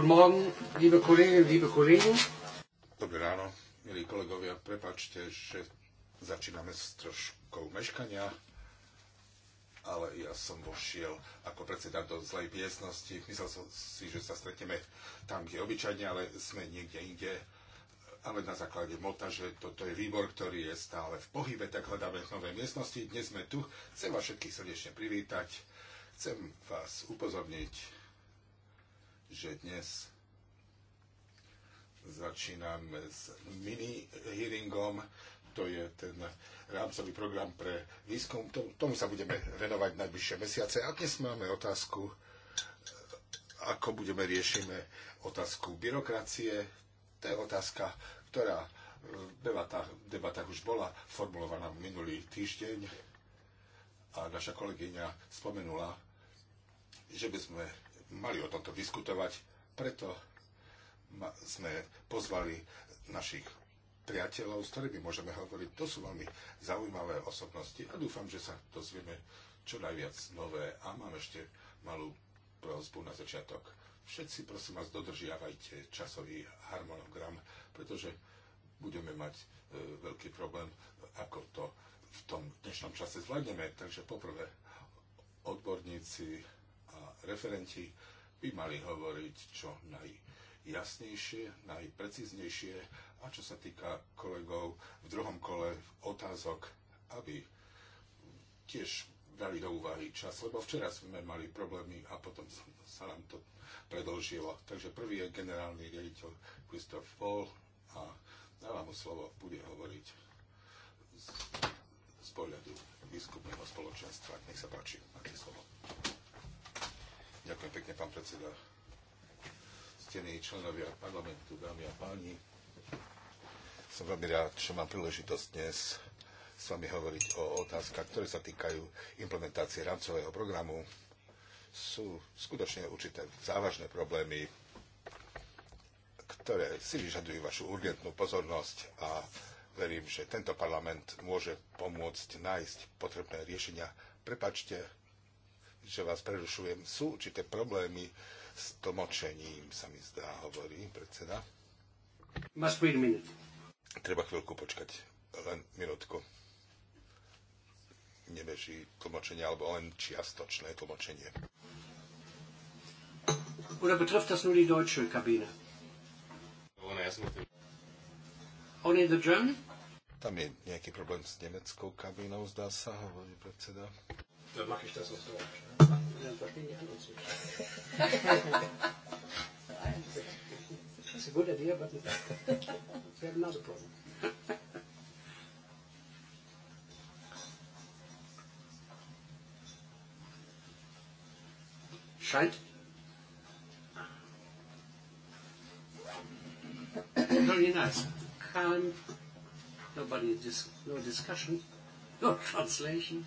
Guten Morgen, liebe Kolleginnen, liebe Kollegen. Dobré ráno, milí kolegovia, prepačte, že začíname s troškou meškania, ale ja som vošiel ako predseda do zlej miestnosti. Myslel som si, že sa stretneme tam, kde obyčajne, ale sme niekde inde. Ale na základe mota, že toto je výbor, ktorý je stále v pohybe, tak hľadáme nové miestnosti. Dnes sme tu. Chcem vás všetkých srdečne privítať. Chcem vás upozorniť že dnes začíname s mini-hearingom, to je ten rámcový program pre výskum. Tomu sa budeme venovať najbližšie mesiace. A dnes máme otázku, ako budeme riešime otázku byrokracie. To je otázka, ktorá v debatách, debatách už bola formulovaná minulý týždeň a naša kolegyňa spomenula, že by sme mali o tomto diskutovať, preto sme pozvali našich priateľov, s ktorými môžeme hovoriť. To sú veľmi zaujímavé osobnosti a dúfam, že sa dozvieme čo najviac nové. A mám ešte malú prozbu na začiatok. Všetci prosím vás dodržiavajte časový harmonogram, pretože budeme mať e, veľký problém, ako to v tom dnešnom čase zvládneme. Takže poprvé odborníci referenti by mali hovoriť čo najjasnejšie, najprecíznejšie a čo sa týka kolegov v druhom kole otázok, aby tiež brali do úvahy čas, lebo včera sme mali problémy a potom sa nám to predlžilo. Takže prvý je generálny riaditeľ Christoph Fall a dávam mu slovo, bude hovoriť z, z pohľadu výskupného spoločenstva. Nech sa páči, máte slovo. Ďakujem pekne, pán predseda. Stení členovia parlamentu, dámy a páni. Som veľmi rád, že mám príležitosť dnes s vami hovoriť o otázkach, ktoré sa týkajú implementácie rámcového programu. Sú skutočne určité závažné problémy, ktoré si vyžadujú vašu urgentnú pozornosť a verím, že tento parlament môže pomôcť nájsť potrebné riešenia. Prepačte, že vás prerušujem. Sú určité problémy s tlmočením, sa mi zdá, hovorí predseda. Treba chvíľku počkať, len minútku. Nebeží tlmočenie, alebo len čiastočné tlmočenie. Oder betrifft das nur die deutsche Kabine? Only the German? Tam je nejaký problém s nemeckou kabinou, zdá sa, hovorí predseda. Dann mache ich das auch so. Dann verstehen die anderen Scheint. Very nice. Calm. Nobody, dis no discussion. No translation.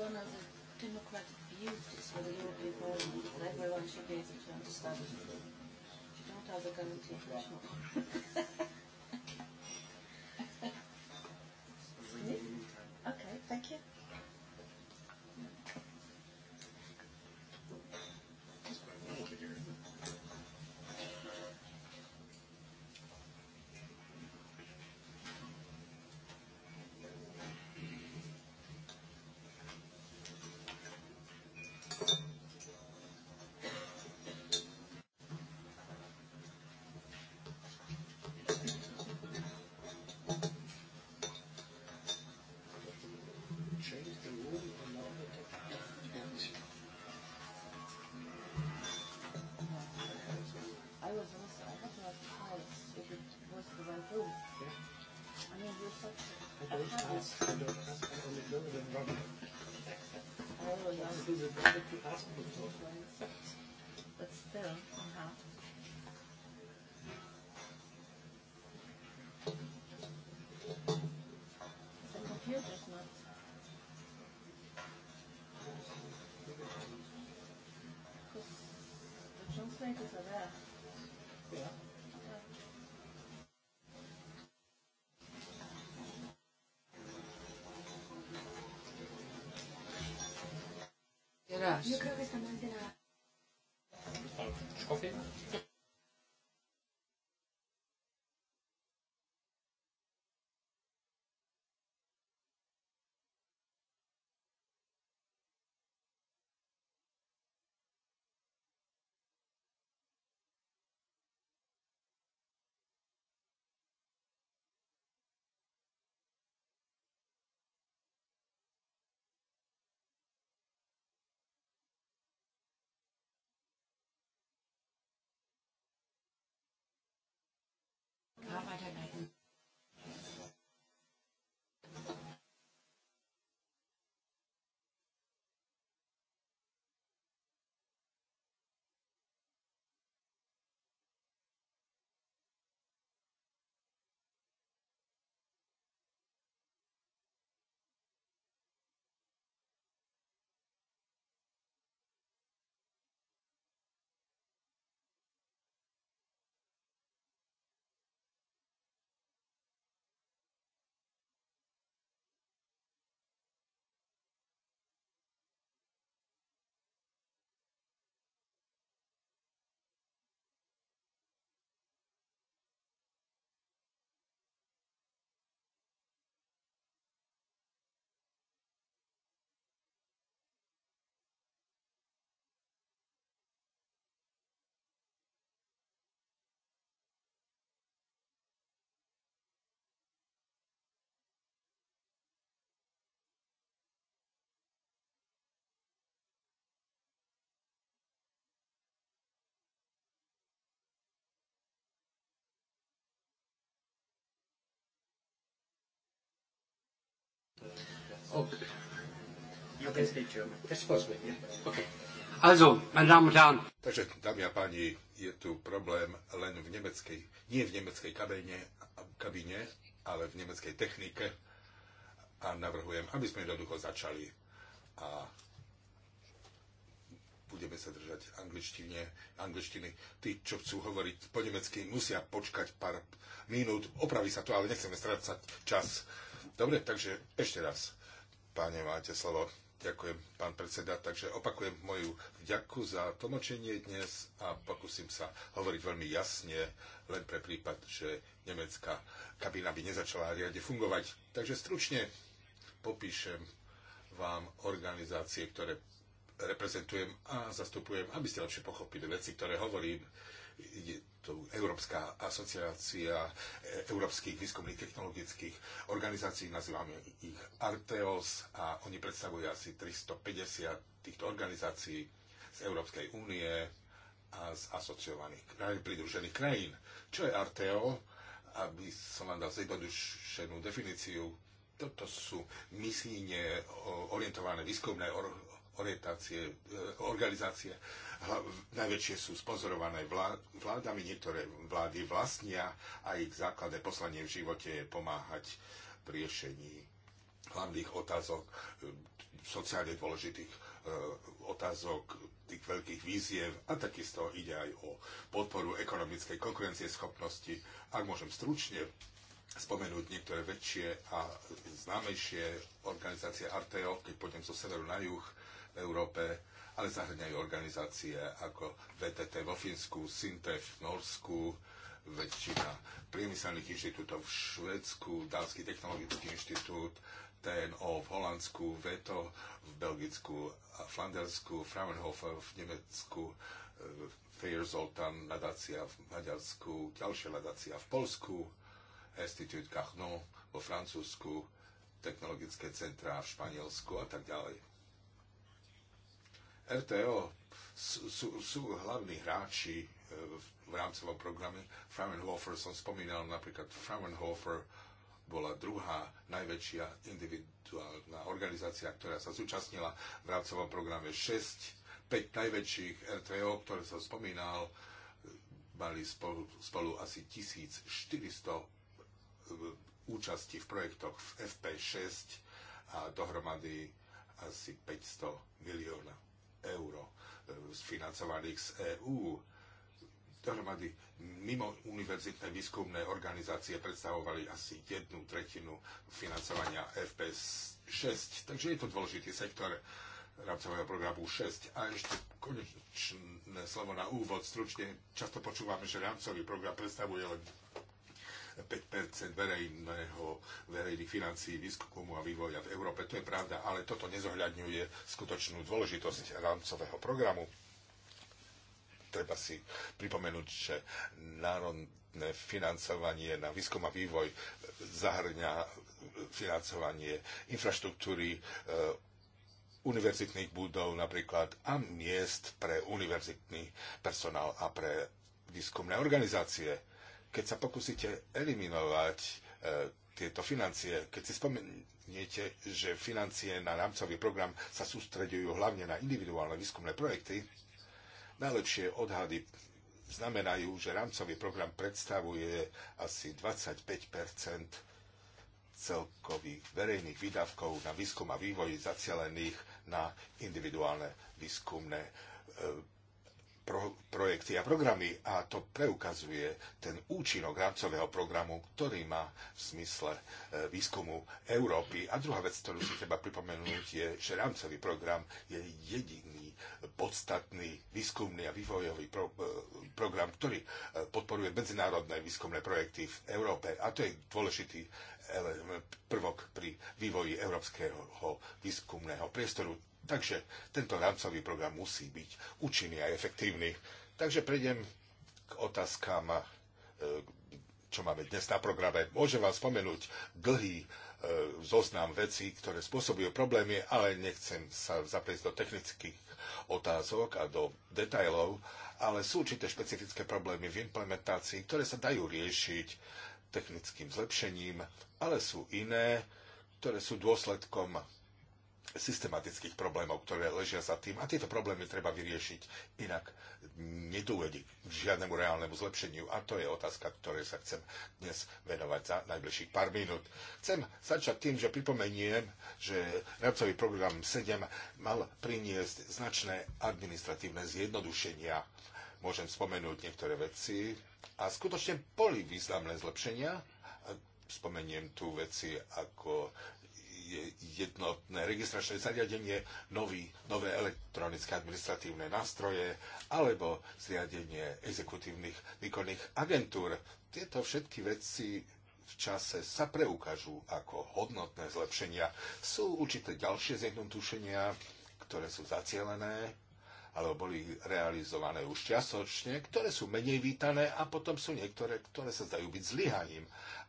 one of the democratic beauties for the European Parliament that everyone should be able to understand. You don't have a guarantee. But still, somehow. The computer's not because the translators are there. Gracias. Yo creo que está mal. Also, meine Damen und Herren. Takže, dámy a páni, je tu problém len v nemeckej, nie v nemeckej kabine, kabine, ale v nemeckej technike. A navrhujem, aby sme jednoducho začali. A budeme sa držať angličtine, angličtiny. Tí, čo chcú hovoriť po nemecky, musia počkať pár minút. Opraví sa to, ale nechceme strácať čas. Dobre, takže ešte raz páne, máte slovo. Ďakujem, pán predseda. Takže opakujem moju vďaku za tlmočenie dnes a pokúsim sa hovoriť veľmi jasne, len pre prípad, že nemecká kabína by nezačala riade fungovať. Takže stručne popíšem vám organizácie, ktoré reprezentujem a zastupujem, aby ste lepšie pochopili veci, ktoré hovorím to Európska asociácia európskych výskumných technologických organizácií, nazývame ich Arteos a oni predstavujú asi 350 týchto organizácií z Európskej únie a z asociovaných krajín, pridružených krajín. Čo je Arteo? Aby som vám dal zjednodušenú definíciu, toto sú misíne orientované výskumné or- orientácie, e, organizácie. Najväčšie sú sponzorované vládami, niektoré vlády vlastnia a ich základné poslanie v živote je pomáhať pri riešení hlavných otázok, e, sociálne dôležitých e, otázok, tých veľkých víziev a takisto ide aj o podporu ekonomickej konkurencieschopnosti. Ak môžem stručne spomenúť niektoré väčšie a známejšie organizácie Arteo, keď pôjdem zo severu na juh, Európe, ale zahrňajú organizácie ako VTT vo Fínsku, Sintef v Norsku, väčšina priemyselných inštitútov v Švedsku, Dánsky technologický inštitút, TNO v Holandsku, VETO v Belgicku a Flandersku, Fraunhofer v Nemecku, eh, Fair Zoltan nadácia v Maďarsku, ďalšia nadácia v Polsku, Institut Cachnon vo Francúzsku, technologické centrá v Španielsku a tak ďalej. RTO sú, sú, sú hlavní hráči e, v rámcovom programe. Fraunhofer som spomínal, napríklad Fraunhofer bola druhá najväčšia individuálna organizácia, ktorá sa zúčastnila v rámcovom programe 6, 5 najväčších RTO, ktoré som spomínal, e, mali spolu, spolu asi 1400 e, účasti v projektoch v FP6 a dohromady asi 500 miliónov euro e, financovaných z EÚ. Dohromady mimo univerzitné výskumné organizácie predstavovali asi jednu tretinu financovania FP 6. Takže je to dôležitý sektor rámcového programu 6. A ešte konečné slovo na úvod. Stručne často počúvame, že rámcový program predstavuje len 5 verejného, verejných financií výskumu a vývoja v Európe. To je pravda, ale toto nezohľadňuje skutočnú dôležitosť rámcového programu. Treba si pripomenúť, že národné financovanie na výskum a vývoj zahrňa financovanie infraštruktúry, e, univerzitných budov napríklad a miest pre univerzitný personál a pre výskumné organizácie keď sa pokúsite eliminovať e, tieto financie, keď si spomeniete, že financie na rámcový program sa sústreďujú hlavne na individuálne výskumné projekty, najlepšie odhady znamenajú, že rámcový program predstavuje asi 25 celkových verejných výdavkov na výskum a vývoj zacielených na individuálne výskumné e, pro, projekty a programy a to preukazuje ten účinok rámcového programu, ktorý má v zmysle e, výskumu Európy. A druhá vec, ktorú si treba pripomenúť, je, že rámcový program je jediný podstatný výskumný a vývojový pro, e, program, ktorý e, podporuje medzinárodné výskumné projekty v Európe. A to je dôležitý prvok pri vývoji európskeho výskumného priestoru. Takže tento rámcový program musí byť účinný a efektívny. Takže prejdem k otázkám, e, čo máme dnes na programe. Môžem vám spomenúť dlhý e, zoznam vecí, ktoré spôsobujú problémy, ale nechcem sa zaprieť do technických otázok a do detajlov, ale sú určité špecifické problémy v implementácii, ktoré sa dajú riešiť technickým zlepšením, ale sú iné, ktoré sú dôsledkom systematických problémov, ktoré ležia za tým. A tieto problémy treba vyriešiť, inak nedôjde k žiadnemu reálnemu zlepšeniu. A to je otázka, ktorej sa chcem dnes venovať za najbližších pár minút. Chcem začať tým, že pripomeniem, že radcový program 7 mal priniesť značné administratívne zjednodušenia. Môžem spomenúť niektoré veci. A skutočne boli významné zlepšenia, spomeniem tu veci ako jednotné registračné zariadenie, nový, nové elektronické administratívne nástroje alebo zriadenie exekutívnych výkonných agentúr. Tieto všetky veci v čase sa preukážu ako hodnotné zlepšenia. Sú určité ďalšie zjednodušenia, ktoré sú zacielené alebo boli realizované už čiastočne, ktoré sú menej vítané a potom sú niektoré, ktoré sa zdajú byť zlyhaním.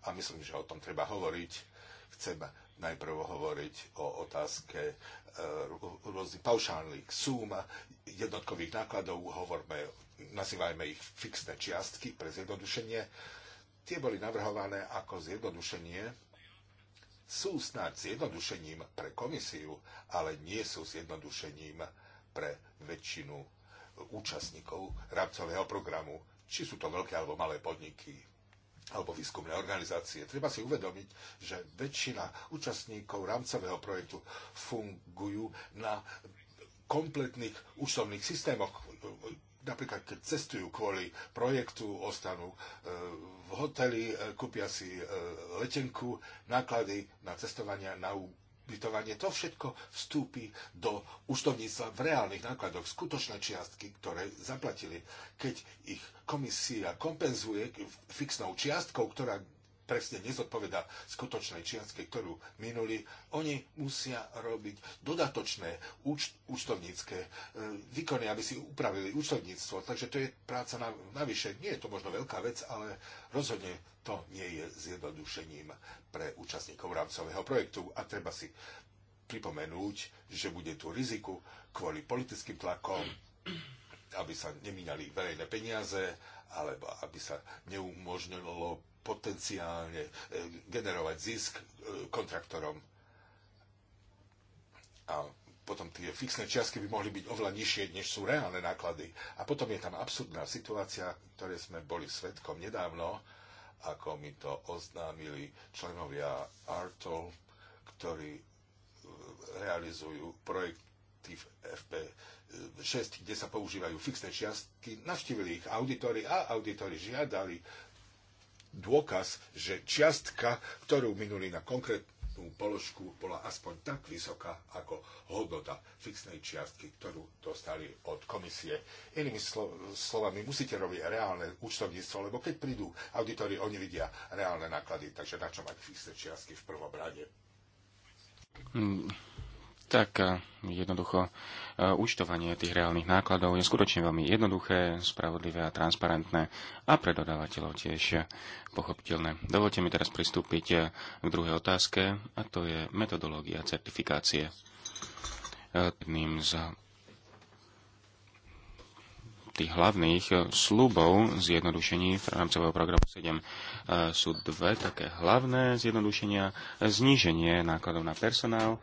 A myslím, že o tom treba hovoriť Chcem najprv hovoriť o otázke e, rôznych paušálnych súm jednotkových nákladov, hovorme, nazývajme ich fixné čiastky pre zjednodušenie. Tie boli navrhované ako zjednodušenie sú snáď zjednodušením pre komisiu, ale nie sú zjednodušením pre väčšinu účastníkov rámcového programu, či sú to veľké alebo malé podniky alebo výskumné organizácie. Treba si uvedomiť, že väčšina účastníkov rámcového projektu fungujú na kompletných úsobných systémoch. Napríklad, keď cestujú kvôli projektu, ostanú e, v hoteli, e, kúpia si e, letenku, náklady na cestovania na ubytovanie, to všetko vstúpi do účtovníctva v reálnych nákladoch, skutočné čiastky, ktoré zaplatili. Keď ich komisia kompenzuje fixnou čiastkou, ktorá presne nezodpoveda skutočnej čiastke, ktorú minuli, oni musia robiť dodatočné úč- účtovnícke e, výkony, aby si upravili účtovníctvo. Takže to je práca na, navyše. Nie je to možno veľká vec, ale rozhodne to nie je zjednodušením pre účastníkov rámcového projektu a treba si pripomenúť, že bude tu riziku kvôli politickým tlakom, aby sa nemínali verejné peniaze, alebo aby sa neumožnilo potenciálne eh, generovať zisk eh, kontraktorom. A potom tie fixné čiastky by mohli byť oveľa nižšie, než sú reálne náklady. A potom je tam absurdná situácia, ktoré sme boli svetkom nedávno, ako mi to oznámili členovia ARTO, ktorí eh, realizujú projekty v FP6, kde sa používajú fixné čiastky. Navštívili ich auditory a auditory žiadali dôkaz, že čiastka, ktorú minuli na konkrétnu položku, bola aspoň tak vysoká ako hodnota fixnej čiastky, ktorú dostali od komisie. Inými slo- slovami, musíte robiť reálne účtovníctvo, lebo keď prídu auditori, oni vidia reálne náklady, takže na čo mať fixné čiastky v prvom rade. Hmm tak eh, jednoducho eh, účtovanie tých reálnych nákladov je skutočne veľmi jednoduché, spravodlivé a transparentné a pre dodávateľov tiež pochopiteľné. Dovolte mi teraz pristúpiť eh, k druhej otázke a to je metodológia certifikácie. Jedným z tých hlavných slubov zjednodušení v rámcového programu 7 sú dve také hlavné zjednodušenia. Zníženie nákladov na personál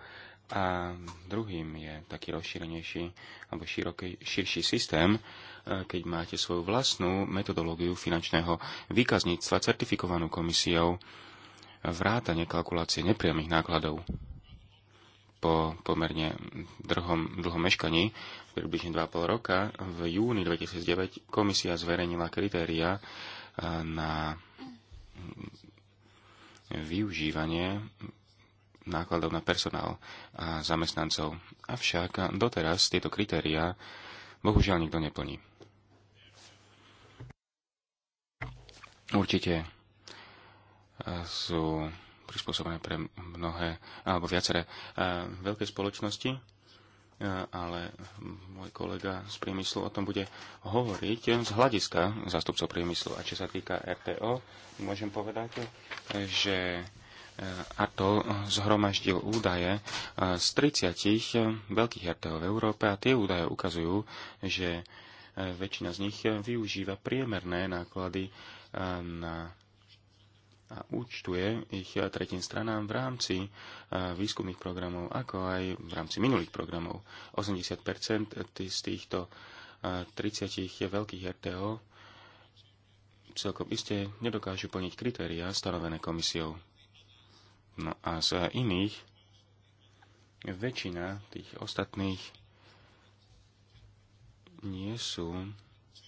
a druhým je taký rozšírenejší alebo široký, širší systém, e, keď máte svoju vlastnú metodológiu finančného výkazníctva certifikovanú komisiou vrátane kalkulácie nepriamých nákladov. Po pomerne drhom, dlhom meškaní, približne 2,5 roka, v júni 2009 komisia zverejnila kritéria e, na využívanie nákladov na personál a zamestnancov. Avšak doteraz tieto kritériá bohužiaľ nikto neplní. Určite e, sú prispôsobené pre mnohé, alebo viaceré e, veľké spoločnosti, e, ale môj kolega z priemyslu o tom bude hovoriť z hľadiska zástupcov priemyslu. A čo sa týka RTO, môžem povedať, že a to zhromaždil údaje e, z 30 e, veľkých RTO v Európe a tie údaje ukazujú, že e, väčšina z nich využíva priemerné náklady na a účtuje ich tretím stranám v rámci výskumných programov, ako aj v rámci minulých programov. 80 z týchto 30 veľkých RTO celkom iste nedokážu plniť kritériá stanovené komisiou. No a z iných väčšina tých ostatných nie sú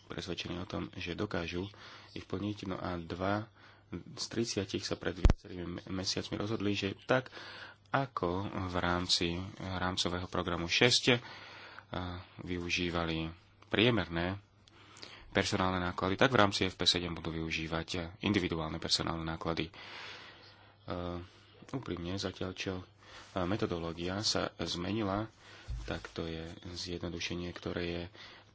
presvedčení o tom, že dokážu ich plniť. No a dva z 30 sa pred viacerými mesiacmi rozhodli, že tak ako v rámci rámcového programu 6 eh, využívali priemerné personálne náklady, tak v rámci FP7 budú využívať individuálne personálne náklady eh, úprimne, zatiaľ čo e, metodológia sa zmenila, tak to je zjednodušenie, ktoré je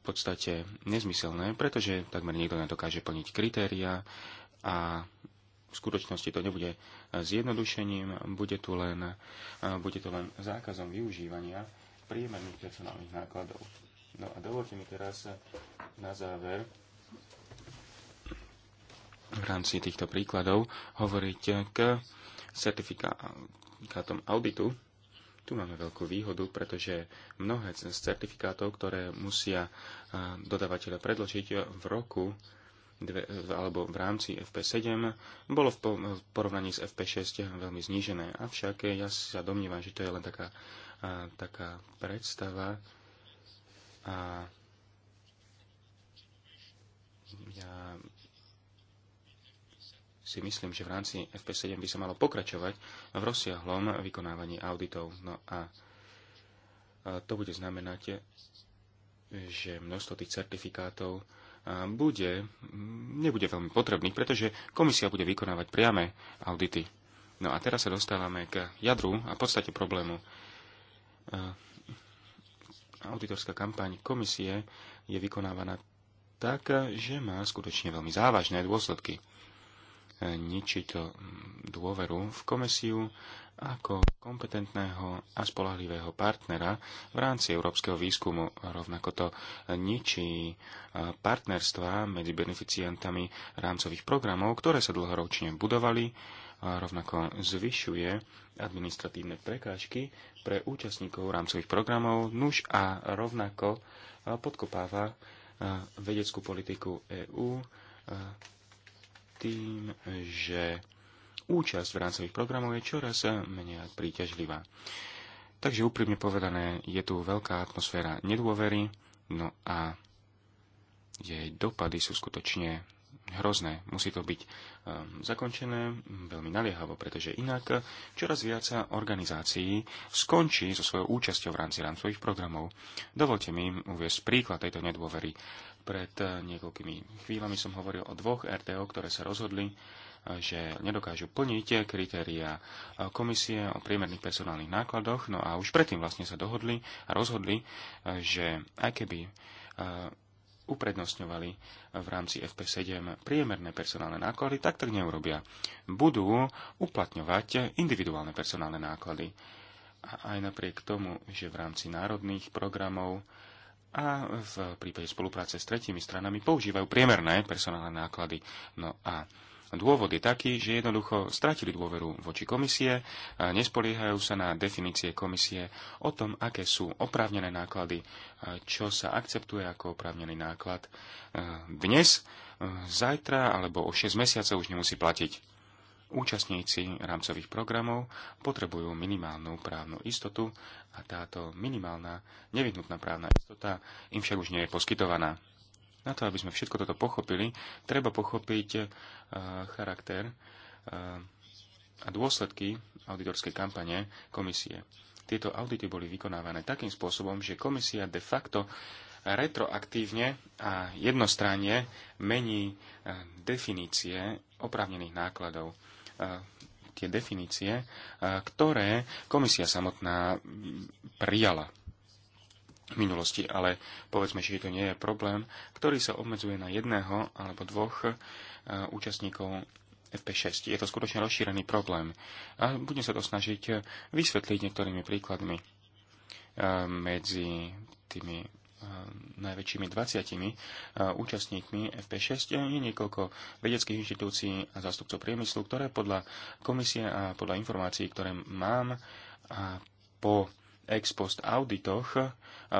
v podstate nezmyselné, pretože takmer nikto nedokáže plniť kritéria a v skutočnosti to nebude zjednodušením, bude tu len, e, bude to len zákazom využívania priemerných personálnych nákladov. No a dovolte mi teraz na záver v rámci týchto príkladov hovoriť k certifikátom auditu, tu máme veľkú výhodu, pretože mnohé z certifikátov, ktoré musia e, dodavateľa predložiť v roku dve, e, alebo v rámci FP7, bolo v porovnaní s FP6 veľmi znížené. Avšak ja sa domnívam, že to je len taká, e, taká predstava a ja si myslím, že v rámci FP7 by sa malo pokračovať v rozsiahlom vykonávaní auditov. No a to bude znamenať, že množstvo tých certifikátov bude, nebude veľmi potrebných, pretože komisia bude vykonávať priame audity. No a teraz sa dostávame k jadru a podstate problému. Auditorská kampaň komisie je vykonávaná tak, že má skutočne veľmi závažné dôsledky ničí to eh, dôveru v komisiu ako kompetentného a spolahlivého partnera v rámci európskeho výskumu. Rovnako to ničí eh, partnerstva medzi beneficientami rámcových programov, ktoré sa dlhoročne budovali, a rovnako zvyšuje administratívne prekážky pre účastníkov rámcových programov, nuž a rovnako eh, podkopáva vedeckú politiku EÚ tým, že účasť v rámcových programov je čoraz menej príťažlivá. Takže úprimne povedané, je tu veľká atmosféra nedôvery, no a jej dopady sú skutočne hrozné. Musí to byť um, zakončené veľmi naliehavo, pretože inak čoraz viac organizácií skončí so svojou účasťou v rámci rámcových programov. Dovolte mi uviesť príklad tejto nedôvery. Pred eh, niekoľkými chvíľami som hovoril o dvoch RTO, ktoré sa rozhodli, eh, že nedokážu plniť kritéria eh, komisie o priemerných personálnych nákladoch. No a už predtým vlastne sa dohodli a rozhodli, že aj keby uprednostňovali v rámci FP7 priemerné personálne náklady, tak tak neurobia. Budú uplatňovať individuálne personálne náklady. A aj napriek tomu, že v rámci národných programov a v prípade spolupráce s tretími stranami používajú priemerné personálne náklady. No a dôvod je taký, že jednoducho stratili dôveru voči komisie, a nespoliehajú sa na definície komisie o tom, aké sú oprávnené náklady, čo sa akceptuje ako oprávnený náklad dnes, e, zajtra alebo o 6 mesiacov už nemusí platiť. Účastníci rámcových programov potrebujú minimálnu právnu istotu a táto minimálna nevyhnutná právna istota im však už nie je poskytovaná. Na to, aby sme všetko toto pochopili, treba pochopiť uh, charakter uh, a dôsledky auditorskej kampane komisie. Tieto audity boli vykonávané takým spôsobom, že komisia de facto retroaktívne a jednostranne mení eh, definície oprávnených nákladov tie definície, ktoré komisia samotná prijala v minulosti, ale povedzme, že to nie je problém, ktorý sa obmedzuje na jedného alebo dvoch účastníkov FP6. Je to skutočne rozšírený problém a budem sa to snažiť vysvetliť niektorými príkladmi medzi tými najväčšími 20 eh, účastníkmi FP6 eh, je niekoľko vedeckých inštitúcií a zástupcov priemyslu, ktoré podľa komisie a podľa informácií, ktoré mám a po ex post auditoch eh,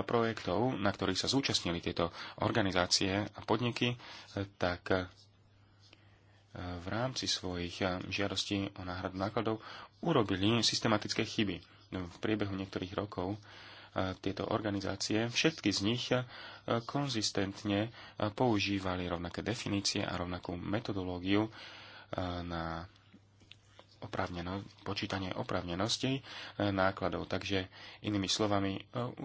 projektov, na ktorých sa zúčastnili tieto organizácie a podniky, tak v rámci svojich žiadostí o náhradu nákladov urobili systematické chyby. V priebehu niektorých rokov tieto organizácie, všetky z nich konzistentne používali rovnaké definície a rovnakú metodológiu na počítanie oprávnenosti nákladov. Takže inými slovami,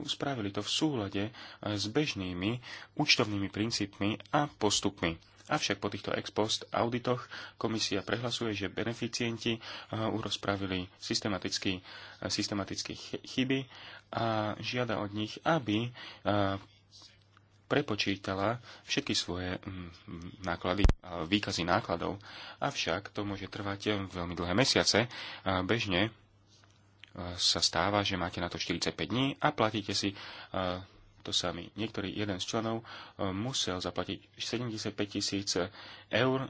spravili to v súlade s bežnými účtovnými princípmi a postupmi. Avšak po týchto ex post auditoch komisia prehlasuje, že beneficienti eh, urozpravili systematicky, eh, systematicky chyby a žiada od nich, aby eh, prepočítala všetky svoje mm, náklady, výkazy nákladov. Avšak to môže trvať veľmi dlhé mesiace. Bežne sa stáva, že máte na to 45 dní a platíte si to sami. Niektorý jeden z členov e, musel zaplatiť 75 tisíc eur, e,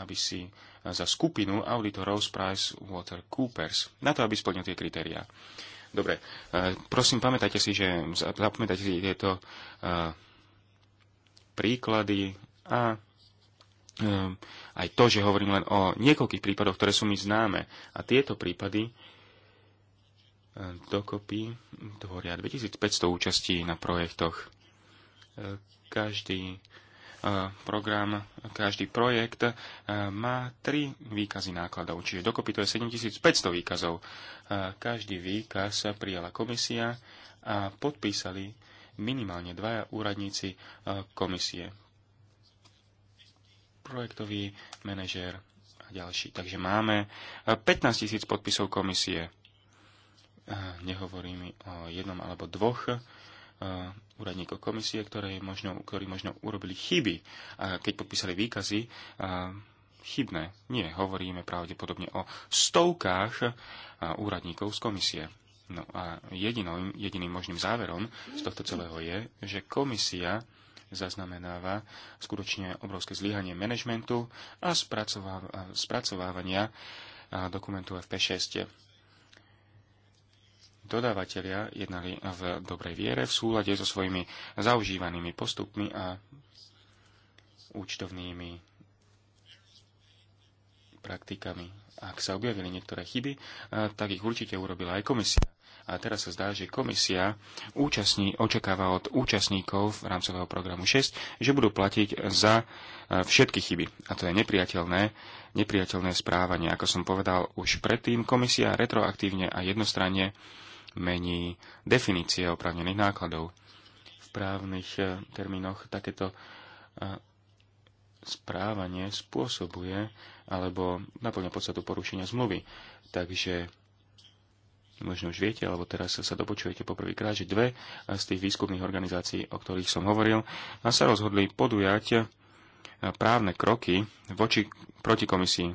aby si e, za skupinu auditorov z Price Water Coopers, na to, aby splnil tie kritériá. Dobre, prosím, pamätajte si, že zapamätajte si tieto príklady a aj to, že hovorím len o niekoľkých prípadoch, ktoré sú mi známe. A tieto prípady dokopy tvoria 2500 účastí na projektoch. Každý e, program, každý projekt e, má tri výkazy nákladov, čiže dokopy to je 7500 výkazov. E, každý výkaz prijala komisia a podpísali minimálne dvaja úradníci komisie. Projektový manažér a ďalší. Takže máme 15 000 podpisov komisie nehovorím o jednom alebo dvoch úradníkov komisie, ktoré možno, ktorí možno urobili chyby, keď podpísali výkazy, chybné. Nie, hovoríme pravdepodobne o stovkách úradníkov z komisie. No a jedinou, jediným možným záverom z tohto celého je, že komisia zaznamenáva skutočne obrovské zlyhanie manažmentu a spracovávania dokumentu FP6 dodávateľia jednali v dobrej viere, v súlade so svojimi zaužívanými postupmi a účtovnými praktikami. Ak sa objavili niektoré chyby, eh, tak ich určite urobila aj komisia. A teraz sa zdá, že komisia účastní, očakáva od účastníkov v rámcového programu 6, že budú platiť za eh, všetky chyby. A to je nepriateľné, nepriateľné správanie. Ako som povedal už predtým, komisia retroaktívne a jednostranne mení definície oprávnených nákladov. V právnych eh, termínoch takéto eh, správanie spôsobuje alebo naplňa podstatu porušenia zmluvy. Takže možno už viete, alebo teraz sa dopočujete poprvýkrát, že dve eh, z tých výskumných organizácií, o ktorých som hovoril, sa rozhodli podujať právne kroky voči, proti komisii.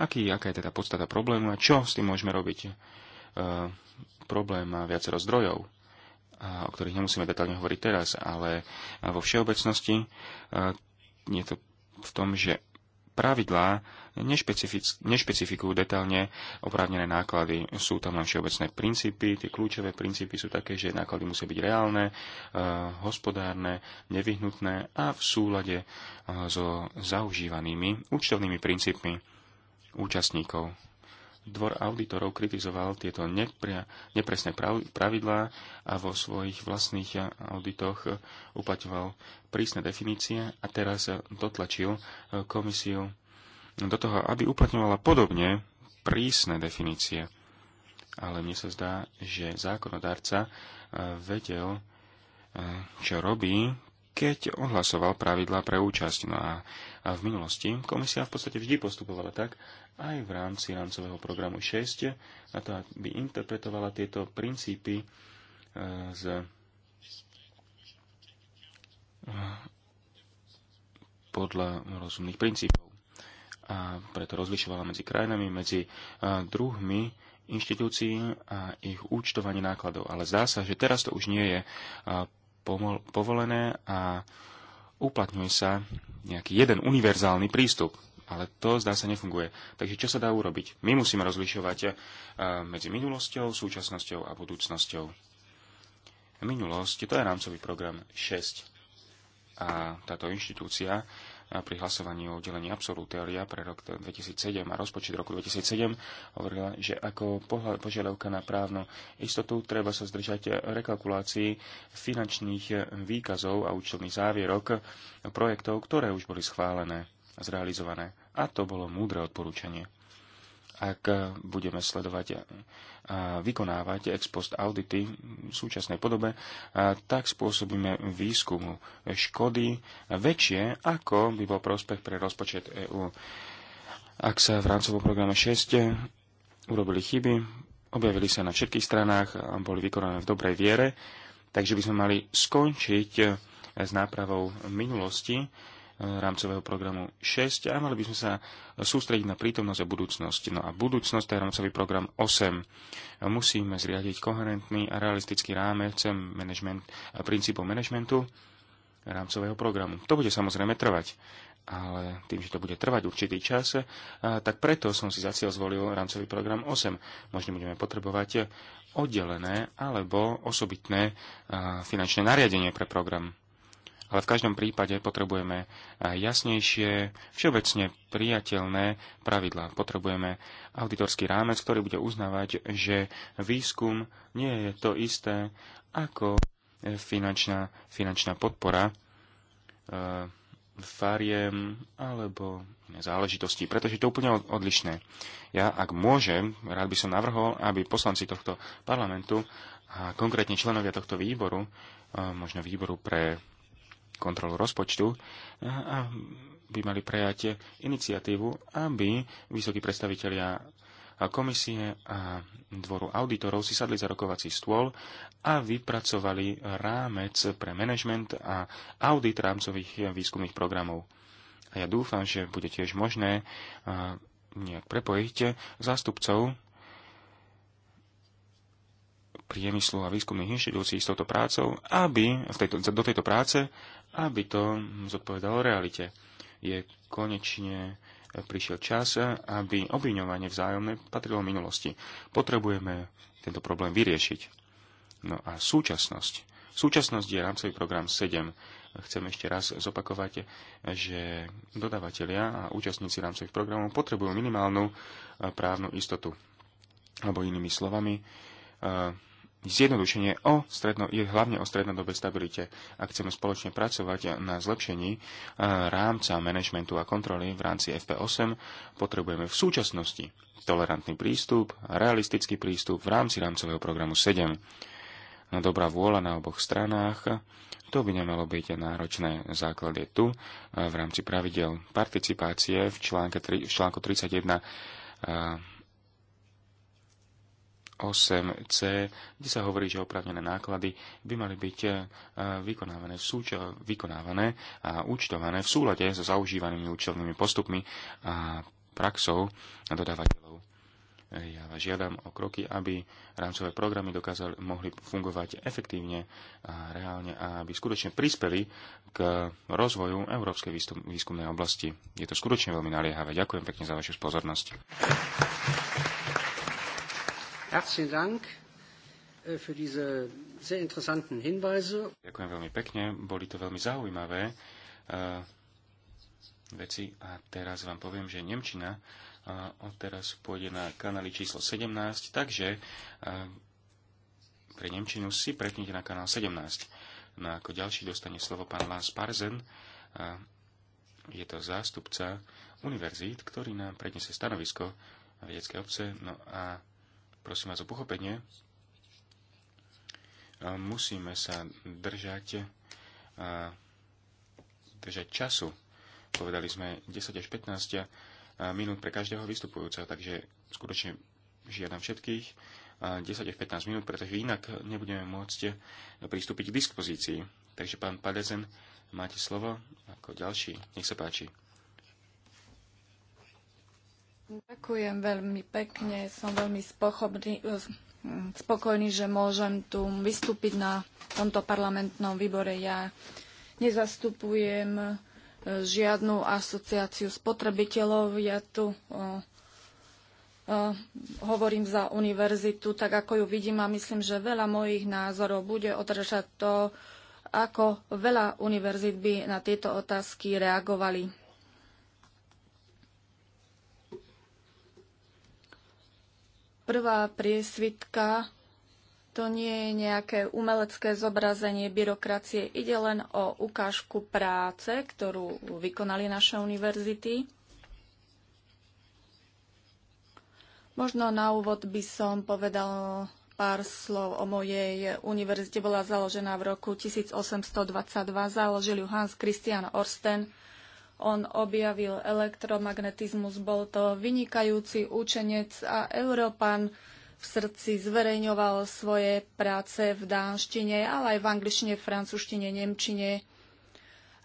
Aký, aká je teda podstata problému a čo s tým môžeme robiť? problém má viacero zdrojov, o ktorých nemusíme detálne hovoriť teraz, ale vo všeobecnosti je to v tom, že pravidlá nešpecifikujú detálne oprávnené náklady. Sú tam len všeobecné princípy. Tie kľúčové princípy sú také, že náklady musia byť reálne, hospodárne, nevyhnutné a v súlade so zaužívanými účtovnými princípmi účastníkov Dvor auditorov kritizoval tieto nepria, nepresné pravidlá a vo svojich vlastných auditoch uplatňoval prísne definície a teraz dotlačil komisiu do toho, aby uplatňovala podobne prísne definície. Ale mne sa zdá, že zákonodárca eh, vedel, eh, čo robí, keď ohlasoval pravidlá pre účasť. No a, a v minulosti komisia v podstate vždy postupovala tak, aj v rámci rámcového programu 6, na to, aby interpretovala tieto princípy e, z e, podľa rozumných princípov. A preto rozlišovala medzi krajinami, medzi e, druhmi inštitúcií a ich účtovanie nákladov. Ale zdá sa, že teraz to už nie je povolené a uplatňuje sa nejaký jeden univerzálny prístup. Ale to zdá sa nefunguje. Takže čo sa dá urobiť? My musíme rozlišovať eh, medzi minulosťou, súčasnosťou a budúcnosťou. Minulosť, to je rámcový program 6. A táto inštitúcia pri hlasovaní o udelení absolutéria pre rok 2007 a rozpočet roku 2007 hovorila, že ako požiadavka na právnu istotu treba sa zdržať rekalkulácií finančných výkazov a účtovných závierok projektov, ktoré už boli schválené a zrealizované. A to bolo múdre odporúčanie ak budeme sledovať a vykonávať ex post audity v súčasnej podobe, tak spôsobíme výskumu škody väčšie, ako by bol prospech pre rozpočet EÚ. Ak sa v rámcovom programe 6 urobili chyby, objavili sa na všetkých stranách a boli vykonané v dobrej viere, takže by sme mali skončiť s nápravou minulosti, rámcového programu 6 a mali by sme sa sústrediť na prítomnosť a budúcnosť. No a budúcnosť, to je rámcový program 8. Musíme zriadiť koherentný a realistický rámec management, a princípov manažmentu rámcového programu. To bude samozrejme trvať ale tým, že to bude trvať určitý čas, tak preto som si za cieľ zvolil rámcový program 8. Možno budeme potrebovať oddelené alebo osobitné finančné nariadenie pre program ale v každom prípade potrebujeme eh, jasnejšie, všeobecne priateľné pravidlá. Potrebujeme auditorský rámec, ktorý bude uznávať, že výskum nie je to isté ako eh, finančná, finančná podpora eh, fariem alebo iné záležitosti, pretože to je úplne odlišné. Ja, ak môžem, rád by som navrhol, aby poslanci tohto parlamentu a konkrétne členovia tohto výboru, možno výboru pre kontrolu rozpočtu a by mali prejať iniciatívu, aby vysokí predstavitelia komisie a dvoru auditorov si sadli za rokovací stôl a vypracovali rámec pre manažment a audit rámcových výskumných programov. A ja dúfam, že bude tiež možné nejak prepojiť zástupcov priemyslu a výskumných inštitúcií s touto prácou, aby, tejto, do tejto práce, aby to zodpovedalo realite. Je konečne prišiel čas, aby obviňovanie vzájomné patrilo minulosti. Potrebujeme tento problém vyriešiť. No a súčasnosť. Súčasnosť je rámcový program 7. Chcem ešte raz zopakovať, že dodávateľia a účastníci rámcových programov potrebujú minimálnu eh, právnu istotu. Alebo inými slovami, eh, zjednodušenie o stredno, je hlavne o strednodobej stabilite. Ak chceme spoločne pracovať na zlepšení eh, rámca manažmentu a kontroly v rámci FP8, potrebujeme v súčasnosti tolerantný prístup, realistický prístup v rámci rámcového programu 7. No dobrá vôľa na oboch stranách, to by nemalo byť náročné. základy tu eh, v rámci pravidel participácie v článku 31 8c, kde sa hovorí, že oprávnené náklady by mali byť e, vykonávané, v súča- vykonávané a účtované v súlade so zaužívanými účelnými postupmi a praxou dodávateľov. Ja vás žiadam o kroky, aby rámcové programy dokázali, mohli fungovať efektívne a reálne a aby skutočne prispeli k rozvoju európskej výskumnej oblasti. Je to skutočne veľmi naliehavé. Ďakujem pekne za vašu pozornosť. Herzlichen Dank äh, für diese sehr interessanten Hinweise. Ďakujem veľmi pekne, boli to veľmi zaujímavé uh, veci. A teraz vám poviem, že Nemčina uh, odteraz pôjde na kanály číslo 17, takže uh, pre Nemčinu si prepnite na kanál 17. No a ako ďalší dostane slovo pán Lars Parzen, uh, je to zástupca univerzít, ktorý nám predniesie stanovisko vedecké obce. No a prosím vás o pochopenie. Musíme sa držať, držať času. Povedali sme 10 až 15 minút pre každého vystupujúceho, takže skutočne žiadam všetkých 10 až 15 minút, pretože inak nebudeme môcť pristúpiť k dispozícii. Takže pán Padezen, máte slovo ako ďalší. Nech sa páči. Ďakujem veľmi pekne. Som veľmi spochobný, eh, spokojný, že môžem tu vystúpiť na tomto parlamentnom výbore. Ja nezastupujem eh, žiadnu asociáciu spotrebiteľov. Ja tu eh, hovorím za univerzitu, tak ako ju vidím a myslím, že veľa mojich názorov bude održať to, ako veľa univerzit by na tieto otázky reagovali. Prvá priesvitka to nie je nejaké umelecké zobrazenie byrokracie, ide len o ukážku práce, ktorú vykonali naše univerzity. Možno na úvod by som povedal pár slov o mojej univerzite. Bola založená v roku 1822, založil ju Hans Christian Orsten on objavil elektromagnetizmus, bol to vynikajúci učenec a Európan v srdci zverejňoval svoje práce v dánštine, ale aj v angličtine, francúzštine, nemčine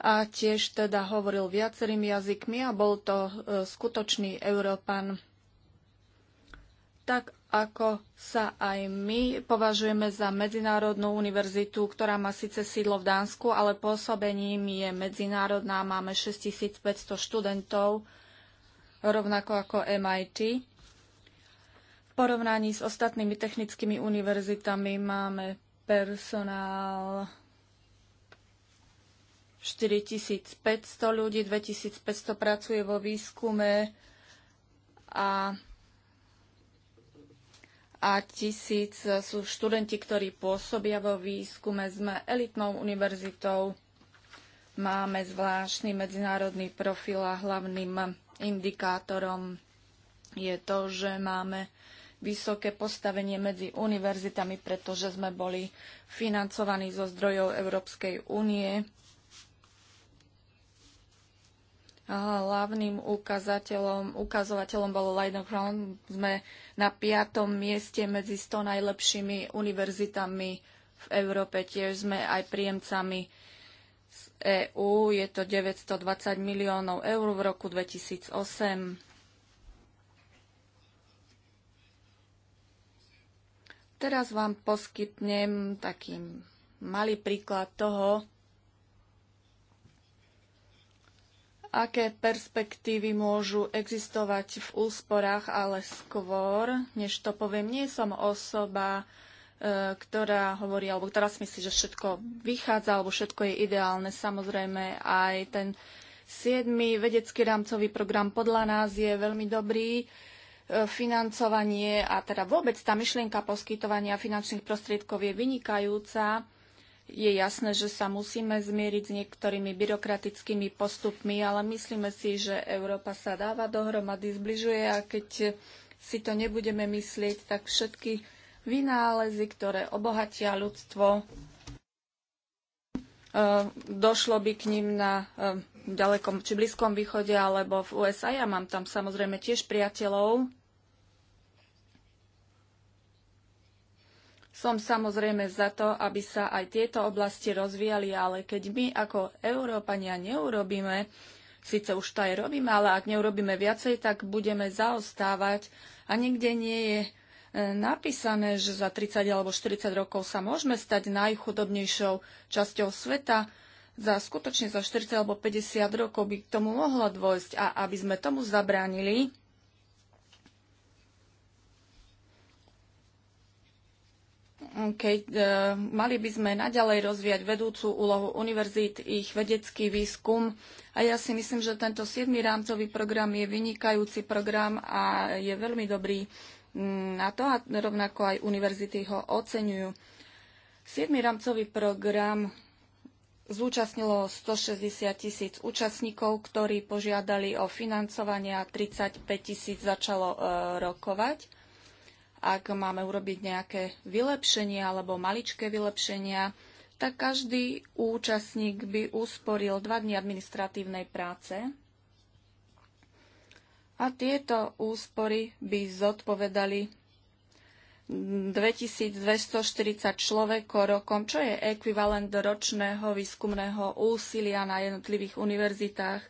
a tiež teda hovoril viacerými jazykmi a bol to e, skutočný Európan. Tak ako sa aj my považujeme za medzinárodnú univerzitu, ktorá má síce sídlo v Dánsku, ale pôsobením je medzinárodná. Máme 6500 študentov, rovnako ako MIT. V porovnaní s ostatnými technickými univerzitami máme personál 4500 ľudí, 2500 pracuje vo výskume a a tisíc sú študenti, ktorí pôsobia vo výskume. Sme elitnou univerzitou, máme zvláštny medzinárodný profil a hlavným indikátorom je to, že máme vysoké postavenie medzi univerzitami, pretože sme boli financovaní zo zdrojov Európskej únie Hlavným ukazateľom, ukazovateľom bolo Leiden Crown. Sme na piatom mieste medzi 100 najlepšími univerzitami v Európe. Tiež sme aj príjemcami z EÚ. Je to 920 miliónov eur v roku 2008. Teraz vám poskytnem taký malý príklad toho, aké perspektívy môžu existovať v úsporách, ale skôr, než to poviem, nie som osoba, e, ktorá hovorí, alebo ktorá si myslí, že všetko vychádza, alebo všetko je ideálne. Samozrejme, aj ten 7. vedecký rámcový program podľa nás je veľmi dobrý. E, financovanie a teda vôbec tá myšlienka poskytovania finančných prostriedkov je vynikajúca je jasné, že sa musíme zmieriť s niektorými byrokratickými postupmi, ale myslíme si, že Európa sa dáva dohromady, zbližuje a keď si to nebudeme myslieť, tak všetky vynálezy, ktoré obohatia ľudstvo, e, došlo by k ním na e, ďalekom či blízkom východe alebo v USA. Ja mám tam samozrejme tiež priateľov, Som samozrejme za to, aby sa aj tieto oblasti rozvíjali, ale keď my ako Európania neurobíme, síce už to aj robíme, ale ak neurobíme viacej, tak budeme zaostávať a nikde nie je e, napísané, že za 30 alebo 40 rokov sa môžeme stať najchudobnejšou časťou sveta. Za skutočne za 40 alebo 50 rokov by k tomu mohlo dôjsť a aby sme tomu zabránili, keď e, mali by sme naďalej rozvíjať vedúcu úlohu univerzít, ich vedecký výskum. A ja si myslím, že tento 7. rámcový program je vynikajúci program a je veľmi dobrý mm, na to a rovnako aj univerzity ho oceňujú. 7. rámcový program zúčastnilo 160 tisíc účastníkov, ktorí požiadali o financovanie a 35 tisíc začalo e, rokovať ak máme urobiť nejaké vylepšenia alebo maličké vylepšenia, tak každý účastník by usporil dva dny administratívnej práce a tieto úspory by zodpovedali 2240 človekov rokom, čo je ekvivalent ročného výskumného úsilia na jednotlivých univerzitách.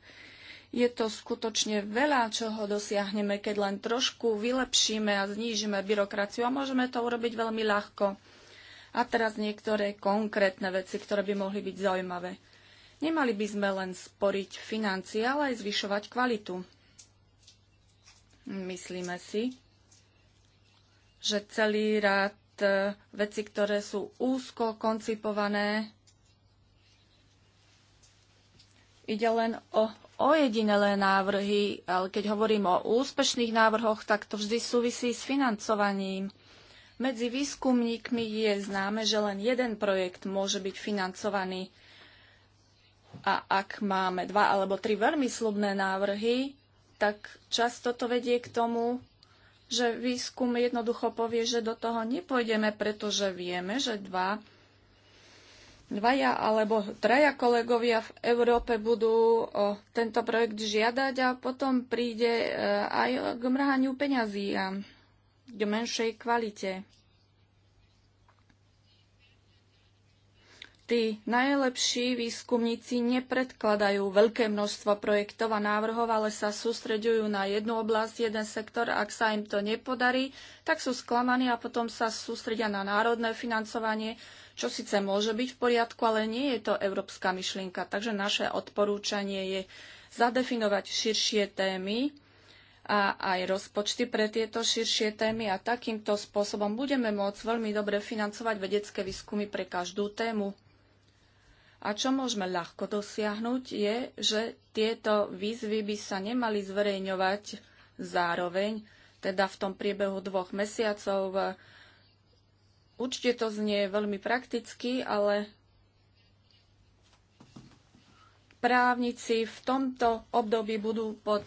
Je to skutočne veľa, čo ho dosiahneme, keď len trošku vylepšíme a znížime byrokraciu a môžeme to urobiť veľmi ľahko. A teraz niektoré konkrétne veci, ktoré by mohli byť zaujímavé. Nemali by sme len sporiť financie, ale aj zvyšovať kvalitu. Myslíme si, že celý rád e, veci, ktoré sú úzko koncipované, ide len o ojedinelé návrhy, ale keď hovorím o úspešných návrhoch, tak to vždy súvisí s financovaním. Medzi výskumníkmi je známe, že len jeden projekt môže byť financovaný. A ak máme dva alebo tri veľmi slubné návrhy, tak často to vedie k tomu, že výskum jednoducho povie, že do toho nepôjdeme, pretože vieme, že dva dvaja alebo traja kolegovia v Európe budú o tento projekt žiadať a potom príde e, aj k mrhaniu peňazí a k menšej kvalite. Tí najlepší výskumníci nepredkladajú veľké množstvo projektov a návrhov, ale sa sústreďujú na jednu oblasť, jeden sektor. Ak sa im to nepodarí, tak sú sklamaní a potom sa sústredia na národné financovanie, čo síce môže byť v poriadku, ale nie je to európska myšlienka. Takže naše odporúčanie je zadefinovať širšie témy a aj rozpočty pre tieto širšie témy a takýmto spôsobom budeme môcť veľmi dobre financovať vedecké výskumy pre každú tému. A čo môžeme ľahko dosiahnuť, je, že tieto výzvy by sa nemali zverejňovať zároveň, teda v tom priebehu dvoch mesiacov Určite to znie veľmi prakticky, ale právnici v tomto období budú pod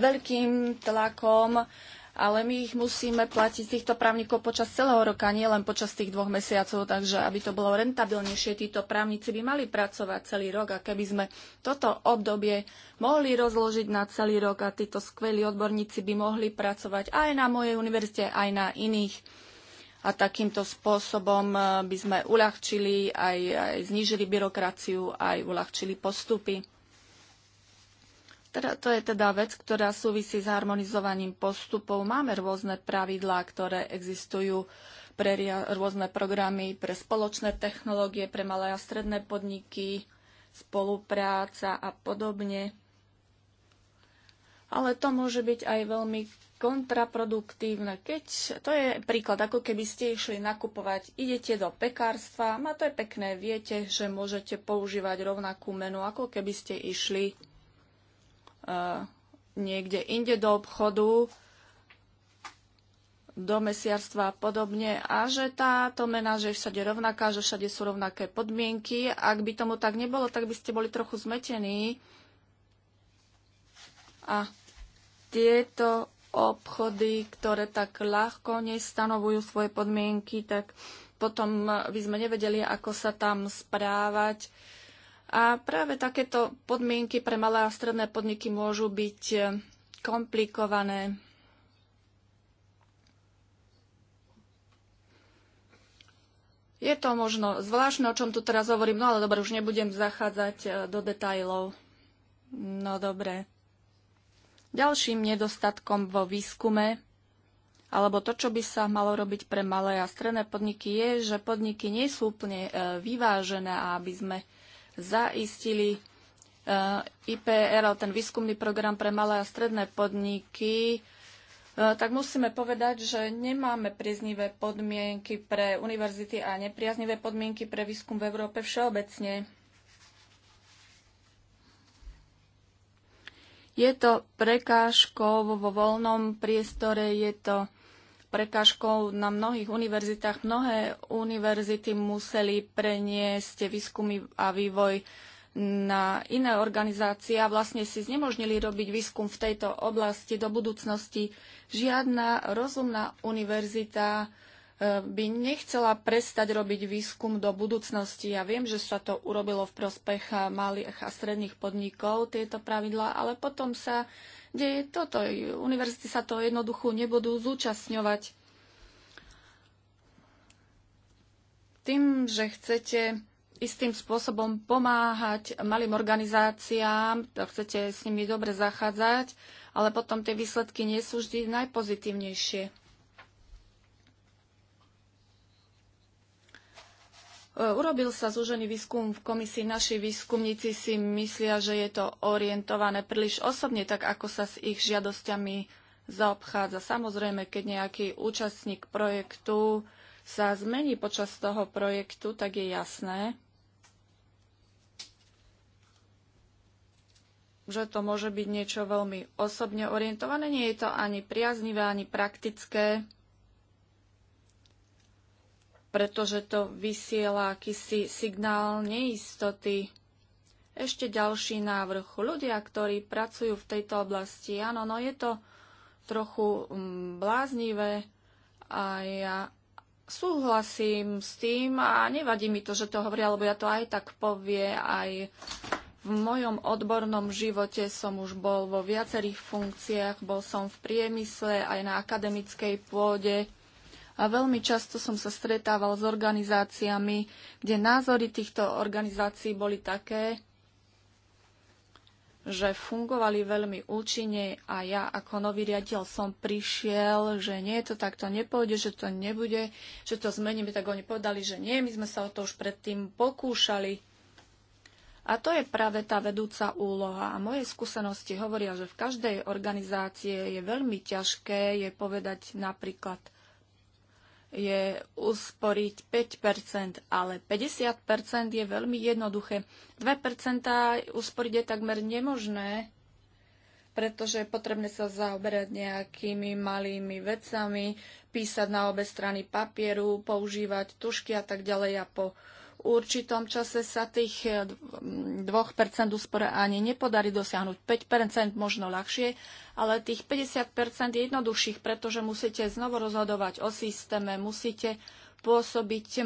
veľkým tlakom, ale my ich musíme platiť týchto právnikov počas celého roka, nie len počas tých dvoch mesiacov, takže aby to bolo rentabilnejšie, títo právnici by mali pracovať celý rok a keby sme toto obdobie mohli rozložiť na celý rok a títo skvelí odborníci by mohli pracovať aj na mojej univerzite, aj na iných a takýmto spôsobom eh, by sme uľahčili aj, aj znížili byrokraciu, aj uľahčili postupy. Teda, to je teda vec, ktorá súvisí s harmonizovaním postupov. Máme rôzne pravidlá, ktoré existujú pre rôzne programy, pre spoločné technológie, pre malé a stredné podniky, spolupráca a podobne. Ale to môže byť aj veľmi kontraproduktívne. Keď to je príklad, ako keby ste išli nakupovať, idete do pekárstva, a to je pekné, viete, že môžete používať rovnakú menu, ako keby ste išli uh, niekde inde do obchodu, do mesiarstva a podobne a že táto mena, že je všade rovnaká, že všade sú rovnaké podmienky. Ak by tomu tak nebolo, tak by ste boli trochu zmetení. A tieto obchody, ktoré tak ľahko nestanovujú svoje podmienky, tak potom by sme nevedeli, ako sa tam správať. A práve takéto podmienky pre malé a stredné podniky môžu byť eh, komplikované. Je to možno zvláštne, o čom tu teraz hovorím, no ale dobre, už nebudem zachádzať eh, do detajlov. No dobre. Ďalším nedostatkom vo výskume alebo to, čo by sa malo robiť pre malé a stredné podniky, je, že podniky nie sú úplne e, vyvážené a aby sme zaistili e, IPR, ten výskumný program pre malé a stredné podniky, e, tak musíme povedať, že nemáme priaznivé podmienky pre univerzity a nepriaznivé podmienky pre výskum v Európe všeobecne. Je to prekážkou vo voľnom priestore, je to prekážkou na mnohých univerzitách. Mnohé univerzity museli preniesť výskumy a vývoj na iné organizácie a vlastne si znemožnili robiť výskum v tejto oblasti do budúcnosti. Žiadna rozumná univerzita E, by nechcela prestať robiť výskum do budúcnosti. Ja viem, že sa to urobilo v prospech e, malých a stredných podnikov, tieto pravidlá, ale potom sa deje toto. Univerzity sa to jednoducho nebudú zúčastňovať. Tým, že chcete istým spôsobom pomáhať malým organizáciám, chcete s nimi dobre zachádzať, ale potom tie výsledky nie sú vždy najpozitívnejšie. Eh, urobil sa zúžený výskum v komisii. Naši výskumníci si myslia, že je to orientované príliš osobne, tak ako sa s ich žiadosťami zaobchádza. Samozrejme, keď nejaký účastník projektu sa zmení počas toho projektu, tak je jasné, že to môže byť niečo veľmi osobne orientované. Nie je to ani priaznivé, ani praktické pretože to vysiela akýsi signál neistoty. Ešte ďalší návrh. Ľudia, ktorí pracujú v tejto oblasti, áno, no je to trochu mm, bláznivé a ja súhlasím s tým a nevadí mi to, že to hovoria, lebo ja to aj tak povie. Aj v mojom odbornom živote som už bol vo viacerých funkciách, bol som v priemysle aj na akademickej pôde a veľmi často som sa stretával s organizáciami, kde názory týchto organizácií boli také, že fungovali veľmi účinne a ja ako nový riaditeľ som prišiel, že nie, to takto nepôjde, že to nebude, že to zmeníme, tak oni povedali, že nie, my sme sa o to už predtým pokúšali. A to je práve tá vedúca úloha. A moje skúsenosti hovoria, že v každej organizácie je veľmi ťažké je povedať napríklad je usporiť 5%, ale 50% je veľmi jednoduché. 2% usporiť je takmer nemožné, pretože je potrebné sa zaoberať nejakými malými vecami, písať na obe strany papieru, používať tušky a tak ďalej. A po určitom čase sa tých 2% eh, mm, úspore ani nepodarí dosiahnuť. 5% možno ľahšie, ale tých 50% jednoduchších, pretože musíte znovu rozhodovať o systéme, musíte pôsobiť eh,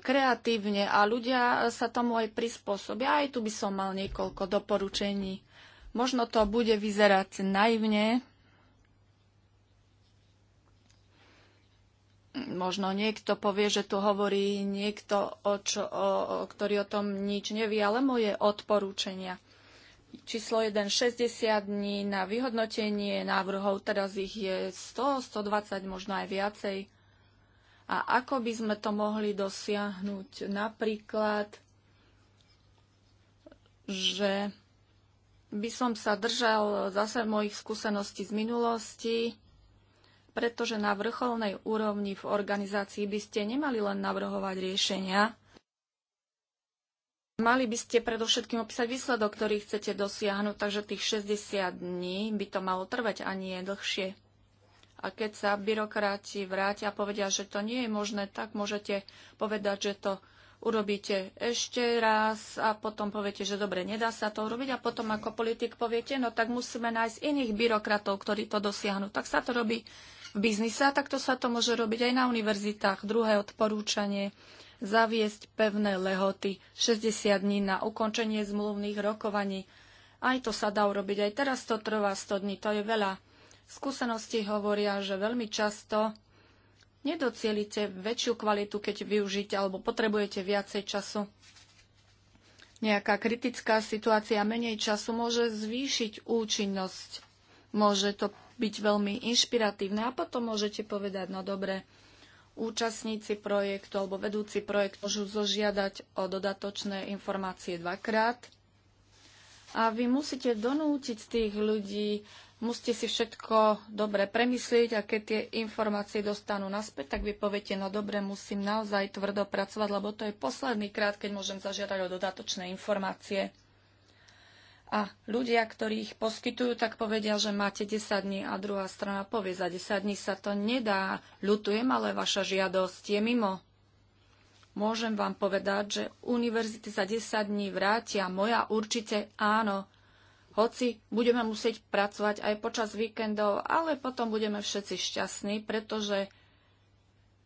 kreatívne a ľudia sa tomu aj prispôsobia. Aj tu by som mal niekoľko doporučení. Možno to bude vyzerať naivne, Možno niekto povie, že tu hovorí niekto, o čo, o, ktorý o tom nič nevie, ale moje odporúčania. Číslo 1, 60 dní na vyhodnotenie návrhov, teraz ich je 100, 120, možno aj viacej. A ako by sme to mohli dosiahnuť? Napríklad, že by som sa držal zase mojich skúseností z minulosti, pretože na vrcholnej úrovni v organizácii by ste nemali len navrhovať riešenia, Mali by ste predovšetkým opísať výsledok, ktorý chcete dosiahnuť, takže tých 60 dní by to malo trvať a nie dlhšie. A keď sa byrokrati vrátia a povedia, že to nie je možné, tak môžete povedať, že to urobíte ešte raz a potom poviete, že dobre, nedá sa to urobiť a potom ako politik poviete, no tak musíme nájsť iných byrokratov, ktorí to dosiahnu. Tak sa to robí biznise a takto sa to môže robiť aj na univerzitách. Druhé odporúčanie zaviesť pevné lehoty 60 dní na ukončenie zmluvných rokovaní. Aj to sa dá urobiť, aj teraz to trvá 100 dní, to je veľa. Skúsenosti hovoria, že veľmi často nedocielite väčšiu kvalitu, keď využite alebo potrebujete viacej času. Nejaká kritická situácia menej času môže zvýšiť účinnosť Môže to byť veľmi inšpiratívne a potom môžete povedať, no dobre, účastníci projektu alebo vedúci projekt môžu zožiadať o dodatočné informácie dvakrát. A vy musíte donútiť tých ľudí, musíte si všetko dobre premyslieť a keď tie informácie dostanú naspäť, tak vy poviete, no dobre, musím naozaj tvrdo pracovať, lebo to je posledný krát, keď môžem zažiadať o dodatočné informácie a ľudia, ktorí ich poskytujú, tak povedia, že máte 10 dní a druhá strana povie, za 10 dní sa to nedá. Ľutujem, ale vaša žiadosť je mimo. Môžem vám povedať, že univerzity za 10 dní vrátia. Moja určite áno. Hoci budeme musieť pracovať aj počas víkendov, ale potom budeme všetci šťastní, pretože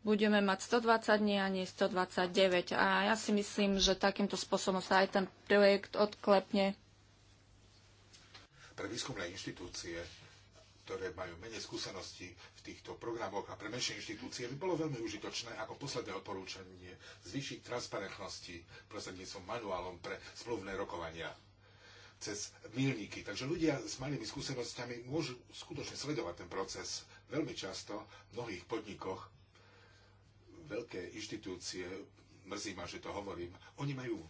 budeme mať 120 dní a nie 129. A ja si myslím, že takýmto spôsobom sa aj ten projekt odklepne pre výskumné inštitúcie, ktoré majú menej skúseností v týchto programoch a pre menšie inštitúcie by bolo veľmi užitočné ako posledné odporúčanie zvýšiť transparentnosti prostredníctvom manuálom pre zmluvné rokovania cez milníky. Takže ľudia s malými skúsenostiami môžu skutočne sledovať ten proces. Veľmi často v mnohých podnikoch veľké inštitúcie mrzí ma, že to hovorím, oni majú e,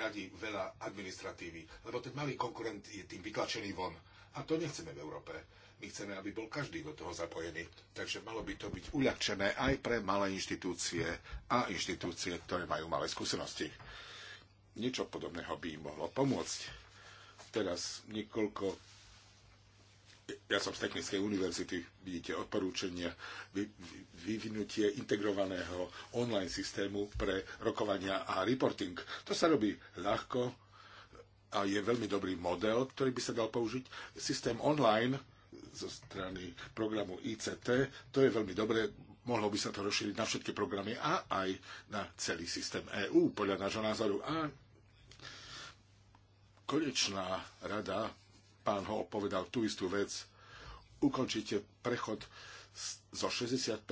radi veľa administratívy, lebo ten malý konkurent je tým vytlačený von. A to nechceme v Európe. My chceme, aby bol každý do toho zapojený. Takže malo by to byť uľahčené aj pre malé inštitúcie a inštitúcie, ktoré majú malé skúsenosti. Niečo podobného by im mohlo pomôcť. Teraz niekoľko ja som z Technickej univerzity, vidíte odporúčania vyvinutie integrovaného online systému pre rokovania a reporting. To sa robí ľahko a je veľmi dobrý model, ktorý by sa dal použiť. Systém online zo strany programu ICT, to je veľmi dobré, mohlo by sa to rozšíriť na všetky programy a aj na celý systém EÚ, podľa nášho názoru. A konečná rada pán Hall povedal tú istú vec. Ukončite prechod zo 60%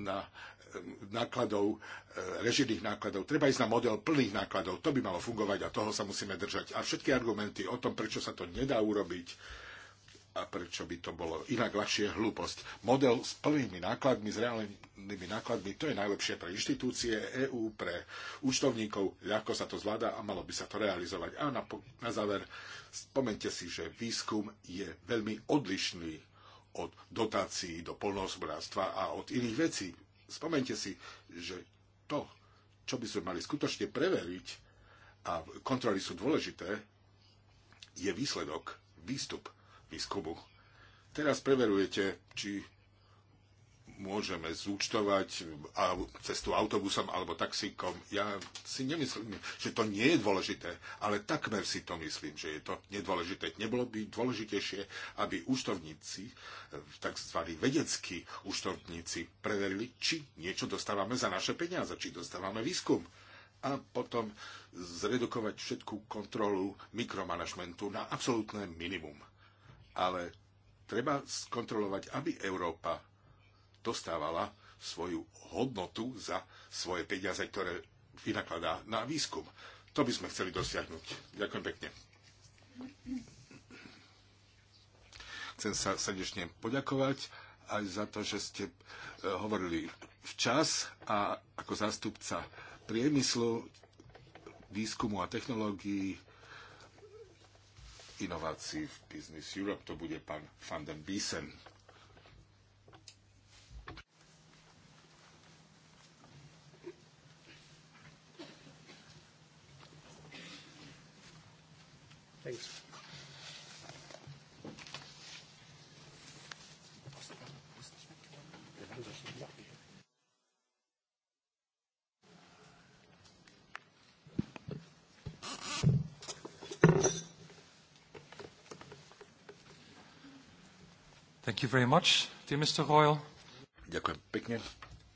na nákladov, eh, režijných nákladov. Treba ísť na model plných nákladov. To by malo fungovať a toho sa musíme držať. A všetky argumenty o tom, prečo sa to nedá urobiť, a prečo by to bolo inak ľahšie hlúposť. Model s plnými nákladmi, s reálnymi nákladmi, to je najlepšie pre inštitúcie EÚ, pre účtovníkov, ľahko sa to zvláda a malo by sa to realizovať. A na, na záver, spomente si, že výskum je veľmi odlišný od dotácií do polnohospodárstva a od iných vecí. Spomente si, že to, čo by sme mali skutočne preveriť, a kontroly sú dôležité, je výsledok, výstup biskupu. Teraz preverujete, či môžeme zúčtovať cestu autobusom alebo taxíkom. Ja si nemyslím, že to nie je dôležité, ale takmer si to myslím, že je to nedôležité. Nebolo by dôležitejšie, aby úštovníci, tzv. vedeckí úštovníci preverili, či niečo dostávame za naše peniaze, či dostávame výskum. A potom zredukovať všetkú kontrolu mikromanažmentu na absolútne minimum ale treba skontrolovať, aby Európa dostávala svoju hodnotu za svoje peniaze, ktoré vynakladá na výskum. To by sme chceli dosiahnuť. Ďakujem pekne. Chcem sa srdečne poďakovať aj za to, že ste e, hovorili včas a ako zástupca priemyslu, výskumu a technológií inovácií v Business Europe. To bude pán Van den Biesen. Thanks. you very much, dear Mr. Royal. Ďakujem pekne,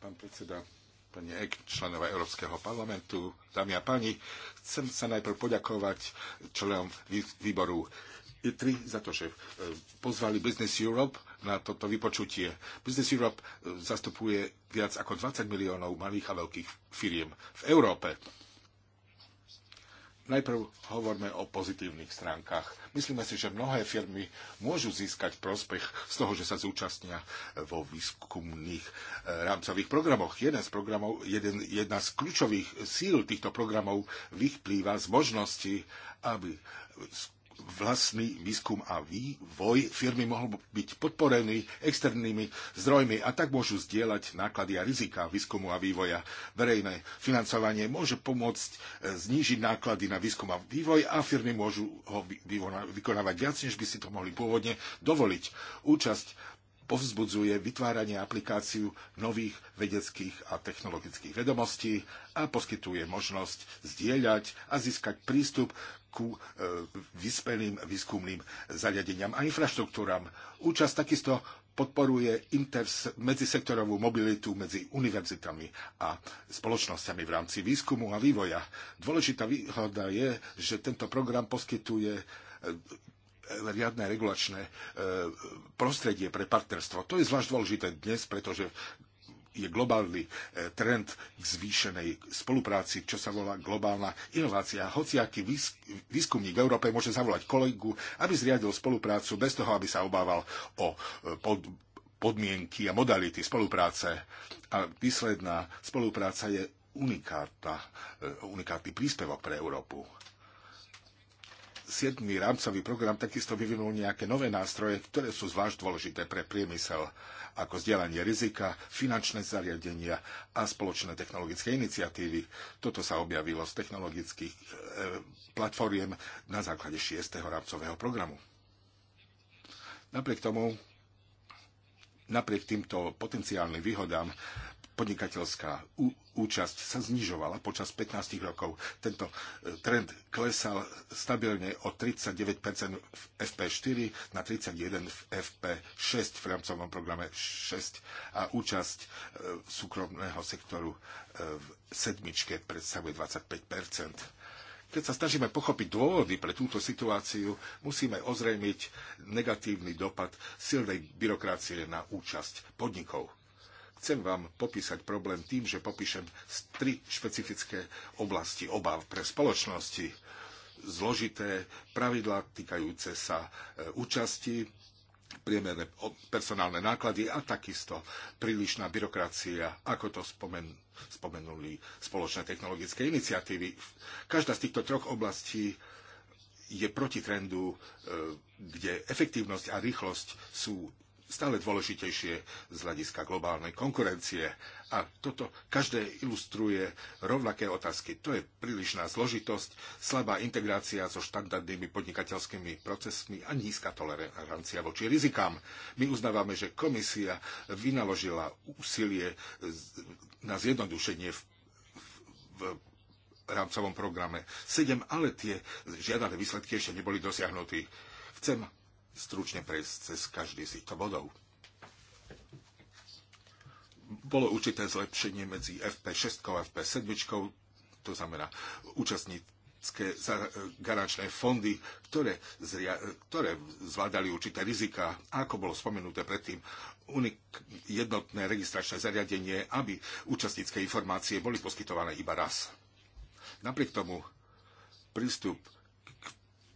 pán predseda, pani Ek, členova Európskeho parlamentu, dámy a páni. Chcem sa najprv poďakovať členom výboru ITRI za to, že e, pozvali Business Europe na toto vypočutie. Business Europe e, zastupuje viac ako 20 miliónov malých a veľkých firiem v Európe Najprv hovorme o pozitívnych stránkach. Myslíme si, že mnohé firmy môžu získať prospech z toho, že sa zúčastnia vo výskumných e, rámcových programoch. Jeden z programov, jeden, jedna z kľúčových síl týchto programov vyplýva z možnosti, aby vlastný výskum a vývoj firmy mohol byť podporený externými zdrojmi a tak môžu zdieľať náklady a rizika výskumu a vývoja. Verejné financovanie môže pomôcť e, znížiť náklady na výskum a vývoj a firmy môžu ho vykonávať viac, než by si to mohli pôvodne dovoliť. Účasť povzbudzuje vytváranie aplikáciu nových vedeckých a technologických vedomostí a poskytuje možnosť zdieľať a získať prístup ku e, vyspelým výskumným zariadeniam a infraštruktúram. Účasť takisto podporuje inters- medzisektorovú mobilitu medzi univerzitami a spoločnosťami v rámci výskumu a vývoja. Dôležitá výhoda je, že tento program poskytuje e, riadne regulačné e, prostredie pre partnerstvo. To je zvlášť dôležité dnes, pretože je globálny e, trend k zvýšenej spolupráci, čo sa volá globálna inovácia. Hociaký výskumník v Európe môže zavolať kolegu, aby zriadil spoluprácu bez toho, aby sa obával o e, podmienky a modality spolupráce. A výsledná spolupráca je unikátna, unikátny príspevok pre Európu. 7. rámcový program takisto vyvinul nejaké nové nástroje, ktoré sú zvlášť dôležité pre priemysel, ako zdieľanie rizika, finančné zariadenia a spoločné technologické iniciatívy. Toto sa objavilo z technologických e, platformiem na základe 6. rámcového programu. Napriek tomu, napriek týmto potenciálnym výhodám, podnikateľská účasť sa znižovala počas 15 rokov. Tento e, trend klesal stabilne o 39% v FP4 na 31 v FP6 v rámcovom programe 6 a účasť e, súkromného sektoru e, v sedmičke predstavuje 25 keď sa snažíme pochopiť dôvody pre túto situáciu, musíme ozrejmiť negatívny dopad silnej byrokracie na účasť podnikov. Chcem vám popísať problém tým, že popíšem tri špecifické oblasti obav pre spoločnosti. Zložité pravidlá týkajúce sa e, účasti, priemerné personálne náklady a takisto prílišná byrokracia, ako to spomen, spomenuli spoločné technologické iniciatívy. Každá z týchto troch oblastí je proti trendu, e, kde efektívnosť a rýchlosť sú stále dôležitejšie z hľadiska globálnej konkurencie. A toto každé ilustruje rovnaké otázky. To je prílišná zložitosť, slabá integrácia so štandardnými podnikateľskými procesmi a nízka tolerancia voči rizikám. My uznávame, že komisia vynaložila úsilie na zjednodušenie v, v rámcovom programe 7, ale tie žiadané výsledky ešte neboli dosiahnutí. Chcem stručne prejsť cez každý z týchto bodov. Bolo určité zlepšenie medzi FP6 a FP7, to znamená účastnícke garančné fondy, ktoré, zria, ktoré zvládali určité rizika, ako bolo spomenuté predtým, unik, jednotné registračné zariadenie, aby účastnícke informácie boli poskytované iba raz. Napriek tomu prístup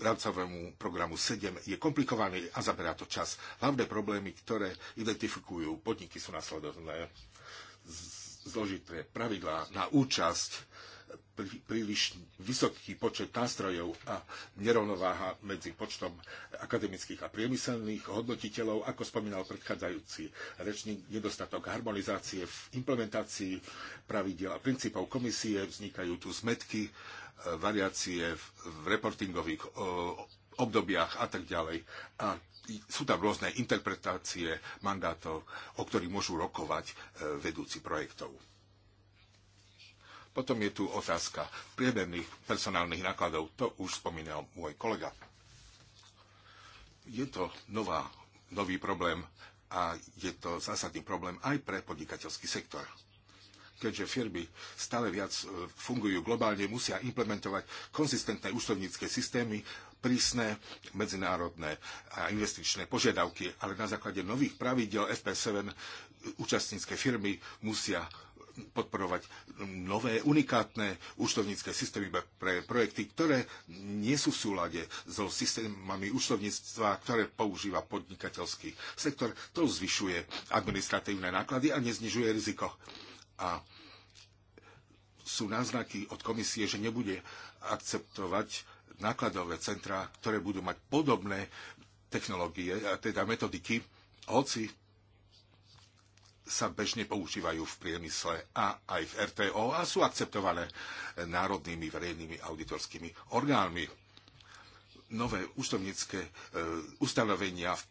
rámcovému programu 7 je komplikovaný a zaberá to čas. Hlavné problémy, ktoré identifikujú podniky, sú následovné. Zložité pravidlá na účasť, príliš vysoký počet nástrojov a nerovnováha medzi počtom akademických a priemyselných hodnotiteľov, ako spomínal predchádzajúci rečník, nedostatok harmonizácie v implementácii pravidiel a princípov komisie, vznikajú tu zmetky variácie v reportingových obdobiach a tak ďalej. A sú tam rôzne interpretácie mandátov, o ktorých môžu rokovať e, vedúci projektov. Potom je tu otázka priemerných personálnych nákladov. To už spomínal môj kolega. Je to nová, nový problém a je to zásadný problém aj pre podnikateľský sektor keďže firmy stále viac e, fungujú globálne, musia implementovať konzistentné účtovnícke systémy, prísne medzinárodné a investičné požiadavky, ale na základe nových pravidel FP7 e, účastnícke firmy musia podporovať nové unikátne účtovnícke systémy pre projekty, ktoré nie sú v súlade so systémami účtovníctva, ktoré používa podnikateľský sektor. To zvyšuje administratívne náklady a neznižuje riziko a sú náznaky od komisie, že nebude akceptovať nákladové centrá, ktoré budú mať podobné technológie, teda metodiky, hoci sa bežne používajú v priemysle a aj v RTO a sú akceptované národnými verejnými auditorskými orgánmi. Nové účtovnícke e, ustanovenia v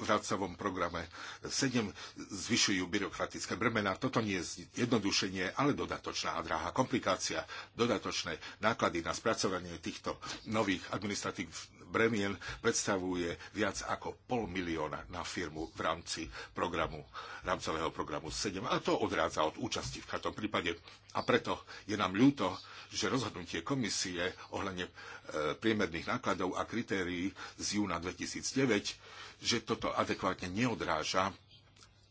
vracavom programe 7 zvyšujú byrokratické bremená. Toto nie je jednodušenie, ale dodatočná a drahá komplikácia, dodatočné náklady na spracovanie týchto nových administratív bremien predstavuje viac ako pol milióna na firmu v rámci programu, rámcového programu 7. A to odrádza od účasti v každom prípade. A preto je nám ľúto, že rozhodnutie komisie ohľadne e, priemerných nákladov a kritérií z júna 2009, že toto adekvátne neodráža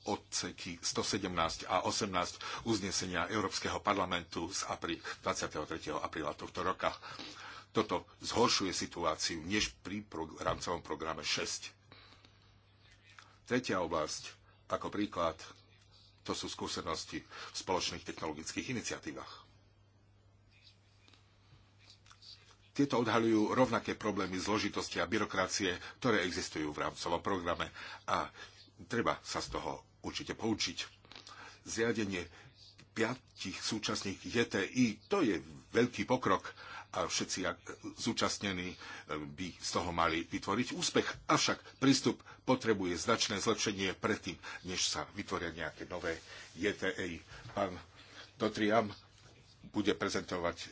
odseky 117 a 18 uznesenia Európskeho parlamentu z apríl, 23. apríla tohto roka. Toto zhoršuje situáciu než pri rámcovom programe 6. Tretia oblasť, ako príklad, to sú skúsenosti v spoločných technologických iniciatívach. Tieto odhaľujú rovnaké problémy zložitosti a byrokracie, ktoré existujú v rámcovom programe a treba sa z toho určite poučiť. Zriadenie piatich súčasných JTI, to je veľký pokrok a všetci zúčastnení eh, by z toho mali vytvoriť úspech. Avšak prístup potrebuje značné zlepšenie predtým, než sa vytvoria nejaké nové JTA. E Pán Dotriam bude prezentovať e,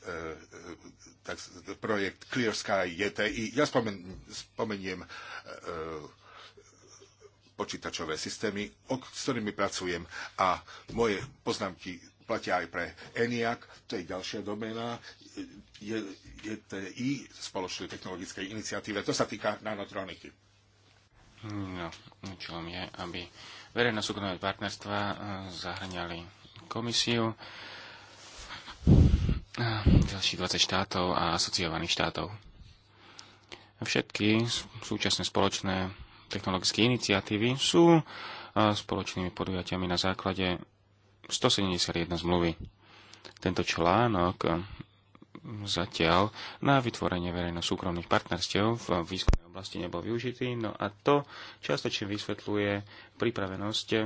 tak, projekt Clear Sky JTI. E ja spomen, spomeniem e, počítačové systémy, s ktorými pracujem a moje poznámky platia aj pre ENIAC, to je ďalšia domena, je, je TI, spoločnej technologickej iniciatíve, to sa týka nanotroniky. No, účelom je, aby verejné súkromné partnerstva eh, zahrňali komisiu, eh, ďalších 20 štátov a asociovaných štátov. Všetky súčasné spoločné technologické iniciatívy sú eh, spoločnými podujatiami na základe 171 zmluvy. Tento článok zatiaľ na vytvorenie verejno-súkromných partnerstiev v výskumnej oblasti nebol využitý, no a to čiastočne vysvetľuje pripravenosť eh,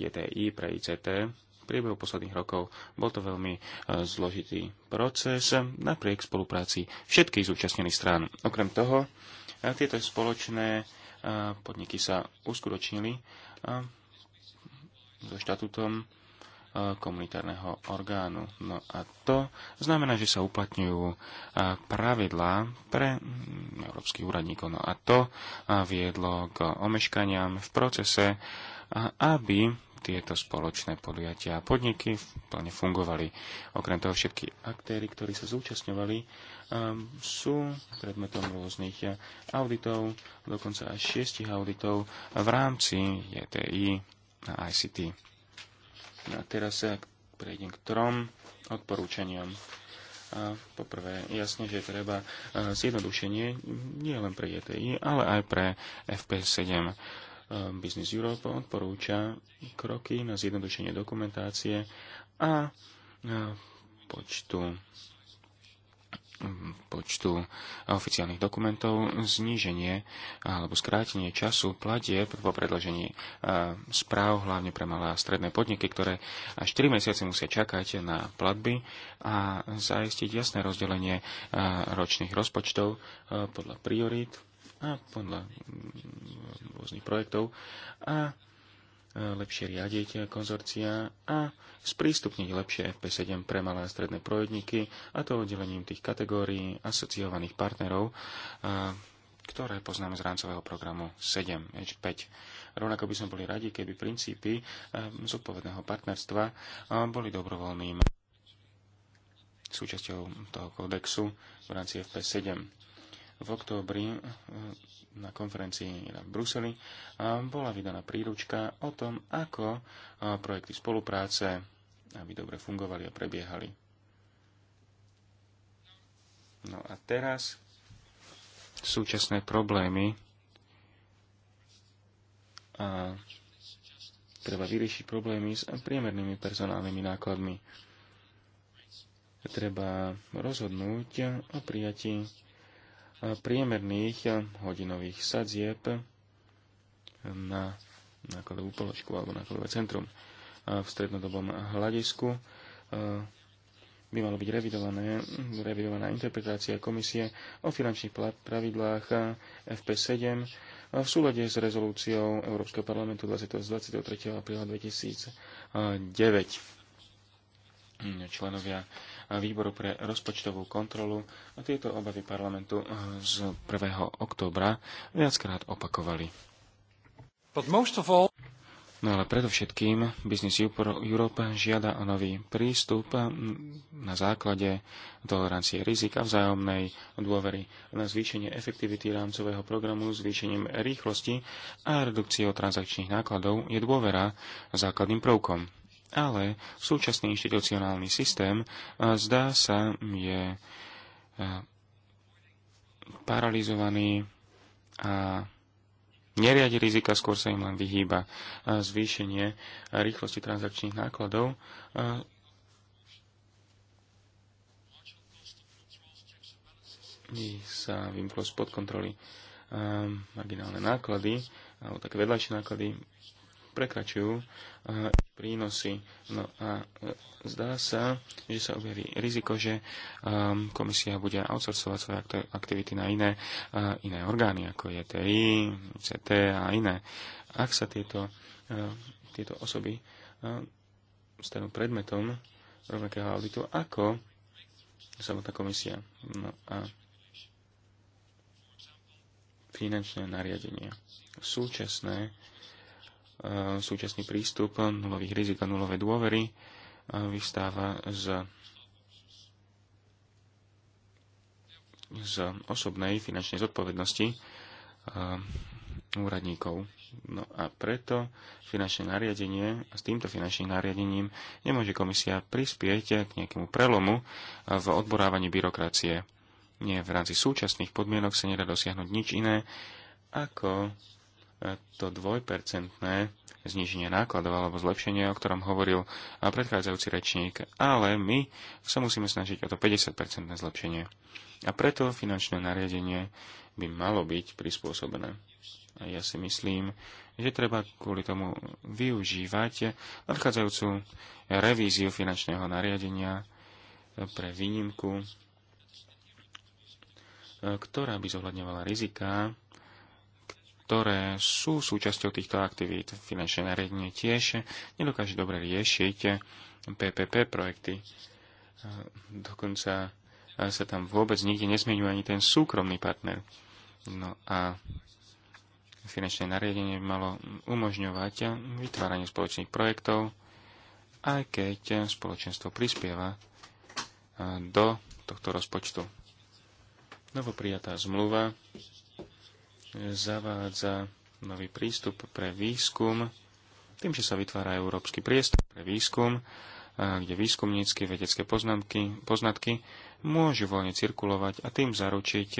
JTI pre ICT v priebehu posledných rokov. Bol to veľmi eh, zložitý proces napriek spolupráci všetkých zúčastnených strán. Okrem toho, eh, tieto spoločné podniky sa uskutočnili so štatutom e, komunitárneho orgánu. No a to znamená, že sa uplatňujú e, pravidlá pre mm, európskych úradníkov. No a to e, viedlo k omeškaniam v procese, aby tieto spoločné podujatia a podniky plne fungovali. Okrem toho všetky aktéry, ktorí sa zúčastňovali, sú predmetom rôznych auditov, dokonca až šiestich auditov v rámci JTI na ICT. No a teraz prejdem k trom odporúčaniam. A Poprvé, jasne, že treba e, zjednodušenie nie len pre JTI, e ale aj pre FP7. E, Business Europe odporúča kroky na zjednodušenie dokumentácie a počtu počtu oficiálnych dokumentov, zníženie alebo skrátenie času platieb po predložení e, správ, hlavne pre malé a stredné podniky, ktoré až 4 mesiace musia čakať na platby a zaistiť jasné rozdelenie e, ročných rozpočtov e, podľa priorít a podľa rôznych projektov a lepšie riadiť konzorcia a sprístupniť lepšie FP7 pre malé a stredné projedníky a to oddelením tých kategórií asociovaných partnerov, ktoré poznáme z rámcového programu 7 5. Rovnako by sme boli radi, keby princípy zodpovedného partnerstva boli dobrovoľným súčasťou toho kódexu v rámci FP7. V oktobri na konferencii v Bruseli bola vydaná príručka o tom, ako projekty spolupráce, aby dobre fungovali a prebiehali. No a teraz súčasné problémy a treba vyriešiť problémy s priemernými personálnymi nákladmi. Treba rozhodnúť o prijatí priemerných eh, hodinových sadzieb na nákladovú položku alebo nákladové centrum. V strednodobom hľadisku eh, by malo byť revidované, revidovaná interpretácia komisie o finančných pravidlách eh, FP7 v súlade s rezolúciou Európskeho parlamentu 20. 23. apríla 2009. Hm, členovia výboru pre rozpočtovú kontrolu a tieto obavy parlamentu eh, z 1. októbra viackrát opakovali. No ale predovšetkým Business Europe žiada o nový prístup eh, na základe tolerancie rizika vzájomnej dôvery na zvýšenie efektivity rámcového programu zvýšením rýchlosti a redukciou transakčných nákladov je dôvera základným prvkom ale súčasný inštitucionálny systém e, zdá sa je e, paralizovaný a neriadi rizika, skôr sa im len vyhýba. E, zvýšenie rýchlosti transakčných nákladov sa vymklo spod kontroly marginálne náklady alebo také vedľajšie náklady prekračujú eh, prínosy. No a eh, zdá sa, že sa objaví riziko, že ehm, komisia bude outsourcovať svoje aktivity na iné, eh, iné orgány, ako je TI, CT a iné. Ak sa tieto, tieto osoby stanú predmetom rovnakého auditu ako samotná komisia. No a finančné nariadenia. Súčasné E, súčasný prístup nulových rizik a nulové dôvery e, vystáva z, z osobnej finančnej zodpovednosti e, úradníkov. No a preto finančné nariadenie a s týmto finančným nariadením nemôže komisia prispieť k nejakému prelomu v odborávaní byrokracie. Nie, v rámci súčasných podmienok sa nedá dosiahnuť nič iné ako to dvojpercentné zníženie nákladov alebo zlepšenie, o ktorom hovoril predchádzajúci rečník, ale my sa musíme snažiť o to 50-percentné zlepšenie. A preto finančné nariadenie by malo byť prispôsobené. A ja si myslím, že treba kvôli tomu využívať nadchádzajúcu revíziu finančného nariadenia pre výnimku, ktorá by zohľadňovala riziká ktoré sú súčasťou týchto aktivít. Finančné nariadenie tiež nedokáže dobre riešiť PPP projekty. Dokonca sa tam vôbec nikde nezmenuje ani ten súkromný partner. No a finančné nariadenie malo umožňovať vytváranie spoločných projektov, aj keď spoločenstvo prispieva do tohto rozpočtu. Novoprijatá zmluva zavádza nový prístup pre výskum, tým, že sa vytvára európsky priestor pre výskum, kde výskumnícky vedecké poznámky, poznatky môžu voľne cirkulovať a tým zaručiť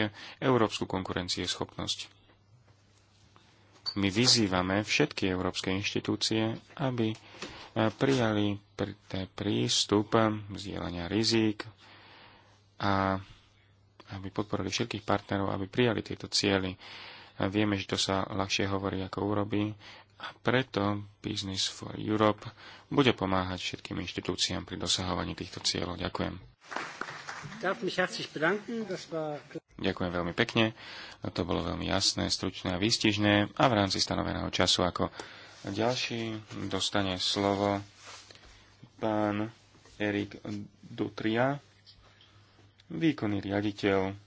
európsku konkurencieschopnosť. My vyzývame všetky európske inštitúcie, aby prijali pr- prístup vzdielania rizík a aby podporili všetkých partnerov, aby prijali tieto cieľy. Vieme, že to sa ľahšie hovorí, ako urobí. A preto Business for Europe bude pomáhať všetkým inštitúciám pri dosahovaní týchto cieľov. Ďakujem. Ďakujem veľmi pekne. To bolo veľmi jasné, stručné a výstižné. A v rámci stanoveného času ako ďalší dostane slovo pán Erik Dutria, výkonný riaditeľ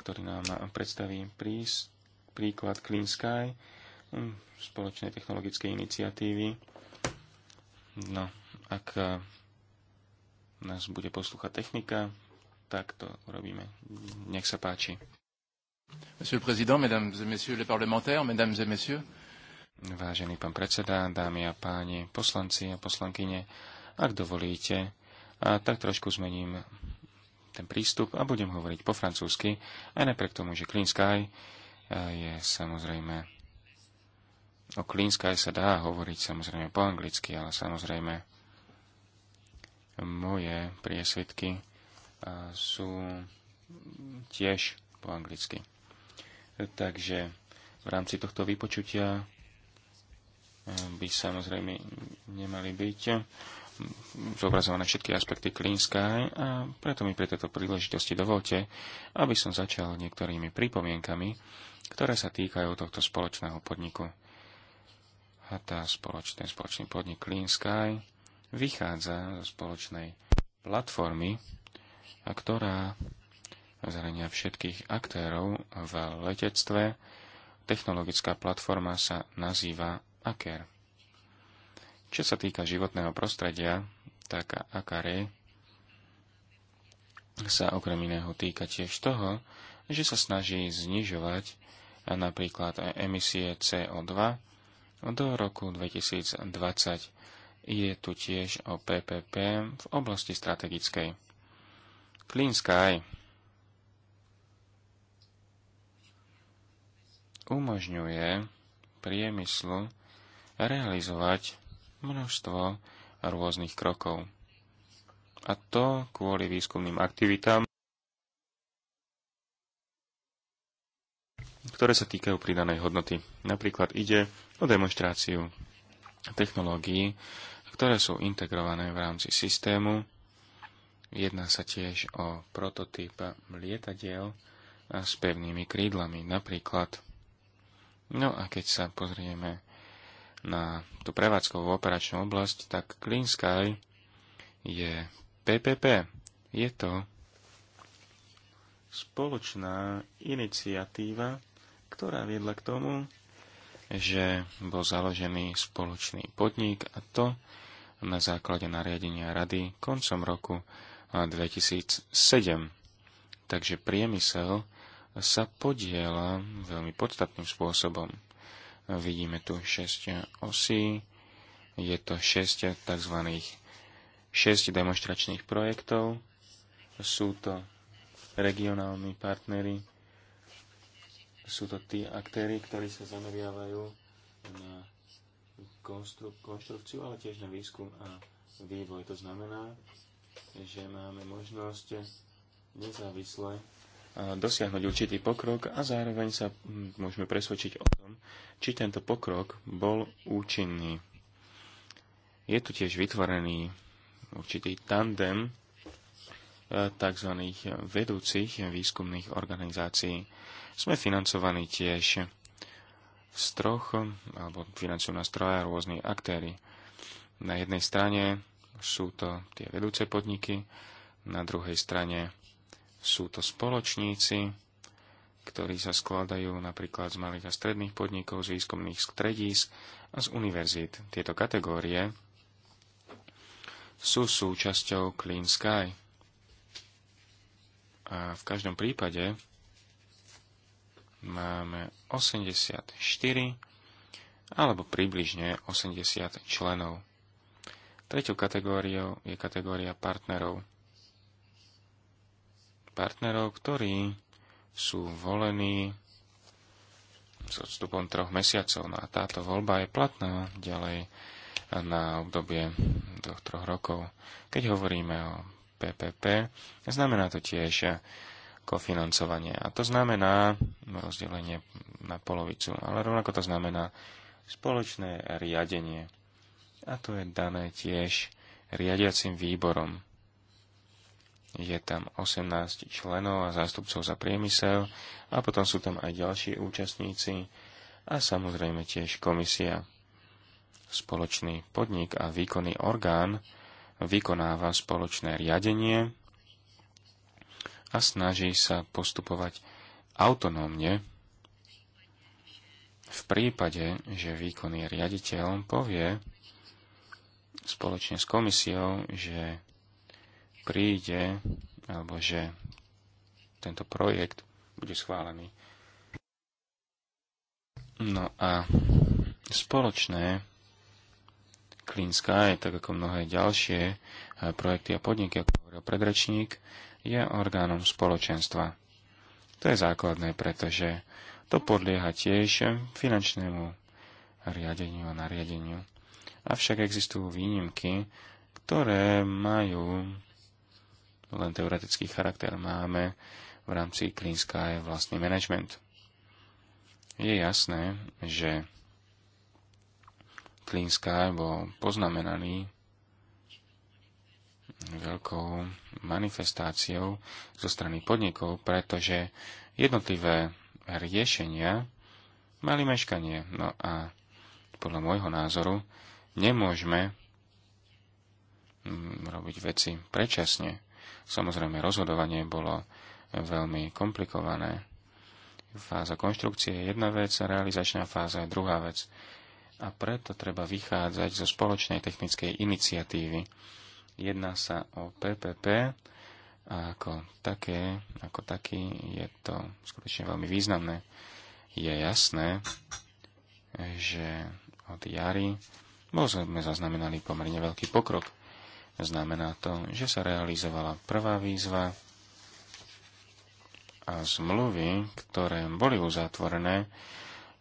ktorý nám predstaví prís, príklad Clean Sky, hm, spoločnej technologickej iniciatívy. No, ak nás bude poslúchať technika, tak to urobíme. Nech sa páči. Monsieur le Président, Mesdames et Messieurs les parlementaires, Mesdames et Messieurs. Vážený pán predseda, dámy a páni, poslanci a poslankyne, ak dovolíte, a tak trošku zmením ten prístup a budem hovoriť po francúzsky, aj napriek tomu, že Clean Sky eh, je samozrejme... O Clean Sky sa dá hovoriť samozrejme po anglicky, ale samozrejme moje priesvitky eh, sú tiež po anglicky. Takže v rámci tohto vypočutia eh, by samozrejme nemali byť zobrazované všetky aspekty Clean Sky a preto mi pri tejto príležitosti dovolte, aby som začal niektorými pripomienkami, ktoré sa týkajú tohto spoločného podniku. A tá spoločný, spoločný podnik Clean Sky vychádza zo spoločnej platformy, ktorá zahrania všetkých aktérov v letectve. Technologická platforma sa nazýva aker. Čo sa týka životného prostredia, tak akary sa okrem iného týka tiež toho, že sa snaží znižovať napríklad emisie CO2 do roku 2020. Je tu tiež o PPP v oblasti strategickej. Clean Sky umožňuje priemyslu realizovať množstvo rôznych krokov. A to kvôli výskumným aktivitám, ktoré sa týkajú pridanej hodnoty. Napríklad ide o demonstráciu technológií, ktoré sú integrované v rámci systému. Jedná sa tiež o prototyp lietadiel s pevnými krídlami napríklad. No a keď sa pozrieme na tú prevádzkovú operačnú oblasť, tak Clean Sky je PPP. Je to spoločná iniciatíva, ktorá viedla k tomu, že bol založený spoločný podnik a to na základe nariadenia rady koncom roku 2007. Takže priemysel sa podiela veľmi podstatným spôsobom. Vidíme tu 6 osí. Je to 6 tzv. 6 demonstračných projektov. Sú to regionálni partnery. Sú to tí aktéry, ktorí sa zameriavajú na konstru- konštrukciu, ale tiež na výskum a vývoj. To znamená, že máme možnosť nezávisle dosiahnuť určitý pokrok a zároveň sa môžeme presvedčiť o tom, či tento pokrok bol účinný. Je tu tiež vytvorený určitý tandem e, tzv. vedúcich výskumných organizácií. Sme financovaní tiež z troch, alebo financujú nás troja rôzni aktéry. Na jednej strane sú to tie vedúce podniky, na druhej strane sú to spoločníci, ktorí sa skladajú napríklad z malých a stredných podnikov, z výskumných stredísk a z univerzít. Tieto kategórie sú súčasťou Clean Sky. A v každom prípade máme 84 alebo približne 80 členov. Tretou kategóriou je kategória partnerov partnerov, ktorí sú volení s odstupom troch mesiacov. No a táto voľba je platná ďalej na obdobie dvoch, troch rokov. Keď hovoríme o PPP, znamená to tiež kofinancovanie. A to znamená rozdelenie na polovicu, ale rovnako to znamená spoločné riadenie. A to je dané tiež riadiacim výborom je tam 18 členov a zástupcov za priemysel a potom sú tam aj ďalší účastníci a samozrejme tiež komisia. Spoločný podnik a výkonný orgán vykonáva spoločné riadenie a snaží sa postupovať autonómne v prípade, že výkonný riaditeľ povie spoločne s komisiou, že príde, alebo že tento projekt bude schválený. No a spoločné Clean Sky, tak ako mnohé ďalšie e, projekty a podniky, ako hovoril predrečník, je orgánom spoločenstva. To je základné, pretože to podlieha tiež finančnému riadeniu a nariadeniu. Avšak existujú výnimky, ktoré majú len teoretický charakter. Máme v rámci Clean Sky vlastný management. Je jasné, že Clean Sky bol poznamenaný veľkou manifestáciou zo strany podnikov, pretože jednotlivé riešenia mali meškanie. No a podľa môjho názoru nemôžeme mm, robiť veci prečasne. Samozrejme, rozhodovanie bolo veľmi komplikované. Fáza konštrukcie je jedna vec, a realizačná fáza je druhá vec. A preto treba vychádzať zo spoločnej technickej iniciatívy. Jedná sa o PPP, a ako také, ako taký je to skutočne veľmi významné. Je jasné, že od jary sme zaznamenali pomerne veľký pokrok. Znamená to, že sa realizovala prvá výzva a zmluvy, ktoré boli uzatvorené,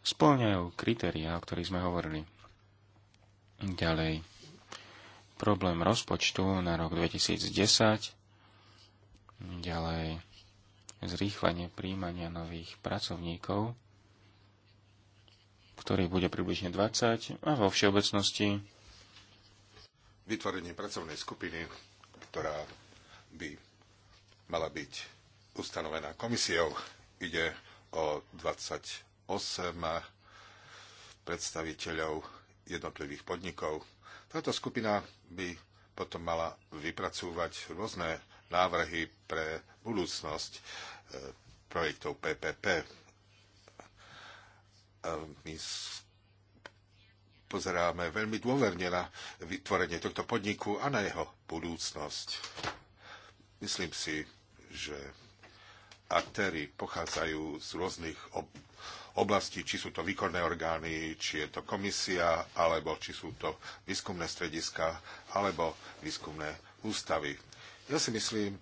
spĺňajú kritériá, o ktorých sme hovorili. Ďalej, problém rozpočtu na rok 2010, ďalej zrýchlenie príjmania nových pracovníkov, ktorých bude približne 20 a vo všeobecnosti vytvorenie pracovnej skupiny, ktorá by mala byť ustanovená komisiou. Ide o 28 predstaviteľov jednotlivých podnikov. Táto skupina by potom mala vypracúvať rôzne návrhy pre budúcnosť e, projektov PPP. E, my pozeráme veľmi dôverne na vytvorenie tohto podniku a na jeho budúcnosť. Myslím si, že aktéry pochádzajú z rôznych oblastí, či sú to výkonné orgány, či je to komisia, alebo či sú to výskumné strediska, alebo výskumné ústavy. Ja si myslím,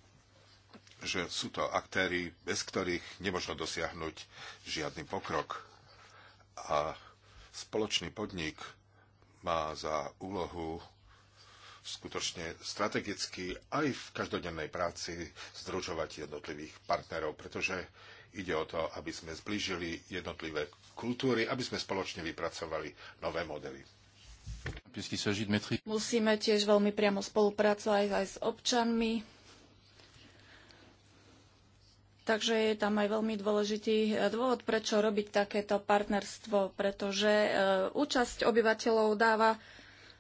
že sú to aktéry, bez ktorých nemožno dosiahnuť žiadny pokrok. A spoločný podnik má za úlohu skutočne strategicky aj v každodennej práci združovať jednotlivých partnerov, pretože ide o to, aby sme zblížili jednotlivé kultúry, aby sme spoločne vypracovali nové modely. Musíme tiež veľmi priamo spolupracovať aj s občanmi, Takže je tam aj veľmi dôležitý e, dôvod, prečo robiť takéto partnerstvo, pretože e, účasť obyvateľov dáva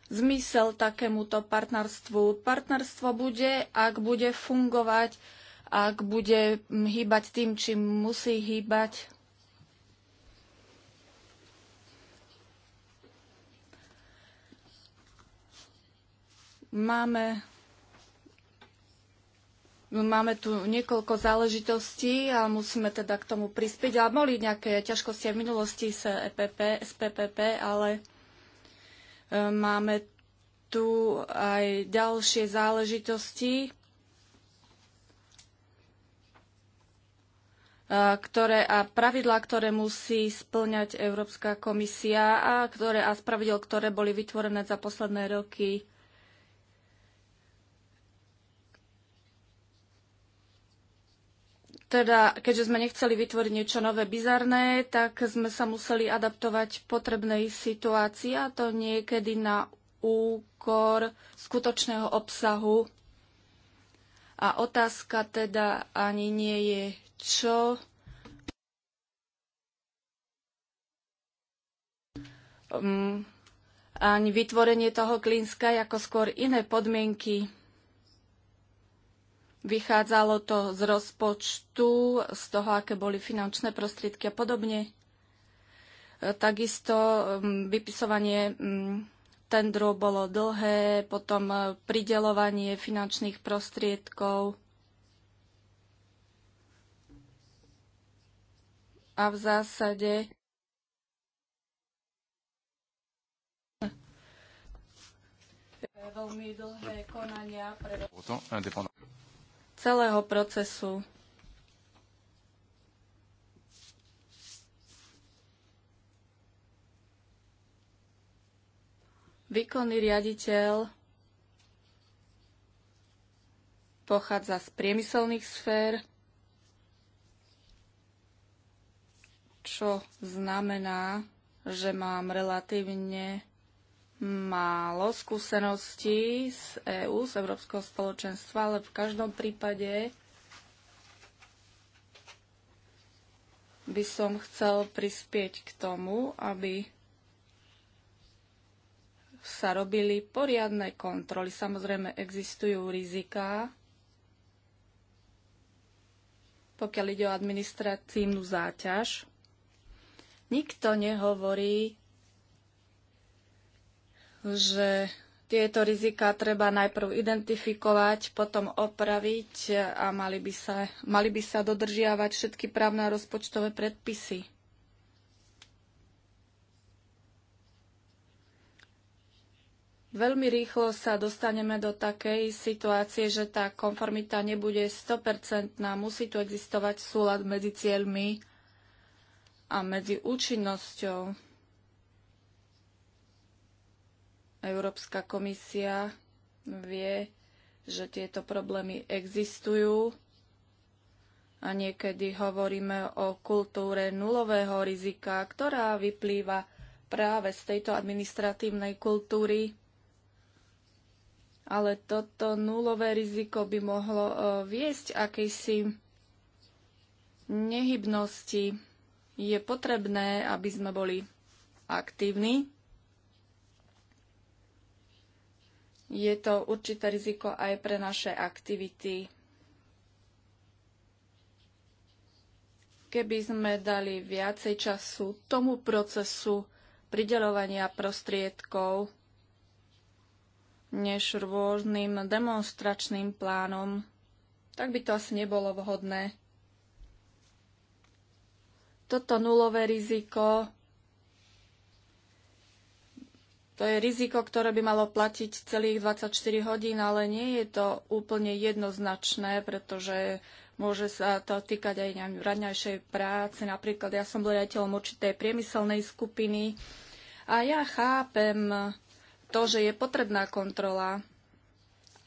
zmysel takémuto partnerstvu. Partnerstvo bude, ak bude fungovať, ak bude hýbať tým, čím musí hýbať. Máme No, máme tu niekoľko záležitostí a musíme teda k tomu prispieť. A boli nejaké ťažkosti v minulosti s EPP, s PPP, ale e, máme tu aj ďalšie záležitosti, e, ktoré a pravidlá, ktoré musí splňať Európska komisia a ktoré a spravidel, ktoré boli vytvorené za posledné roky Teda, keďže sme nechceli vytvoriť niečo nové, bizarné, tak sme sa museli adaptovať potrebnej situácii a to niekedy na úkor skutočného obsahu. A otázka teda ani nie je čo. Um, ani vytvorenie toho klinska, ako skôr iné podmienky Vychádzalo to z rozpočtu, z toho, aké boli finančné prostriedky a podobne. E, takisto vypisovanie tendrov bolo dlhé, potom e, pridelovanie finančných prostriedkov a v zásade veľmi dlhé konania pre celého procesu. Výkonný riaditeľ pochádza z priemyselných sfér, čo znamená, že mám relatívne málo skúseností z EÚ, z Európskeho spoločenstva, ale v každom prípade by som chcel prispieť k tomu, aby sa robili poriadne kontroly. Samozrejme, existujú riziká, pokiaľ ide o administratívnu záťaž. Nikto nehovorí že tieto rizika treba najprv identifikovať, potom opraviť a mali by sa, mali by sa dodržiavať všetky právne a rozpočtové predpisy. Veľmi rýchlo sa dostaneme do takej situácie, že tá konformita nebude 100%. Musí tu existovať súlad medzi cieľmi a medzi účinnosťou. Európska komisia vie, že tieto problémy existujú a niekedy hovoríme o kultúre nulového rizika, ktorá vyplýva práve z tejto administratívnej kultúry. Ale toto nulové riziko by mohlo e, viesť akejsi nehybnosti. Je potrebné, aby sme boli aktívni je to určité riziko aj pre naše aktivity. Keby sme dali viacej času tomu procesu prideľovania prostriedkov, než rôznym demonstračným plánom, tak by to asi nebolo vhodné. Toto nulové riziko to je riziko, ktoré by malo platiť celých 24 hodín, ale nie je to úplne jednoznačné, pretože môže sa to týkať aj radnejšej práce. Napríklad ja som riaditeľom určitej priemyselnej skupiny a ja chápem to, že je potrebná kontrola,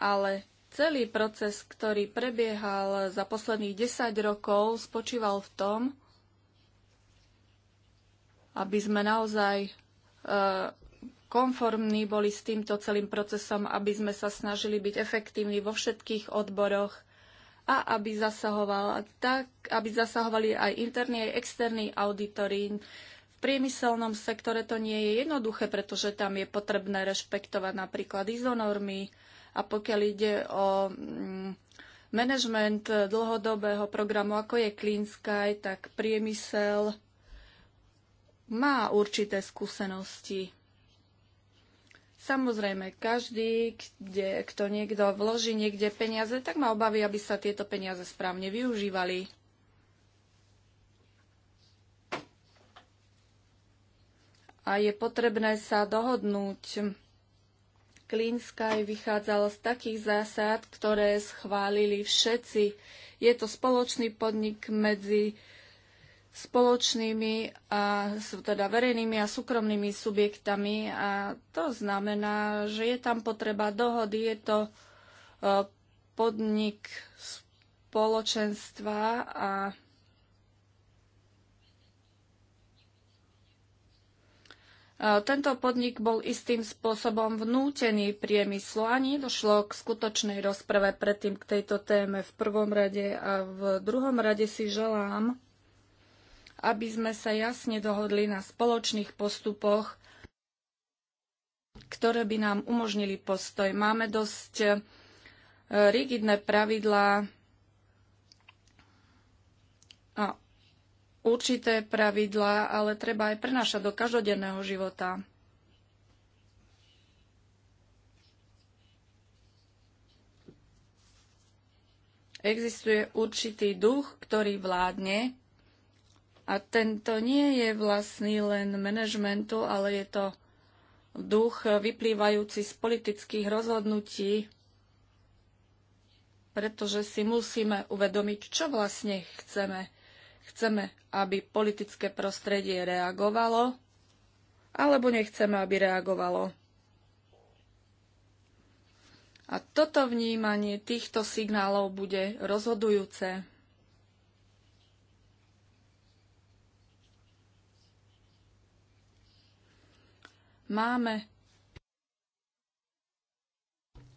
ale celý proces, ktorý prebiehal za posledných 10 rokov, spočíval v tom, aby sme naozaj e, konformní boli s týmto celým procesom, aby sme sa snažili byť efektívni vo všetkých odboroch a aby, zasahoval, tak, aby zasahovali aj interní, aj externí auditory. V priemyselnom sektore to nie je jednoduché, pretože tam je potrebné rešpektovať napríklad izonormy a pokiaľ ide o mm, management dlhodobého programu, ako je Clean Sky, tak priemysel má určité skúsenosti Samozrejme, každý, kde, kto niekto vloží niekde peniaze, tak má obavy, aby sa tieto peniaze správne využívali. A je potrebné sa dohodnúť. Klínskaj vychádzalo z takých zásad, ktoré schválili všetci. Je to spoločný podnik medzi spoločnými, a, teda verejnými a súkromnými subjektami. A to znamená, že je tam potreba dohody, je to e, podnik spoločenstva a e, Tento podnik bol istým spôsobom vnútený priemyslu a nie došlo k skutočnej rozprave predtým k tejto téme v prvom rade a v druhom rade si želám, aby sme sa jasne dohodli na spoločných postupoch, ktoré by nám umožnili postoj. Máme dosť e, rigidné pravidlá a určité pravidlá, ale treba aj prenášať do každodenného života. Existuje určitý duch, ktorý vládne a tento nie je vlastný len manažmentu, ale je to duch vyplývajúci z politických rozhodnutí, pretože si musíme uvedomiť, čo vlastne chceme. Chceme, aby politické prostredie reagovalo, alebo nechceme, aby reagovalo. A toto vnímanie týchto signálov bude rozhodujúce. máme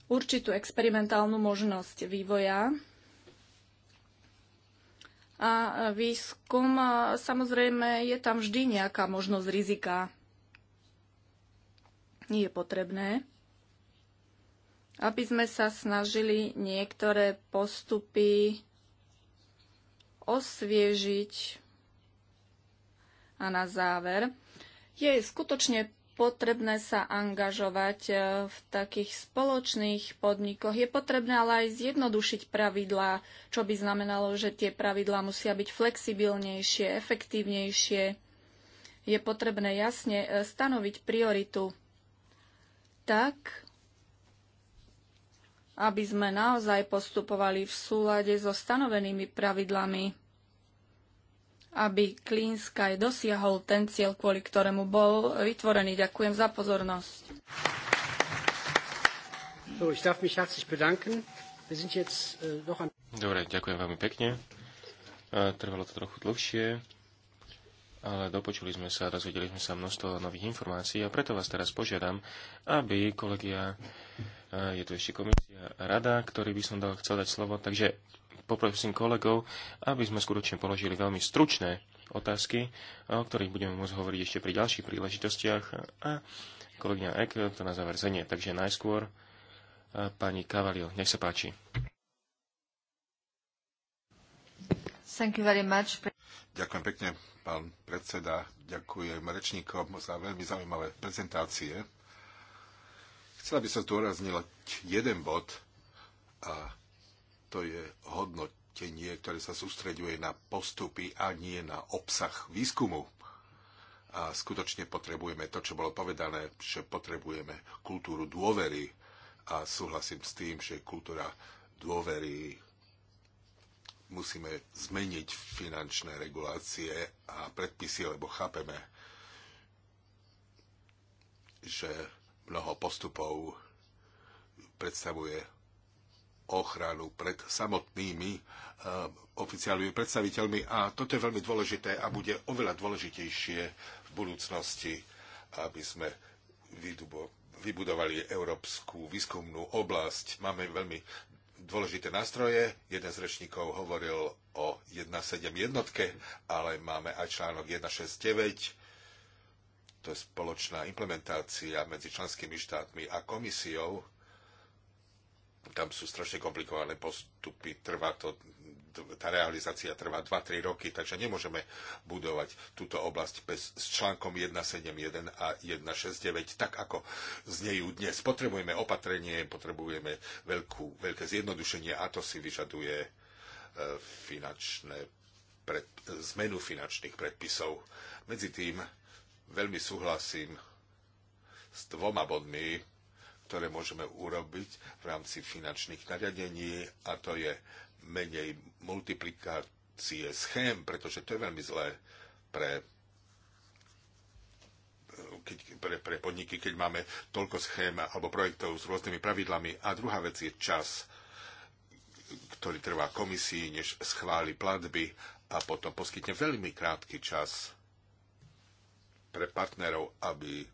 určitú experimentálnu možnosť vývoja. A výskum, samozrejme, je tam vždy nejaká možnosť rizika. Nie Je potrebné, aby sme sa snažili niektoré postupy osviežiť. A na záver, je skutočne potrebné sa angažovať e, v takých spoločných podnikoch. Je potrebné ale aj zjednodušiť pravidlá, čo by znamenalo, že tie pravidlá musia byť flexibilnejšie, efektívnejšie. Je potrebné jasne e, stanoviť prioritu tak, aby sme naozaj postupovali v súlade so stanovenými pravidlami aby Klínskaj dosiahol ten cieľ, kvôli ktorému bol vytvorený. Ďakujem za pozornosť. Äh, Dobre, ďakujem veľmi pekne. Trvalo to trochu dlhšie, ale dopočuli sme sa, dozvedeli sme sa množstvo nových informácií a preto vás teraz požiadam, aby kolegia, je tu ešte komisia, rada, ktorý by som dal, chcel dať slovo, takže poprosím kolegov, aby sme skutočne položili veľmi stručné otázky, o ktorých budeme môcť hovoriť ešte pri ďalších príležitostiach. A kolegyňa Ek to na záver zenie. Takže najskôr e, pani Kavalio, nech sa páči. Thank you very much. Ďakujem pekne, pán predseda. Ďakujem rečníkom za veľmi zaujímavé prezentácie. Chcela by sa zdôrazniť jeden bod a to je hodnotenie, ktoré sa sústreďuje na postupy a nie na obsah výskumu. A skutočne potrebujeme to, čo bolo povedané, že potrebujeme kultúru dôvery. A súhlasím s tým, že kultúra dôvery musíme zmeniť finančné regulácie a predpisy, lebo chápeme, že mnoho postupov predstavuje ochranu pred samotnými eh, oficiálnymi predstaviteľmi a toto je veľmi dôležité a bude oveľa dôležitejšie v budúcnosti, aby sme vybudovali európsku výskumnú oblasť. Máme veľmi dôležité nástroje. Jeden z rečníkov hovoril o 1.7 jednotke, ale máme aj článok 1.6.9, to je spoločná implementácia medzi členskými štátmi a komisiou tam sú strašne komplikované postupy, trvá to, tá realizácia trvá 2-3 roky, takže nemôžeme budovať túto oblasť bez, s článkom 171 a 169, tak ako znejú dnes. Potrebujeme opatrenie, potrebujeme veľkú, veľké zjednodušenie a to si vyžaduje e, finančné pred, zmenu finančných predpisov. Medzi tým veľmi súhlasím s dvoma bodmi, ktoré môžeme urobiť v rámci finančných nariadení a to je menej multiplikácie schém, pretože to je veľmi zlé pre keď, pre, pre podniky, keď máme toľko schém alebo projektov s rôznymi pravidlami. A druhá vec je čas, ktorý trvá komisii, než schváli platby a potom poskytne veľmi krátky čas pre partnerov, aby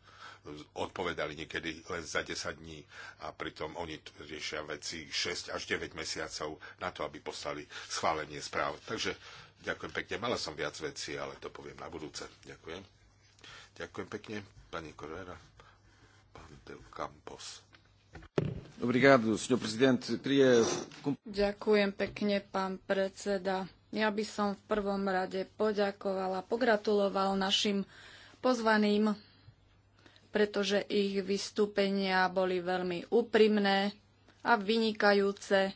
odpovedali niekedy len za 10 dní a pritom oni riešia veci 6 až 9 mesiacov na to, aby poslali schválenie správ. Takže ďakujem pekne. Mala som viac vecí, ale to poviem na budúce. Ďakujem. Ďakujem pekne, pani Correra, pán Del Campos. Obrigado, senhor presidente. Queria... Ďakujem pekne, pán predseda. Ja by som v prvom rade poďakovala, pogratuloval našim pozvaným pretože ich vystúpenia boli veľmi úprimné a vynikajúce.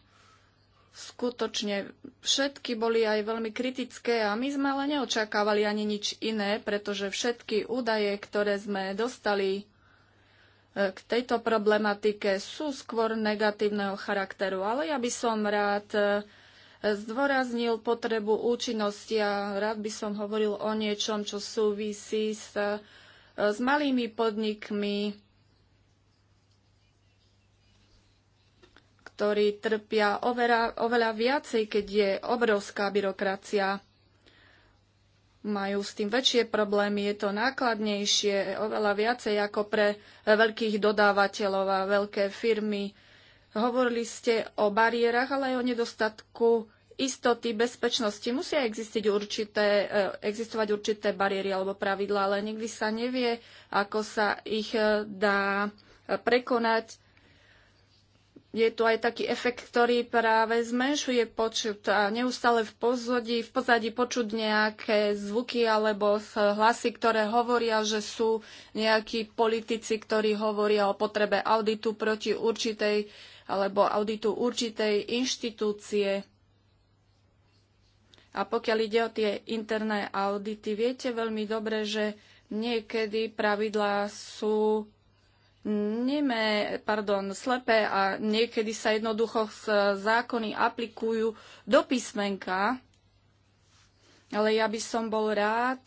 Skutočne všetky boli aj veľmi kritické a my sme ale neočakávali ani nič iné, pretože všetky údaje, ktoré sme dostali e, k tejto problematike, sú skôr negatívneho charakteru. Ale ja by som rád e, zdôraznil potrebu účinnosti a rád by som hovoril o niečom, čo súvisí s s malými podnikmi, ktorí trpia oveľa, oveľa viacej, keď je obrovská byrokracia. Majú s tým väčšie problémy, je to nákladnejšie, oveľa viacej ako pre veľkých dodávateľov a veľké firmy. Hovorili ste o bariérach, ale aj o nedostatku istoty, bezpečnosti musia určité, eh, existovať určité bariéry alebo pravidlá, ale nikdy sa nevie, ako sa ich eh, dá eh, prekonať. Je tu aj taký efekt, ktorý práve zmenšuje počut a neustále v pozadí, v pozadí počuť nejaké zvuky alebo hlasy, ktoré hovoria, že sú nejakí politici, ktorí hovoria o potrebe auditu proti určitej alebo auditu určitej inštitúcie a pokiaľ ide o tie interné audity, viete veľmi dobre, že niekedy pravidlá sú neme, pardon, slepé a niekedy sa jednoducho zákony aplikujú do písmenka. Ale ja by som bol rád,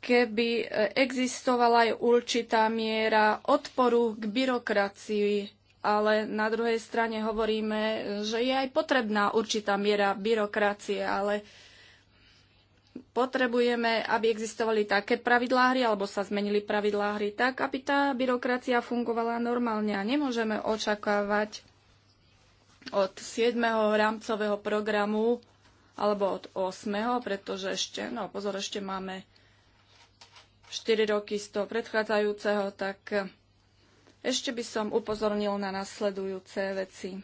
keby e, existovala aj určitá miera odporu k byrokracii ale na druhej strane hovoríme, že je aj potrebná určitá miera byrokracie, ale potrebujeme, aby existovali také pravidlá hry, alebo sa zmenili pravidlá hry tak, aby tá byrokracia fungovala normálne a nemôžeme očakávať od 7. rámcového programu alebo od 8., pretože ešte, no pozor, ešte máme 4 roky z toho predchádzajúceho, tak ešte by som upozornil na nasledujúce veci.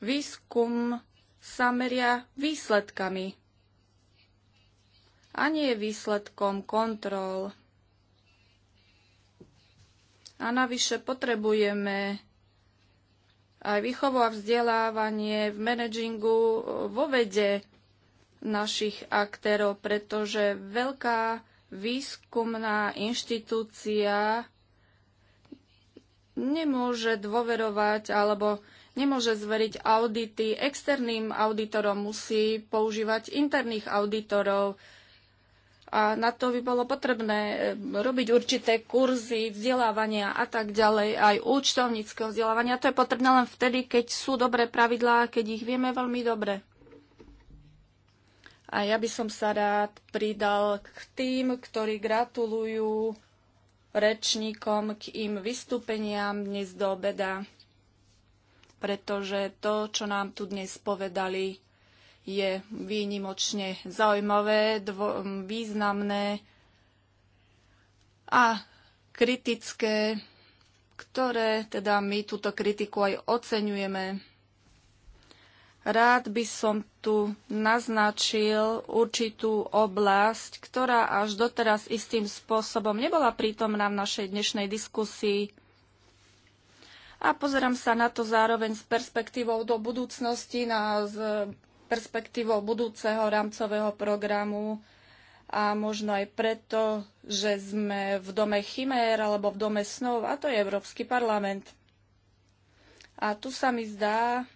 Výskum sa meria výsledkami a nie je výsledkom kontrol. A navyše potrebujeme aj výchovu a vzdelávanie v managingu vo vede, našich aktérov, pretože veľká výskumná inštitúcia nemôže dôverovať alebo nemôže zveriť audity externým auditorom, musí používať interných auditorov. A na to by bolo potrebné eh, robiť určité kurzy vzdelávania a tak ďalej, aj účtovníckého vzdelávania. To je potrebné len vtedy, keď sú dobré pravidlá, keď ich vieme veľmi dobre. A ja by som sa rád pridal k tým, ktorí gratulujú rečníkom k im vystúpeniam dnes do obeda, pretože to, čo nám tu dnes povedali, je výnimočne zaujímavé, dvo- významné a kritické, ktoré teda my túto kritiku aj oceňujeme. Rád by som tu naznačil určitú oblasť, ktorá až doteraz istým spôsobom nebola prítomná v našej dnešnej diskusii. A pozerám sa na to zároveň s perspektívou do budúcnosti, na, s perspektívou budúceho rámcového programu a možno aj preto, že sme v dome chimér alebo v dome snov, a to je Európsky parlament. A tu sa mi zdá,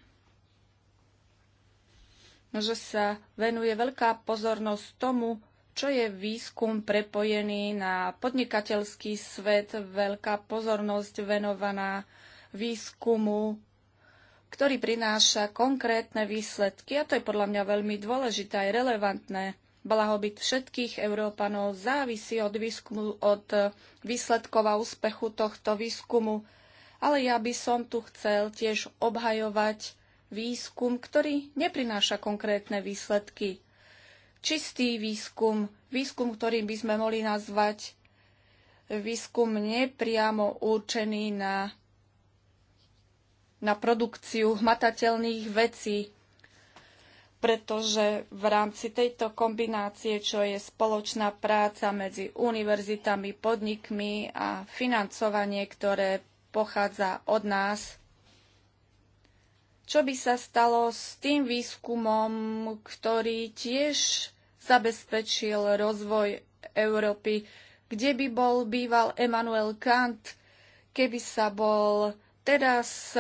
že sa venuje veľká pozornosť tomu, čo je výskum prepojený na podnikateľský svet, veľká pozornosť venovaná výskumu, ktorý prináša konkrétne výsledky a to je podľa mňa veľmi dôležité aj relevantné. Blahobyt všetkých Európanov závisí od výskumu, od výsledkov a úspechu tohto výskumu, ale ja by som tu chcel tiež obhajovať výskum, ktorý neprináša konkrétne výsledky. Čistý výskum, výskum, ktorým by sme mohli nazvať výskum nepriamo určený na, na produkciu hmatateľných vecí, pretože v rámci tejto kombinácie, čo je spoločná práca medzi univerzitami, podnikmi a financovanie, ktoré pochádza od nás, čo by sa stalo s tým výskumom, ktorý tiež zabezpečil rozvoj Európy? Kde by bol býval Emmanuel Kant, keby sa bol teraz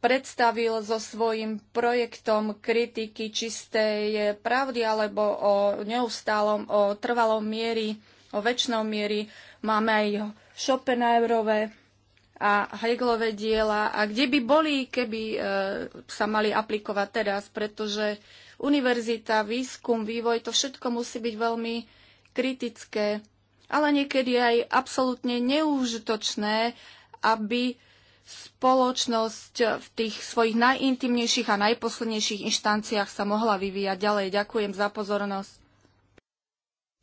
predstavil so svojím projektom kritiky čistej pravdy alebo o neustálom, o trvalom miery, o väčšnom miery. Máme aj Schopenhauerové a Hegelové diela a kde by boli, keby e, sa mali aplikovať teraz, pretože univerzita, výskum, vývoj, to všetko musí byť veľmi kritické, ale niekedy aj absolútne neúžitočné, aby spoločnosť v tých svojich najintimnejších a najposlednejších inštanciách sa mohla vyvíjať ďalej. Ďakujem za pozornosť.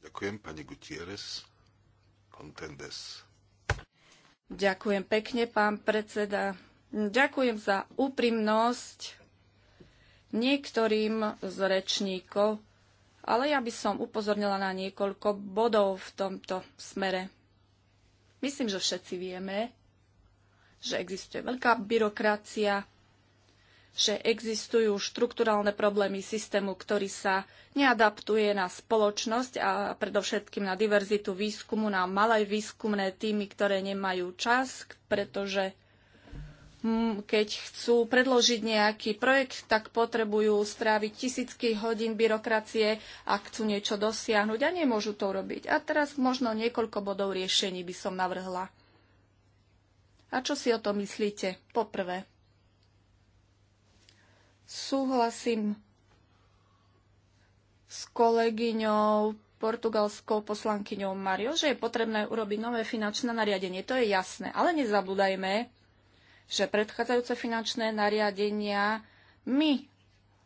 Ďakujem, pani Gutierrez. Contendes. Ďakujem pekne, pán predseda. Ďakujem za úprimnosť niektorým z rečníkov, ale ja by som upozornila na niekoľko bodov v tomto smere. Myslím, že všetci vieme, že existuje veľká byrokracia, že existujú štrukturálne problémy systému, ktorý sa neadaptuje na spoločnosť a predovšetkým na diverzitu výskumu, na malé výskumné týmy, ktoré nemajú čas, pretože mm, keď chcú predložiť nejaký projekt, tak potrebujú stráviť tisícky hodín byrokracie a chcú niečo dosiahnuť a nemôžu to robiť. A teraz možno niekoľko bodov riešení by som navrhla. A čo si o to myslíte? Poprvé, Súhlasím s kolegyňou portugalskou poslankyňou Mario, že je potrebné urobiť nové finančné nariadenie. To je jasné, ale nezabúdajme, že predchádzajúce finančné nariadenia my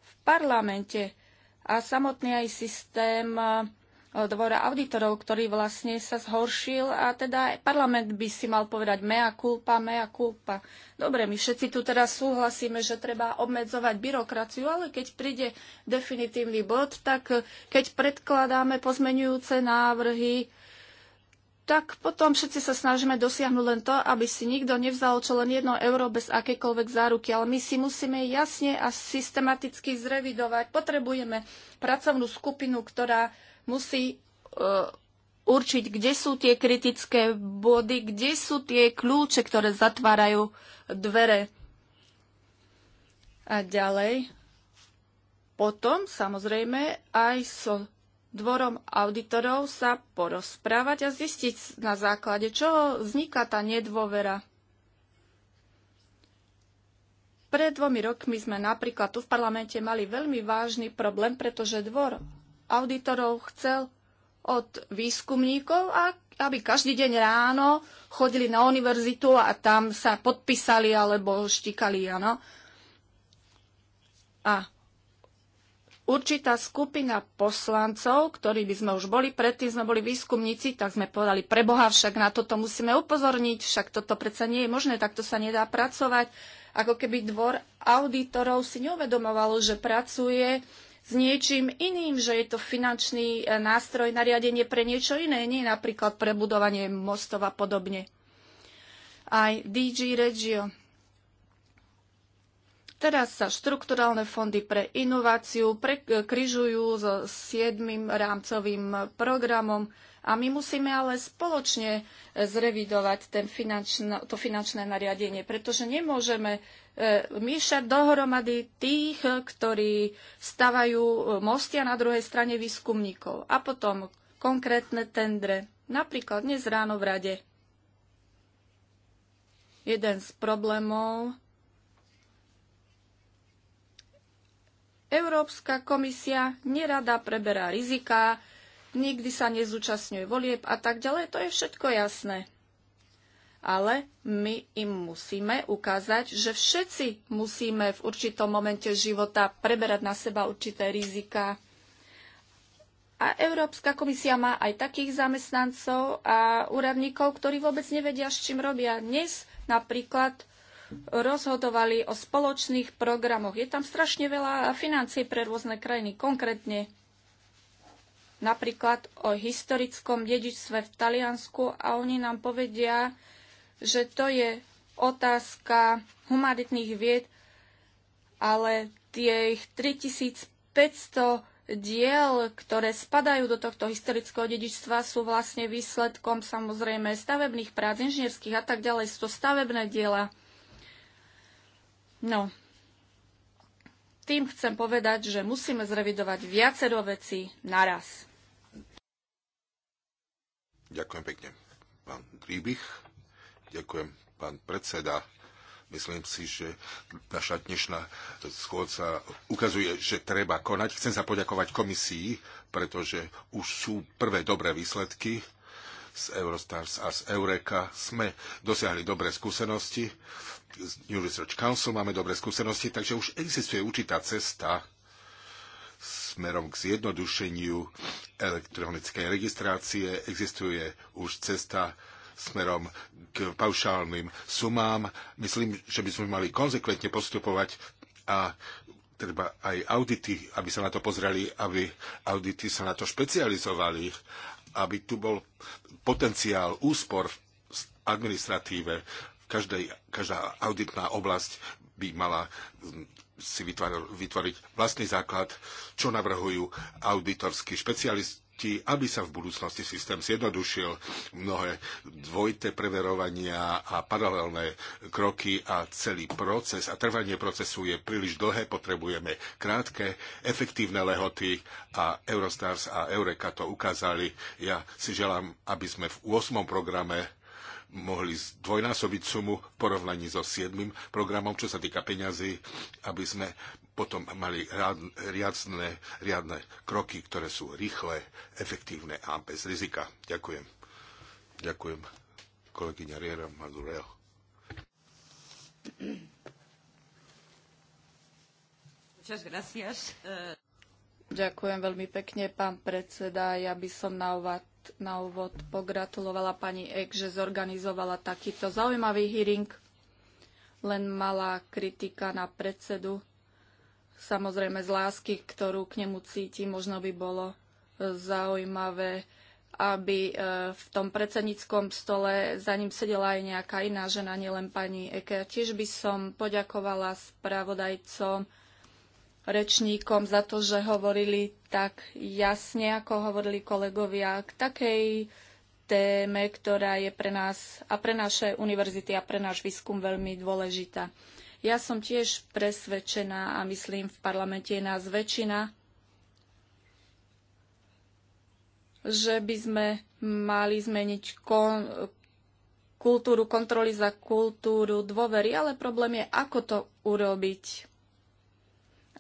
v parlamente a samotný aj systém Eh, dvora auditorov, ktorý vlastne sa zhoršil a teda parlament by si mal povedať mea culpa, mea culpa. Dobre, my všetci tu teraz súhlasíme, že treba obmedzovať byrokraciu, ale keď príde definitívny bod, tak eh, keď predkladáme pozmenujúce návrhy, tak potom všetci sa snažíme dosiahnuť len to, aby si nikto nevzal čo len jedno euro bez akékoľvek záruky. Ale my si musíme jasne a systematicky zrevidovať. Potrebujeme pracovnú skupinu, ktorá musí e, určiť, kde sú tie kritické body, kde sú tie kľúče, ktoré zatvárajú dvere. A ďalej, potom samozrejme aj so dvorom auditorov sa porozprávať a zistiť na základe, čo vzniká tá nedôvera. Pred dvomi rokmi sme napríklad tu v parlamente mali veľmi vážny problém, pretože dvor auditorov chcel od výskumníkov, aby každý deň ráno chodili na univerzitu a tam sa podpísali alebo štikali. Ano. A určitá skupina poslancov, ktorí by sme už boli, predtým sme boli výskumníci, tak sme povedali, preboha, však na toto musíme upozorniť, však toto predsa nie je možné, takto sa nedá pracovať. Ako keby dvor auditorov si neuvedomovalo, že pracuje s niečím iným, že je to finančný e, nástroj na riadenie pre niečo iné, nie napríklad pre budovanie mostov a podobne. Aj DG Regio. Teraz sa štrukturálne fondy pre inováciu prekryžujú so 7. rámcovým programom a my musíme ale spoločne e, zrevidovať ten to finančné nariadenie, pretože nemôžeme e, miešať dohromady tých, ktorí stavajú e, mosty a na druhej strane výskumníkov. A potom konkrétne tendre. Napríklad dnes ráno v rade. Jeden z problémov Európska komisia nerada preberá riziká, nikdy sa nezúčastňuj volieb a tak ďalej, to je všetko jasné. Ale my im musíme ukázať, že všetci musíme v určitom momente života preberať na seba určité rizika. A Európska komisia má aj takých zamestnancov a úradníkov, ktorí vôbec nevedia, s čím robia. Dnes napríklad rozhodovali o spoločných programoch. Je tam strašne veľa financií pre rôzne krajiny. Konkrétne napríklad o historickom dedičstve v Taliansku a oni nám povedia, že to je otázka humanitných vied, ale tie ich 3500 diel, ktoré spadajú do tohto historického dedičstva, sú vlastne výsledkom samozrejme stavebných prác, inžinierských a tak ďalej. Sú to stavebné diela. No, tým chcem povedať, že musíme zrevidovať viacero vecí naraz. Ďakujem pekne. Pán Gríbich, ďakujem pán predseda. Myslím si, že naša dnešná schôdca ukazuje, že treba konať. Chcem sa poďakovať komisii, pretože už sú prvé dobré výsledky z Eurostars a z Eureka. Sme dosiahli dobré skúsenosti. Z New Research Council máme dobré skúsenosti, takže už existuje určitá cesta smerom k zjednodušeniu elektronickej registrácie. Existuje už cesta smerom k paušálnym sumám. Myslím, že by sme mali konzekventne postupovať a treba aj audity, aby sa na to pozreli, aby audity sa na to špecializovali, aby tu bol potenciál úspor v administratíve. Každej, každá auditná oblasť by mala si vytvoril, vytvoriť vlastný základ, čo navrhujú auditorskí špecialisti aby sa v budúcnosti systém zjednodušil. Mnohé dvojité preverovania a paralelné kroky a celý proces a trvanie procesu je príliš dlhé. Potrebujeme krátke, efektívne lehoty a Eurostars a Eureka to ukázali. Ja si želám, aby sme v 8. programe mohli zdvojnásobiť sumu v porovnaní so 7. programom, čo sa týka peňazí, aby sme potom mali riadne, riadne kroky, ktoré sú rýchle, efektívne a bez rizika. Ďakujem. Ďakujem. Kolegyňa Riera Madureo. Eh, Ďakujem veľmi pekne, pán predseda. Ja by som na úvod na úvod pogratulovala pani Ek, že zorganizovala takýto zaujímavý hearing. Len malá kritika na predsedu. Samozrejme z lásky, ktorú k nemu cíti, možno by bolo zaujímavé, aby e, v tom predsedníckom stole za ním sedela aj nejaká iná žena, nielen pani Eke. Tiež by som poďakovala spravodajcom, rečníkom za to, že hovorili tak jasne, ako hovorili kolegovia, k takej téme, ktorá je pre nás a pre naše univerzity a pre náš výskum veľmi dôležitá. Ja som tiež presvedčená a myslím, v parlamente je nás väčšina, že by sme mali zmeniť kon- kultúru kontroly za kultúru dôvery, ale problém je, ako to urobiť.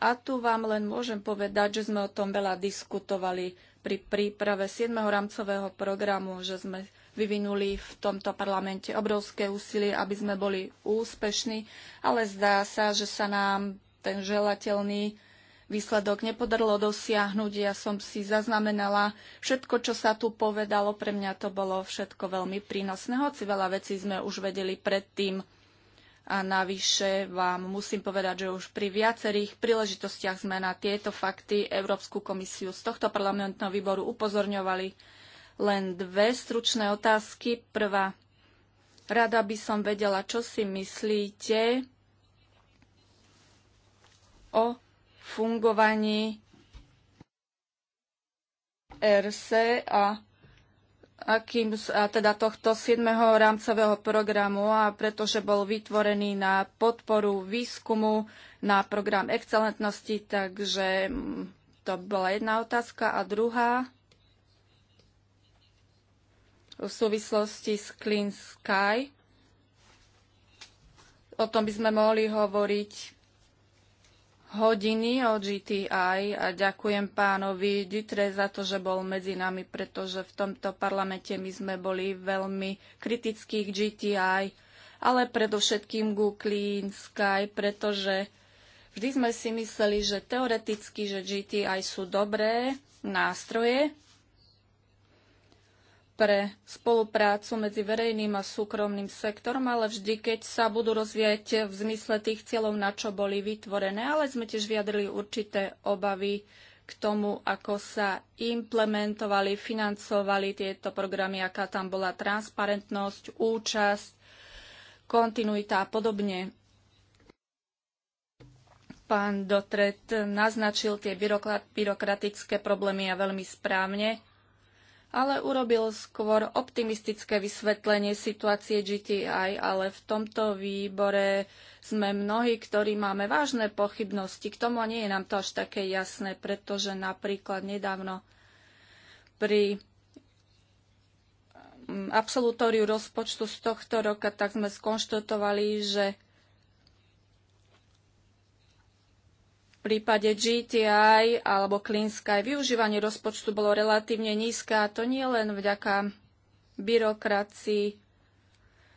A tu vám len môžem povedať, že sme o tom veľa diskutovali pri príprave 7. rámcového programu, že sme vyvinuli v tomto parlamente obrovské úsilie, aby sme boli úspešní, ale zdá sa, že sa nám ten želateľný výsledok nepodarilo dosiahnuť. Ja som si zaznamenala všetko, čo sa tu povedalo. Pre mňa to bolo všetko veľmi prínosné, hoci veľa vecí sme už vedeli predtým. A navyše vám musím povedať, že už pri viacerých príležitostiach sme na tieto fakty Európsku komisiu z tohto parlamentného výboru upozorňovali. Len dve stručné otázky. Prvá. Rada by som vedela, čo si myslíte o fungovaní RC a akým, teda tohto 7. rámcového programu a pretože bol vytvorený na podporu výskumu na program excelentnosti, takže mm, to bola jedna otázka. A druhá, v súvislosti s Clean Sky, o tom by sme mohli hovoriť hodiny o GTI a ďakujem pánovi Dutre za to, že bol medzi nami, pretože v tomto parlamente my sme boli veľmi kritickí k GTI, ale predovšetkým ku Clean Sky, pretože vždy sme si mysleli, že teoreticky, že GTI sú dobré nástroje, pre spoluprácu medzi verejným a súkromným sektorom, ale vždy, keď sa budú rozvíjať v zmysle tých cieľov, na čo boli vytvorené. Ale sme tiež vyjadrili určité obavy k tomu, ako sa implementovali, financovali tieto programy, aká tam bola transparentnosť, účasť, kontinuita a podobne. Pán Dotret naznačil tie byrokratické problémy a veľmi správne ale urobil skôr optimistické vysvetlenie situácie GTI, ale v tomto výbore sme mnohí, ktorí máme vážne pochybnosti. K tomu nie je nám to až také jasné, pretože napríklad nedávno pri mm, absolutóriu rozpočtu z tohto roka, tak sme skonštatovali, že prípade GTI alebo Clean Sky využívanie rozpočtu bolo relatívne nízke a to nie len vďaka byrokracii.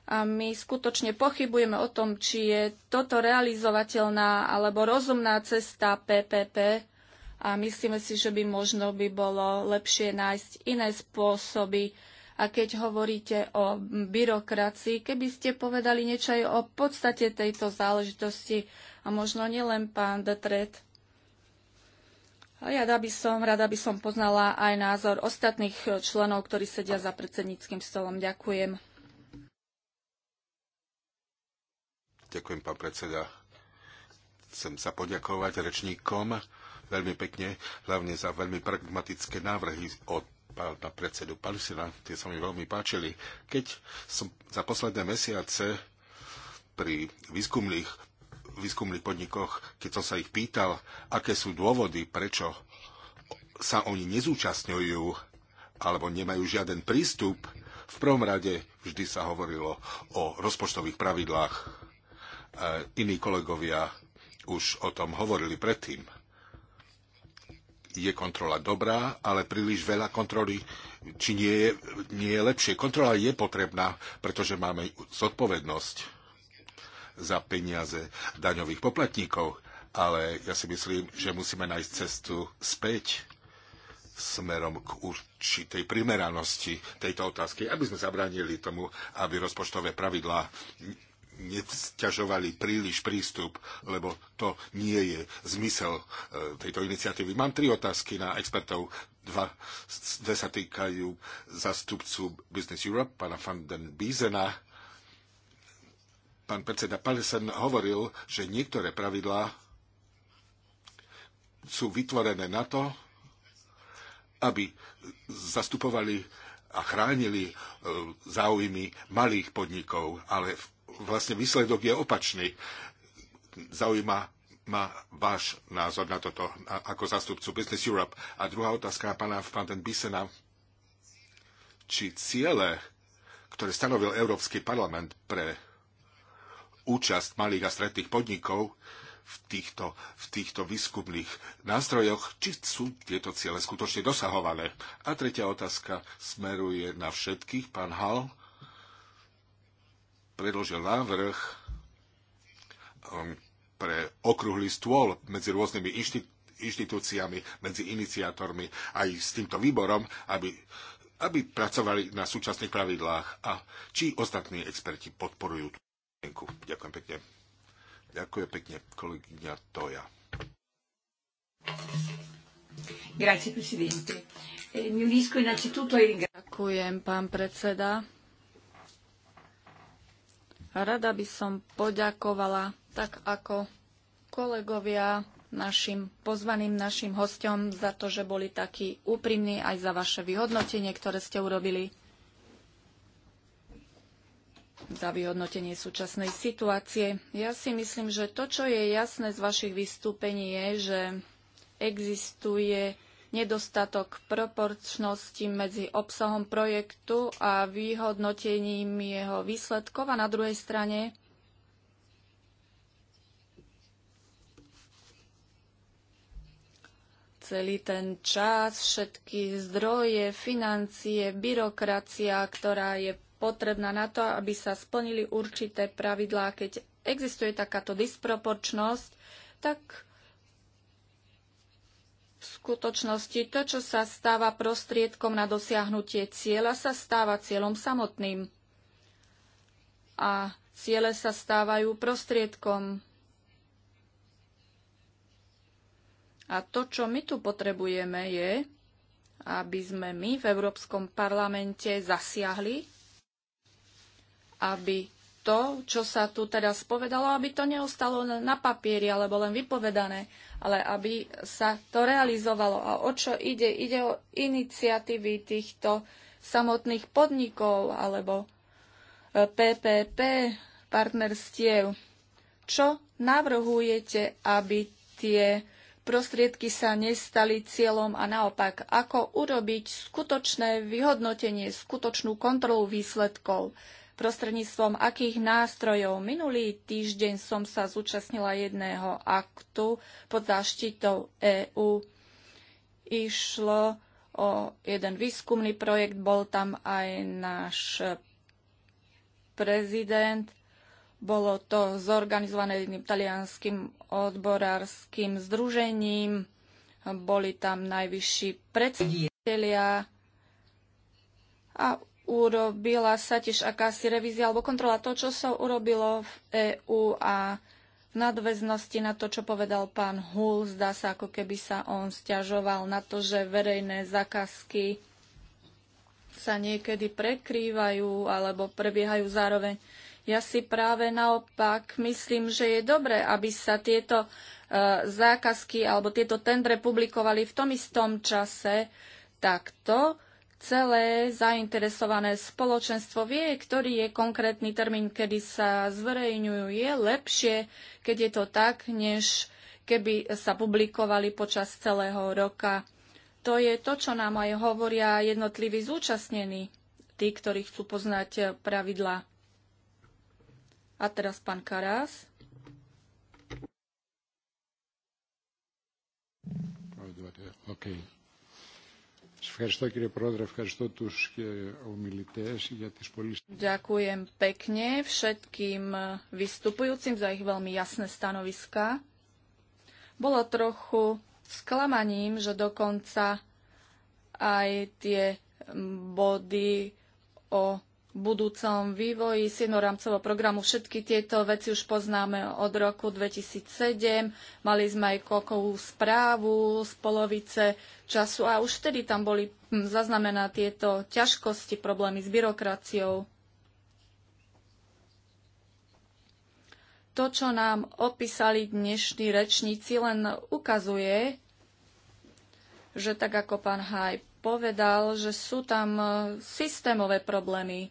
A my skutočne pochybujeme o tom, či je toto realizovateľná alebo rozumná cesta PPP a myslíme si, že by možno by bolo lepšie nájsť iné spôsoby. A keď hovoríte o byrokracii, keby ste povedali niečo aj o podstate tejto záležitosti, a možno nielen pán Detret. Rada by som, rada by som poznala aj názor ostatných členov, ktorí sedia za predsedníckým stolom. Ďakujem. Ďakujem, pán predseda. Chcem sa poďakovať rečníkom veľmi pekne, hlavne za veľmi pragmatické návrhy od pána predsedu Palisina. Tie sa mi veľmi páčili. Keď som za posledné mesiace pri výskumných výskumných podnikoch, keď som sa ich pýtal, aké sú dôvody, prečo sa oni nezúčastňujú alebo nemajú žiaden prístup, v prvom rade vždy sa hovorilo o rozpočtových pravidlách. E, iní kolegovia už o tom hovorili predtým. Je kontrola dobrá, ale príliš veľa kontroly, či nie je, nie je lepšie. Kontrola je potrebná, pretože máme zodpovednosť za peniaze daňových poplatníkov, ale ja si myslím, že musíme nájsť cestu späť smerom k určitej primeranosti tejto otázky, aby sme zabránili tomu, aby rozpočtové pravidlá nevzťažovali príliš prístup, lebo to nie je zmysel e, tejto iniciatívy. Mám tri otázky na expertov. Dva, dve sa týkajú zastupcu Business Europe, pana van den Biesena pán predseda Palesen hovoril, že niektoré pravidlá sú vytvorené na to, aby zastupovali a chránili e, záujmy malých podnikov, ale vlastne výsledok je opačný. Zaujíma má váš názor na toto ako zastupcu Business Europe. A druhá otázka na pána Fanden Bisena. Či ciele, ktoré stanovil Európsky parlament pre účasť malých a stredných podnikov v týchto, v týchto výskumných nástrojoch, či sú tieto ciele skutočne dosahované. A tretia otázka smeruje na všetkých. Pán Hall predložil návrh um, pre okrúhly stôl medzi rôznymi inštitúciami inštitúciami, medzi iniciátormi aj s týmto výborom, aby, aby pracovali na súčasných pravidlách a či ostatní experti podporujú Mienku. Ďakujem pekne. Ďakujem pekne, kolegyňa Toja. Grazie, Presidente. Eh, mi unisco innanzitutto ai Ďakujem, pán predseda. Rada by som poďakovala, tak ako kolegovia, našim pozvaným našim hostom za to, že boli takí úprimní aj za vaše vyhodnotenie, ktoré ste urobili za vyhodnotenie súčasnej situácie. Ja si myslím, že to, čo je jasné z vašich vystúpení, je, že existuje nedostatok proporčnosti medzi obsahom projektu a vyhodnotením jeho výsledkov a na druhej strane celý ten čas, všetky zdroje, financie, byrokracia, ktorá je potrebná na to, aby sa splnili určité pravidlá. Keď existuje takáto disproporčnosť, tak v skutočnosti to, čo sa stáva prostriedkom na dosiahnutie cieľa, sa stáva cieľom samotným. A ciele sa stávajú prostriedkom. A to, čo my tu potrebujeme, je, aby sme my v Európskom parlamente zasiahli aby to, čo sa tu teraz spovedalo, aby to neostalo na papieri alebo len vypovedané, ale aby sa to realizovalo. A o čo ide? Ide o iniciatívy týchto samotných podnikov alebo PPP e, partnerstiev. Čo navrhujete, aby tie prostriedky sa nestali cieľom a naopak, ako urobiť skutočné vyhodnotenie, skutočnú kontrolu výsledkov? prostredníctvom akých nástrojov. Minulý týždeň som sa zúčastnila jedného aktu pod záštitou EÚ. Išlo o jeden výskumný projekt, bol tam aj náš prezident. Bolo to zorganizované jedným talianským odborárským združením. Boli tam najvyšší predstavitelia a urobila sa tiež akási revízia alebo kontrola to, čo sa urobilo v EÚ a v nadväznosti na to, čo povedal pán Hull, zdá sa, ako keby sa on stiažoval na to, že verejné zákazky sa niekedy prekrývajú alebo prebiehajú zároveň. Ja si práve naopak myslím, že je dobré, aby sa tieto e, zákazky alebo tieto tendre publikovali v tom istom čase takto celé zainteresované spoločenstvo vie, ktorý je konkrétny termín, kedy sa zverejňujú. Je lepšie, keď je to tak, než keby sa publikovali počas celého roka. To je to, čo nám aj hovoria jednotliví zúčastnení, tí, ktorí chcú poznať pravidla. A teraz pán Karás. Okay. Ευχαριστώ κύριε Πρόεδρε, ευχαριστώ τους και ομιλητές για τις πολύ... Ďakujem pekne všetkým vystupujúcim za ich veľmi jasné stanoviská. Bolo trochu sklamaním, že dokonca aj tie body o budúcom vývoji sienoramcového programu. Všetky tieto veci už poznáme od roku 2007. Mali sme aj kokovú správu z polovice času a už vtedy tam boli hm, zaznamená tieto ťažkosti, problémy s byrokraciou. To, čo nám opísali dnešní rečníci, len ukazuje, že tak ako pán Haj povedal, že sú tam e, systémové problémy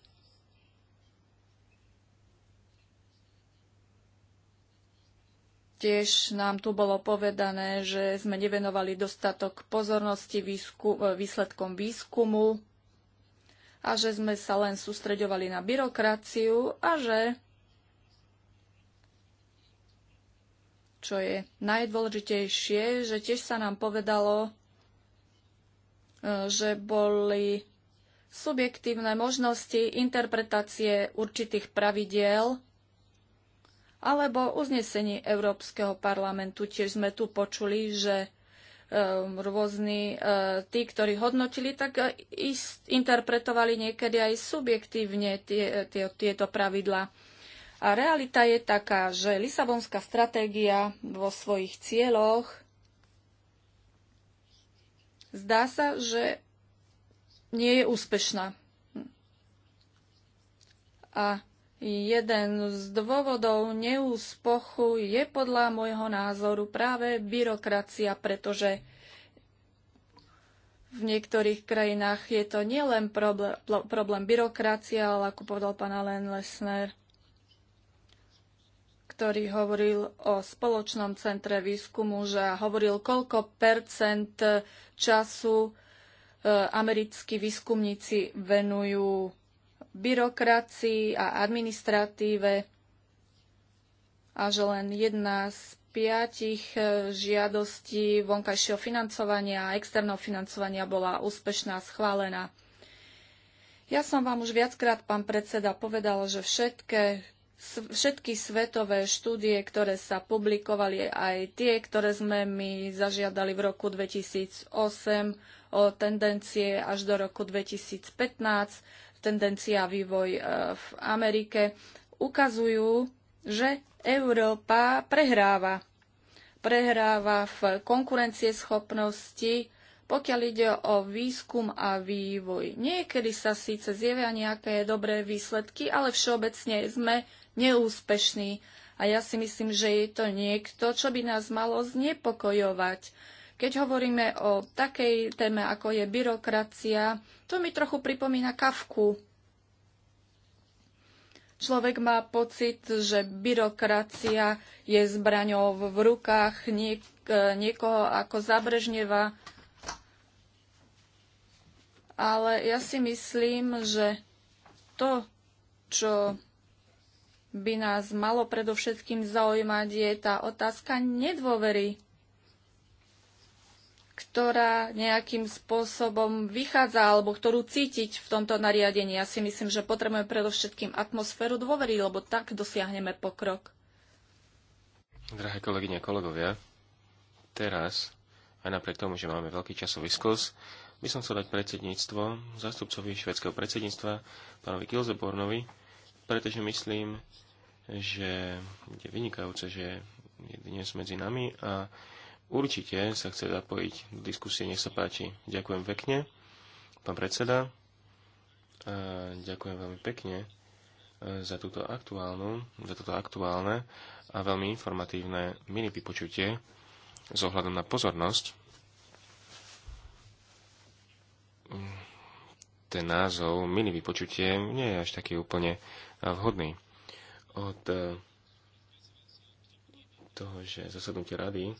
Taktiež nám tu bolo povedané, že sme nevenovali dostatok pozornosti výskum, e, výsledkom výskumu a že sme sa len sústreďovali na byrokraciu a že čo je najdôležitejšie, že tiež sa nám povedalo, e, že boli subjektívne možnosti interpretácie určitých pravidiel alebo uznesení Európskeho parlamentu. Tiež sme tu počuli, že ehm, rôzni e, tí, ktorí hodnotili, tak e, interpretovali niekedy aj subjektívne tie, tie, tieto pravidlá. A realita je taká, že Lisabonská stratégia vo svojich cieľoch zdá sa, že nie je úspešná. A Jeden z dôvodov neúspochu je podľa môjho názoru práve byrokracia, pretože v niektorých krajinách je to nielen problém, problém byrokracia, ale ako povedal pán Alen Lesner, ktorý hovoril o spoločnom centre výskumu, že hovoril, koľko percent času e, americkí výskumníci venujú byrokracii a administratíve a že len jedna z piatich e, žiadostí vonkajšieho financovania a externého financovania bola úspešná a schválená. Ja som vám už viackrát, pán predseda, povedal, že všetké, všetky svetové štúdie, ktoré sa publikovali, aj tie, ktoré sme my zažiadali v roku 2008 o tendencie až do roku 2015, tendencia a vývoj e, v Amerike ukazujú, že Európa prehráva. Prehráva v konkurencieschopnosti, pokiaľ ide o výskum a vývoj. Niekedy sa síce zjavia nejaké dobré výsledky, ale všeobecne sme neúspešní. A ja si myslím, že je to niekto, čo by nás malo znepokojovať. Keď hovoríme o takej téme, ako je byrokracia, to mi trochu pripomína kavku. Človek má pocit, že byrokracia je zbraňou v rukách niek- e, niekoho ako zabrežneva. Ale ja si myslím, že to, čo by nás malo predovšetkým zaujímať, je tá otázka nedôvery ktorá nejakým spôsobom vychádza alebo ktorú cítiť v tomto nariadení. Ja si myslím, že potrebujeme predovšetkým atmosféru dôvery, lebo tak dosiahneme pokrok. Drahé kolegyne a kolegovia, teraz, aj napriek tomu, že máme veľký časový skos, by som chcel dať predsedníctvo zástupcovi švedského predsedníctva, pánovi Kilzebornovi, pretože myslím, že je vynikajúce, že je dnes medzi nami a určite sa chce zapojiť do diskusie, nech sa páči. Ďakujem pekne, pán predseda. A ďakujem veľmi pekne e, za, túto aktuálnu, za toto aktuálne a veľmi informatívne mini vypočutie s ohľadom na pozornosť. Ten názov mini vypočutie nie je až taký úplne vhodný. Od e, toho, že zasadnutie rady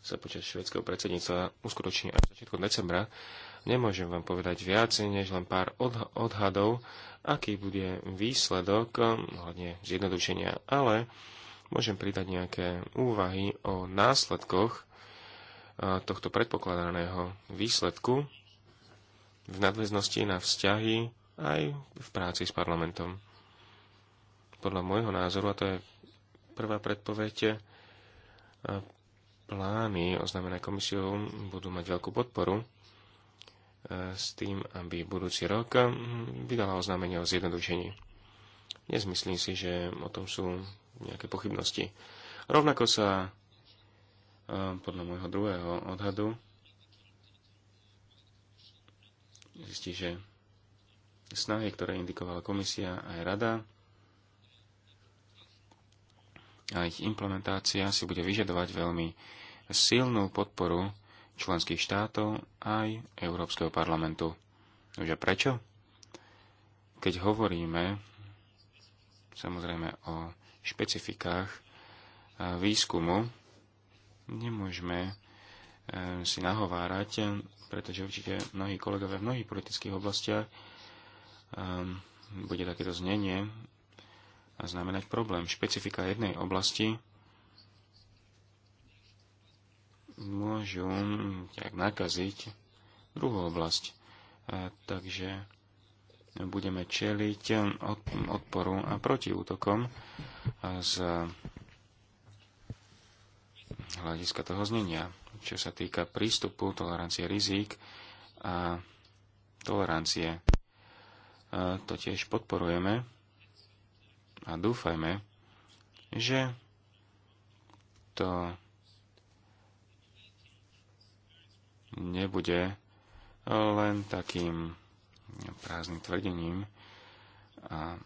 sa počas švedského predsedníctva uskutoční až začiatku decembra, nemôžem vám povedať viac než len pár odhadov, aký bude výsledok um, hľadne zjednodušenia, ale môžem pridať nejaké úvahy o následkoch uh, tohto predpokladaného výsledku v nadväznosti na vzťahy aj v práci s parlamentom. Podľa môjho názoru, a to je prvá predpoveď, uh, plány oznámené komisiou budú mať veľkú podporu e, s tým, aby budúci rok vydala oznámenie o zjednodušení. Dnes myslím si, že o tom sú nejaké pochybnosti. Rovnako sa e, podľa môjho druhého odhadu zistí, že snahy, ktoré indikovala komisia aj rada, a ich implementácia si bude vyžadovať veľmi silnú podporu členských štátov aj Európskeho parlamentu. Takže prečo? Keď hovoríme samozrejme o špecifikách výskumu, nemôžeme e, si nahovárať, pretože určite mnohí kolegovia v mnohých politických oblastiach bude takéto znenie a znamenať problém. Špecifika jednej oblasti môžu mm, tak nakaziť druhú oblasť. E, takže budeme čeliť mm, odporu a protiútokom e, z hľadiska toho znenia, čo sa týka prístupu, tolerancie rizík a tolerancie. E, to tiež podporujeme a dúfajme, že to nebude eh, len takým prázdnym tvrdením a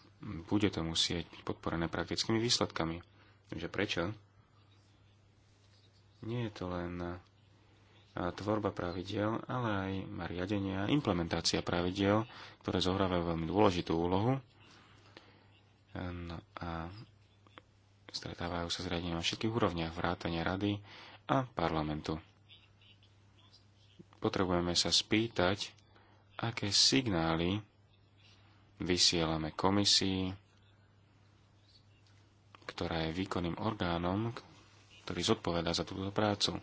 bude to musieť byť podporené praktickými výsledkami. Takže prečo? Nie je to len eh, tvorba pravidel, ale aj riadenie a implementácia pravidel, ktoré zohrávajú veľmi dôležitú úlohu. No a stretávajú sa s riadením na všetkých úrovniach vrátania rady a parlamentu potrebujeme sa spýtať, aké signály vysielame komisii, ktorá je výkonným orgánom, ktorý zodpovedá za túto prácu.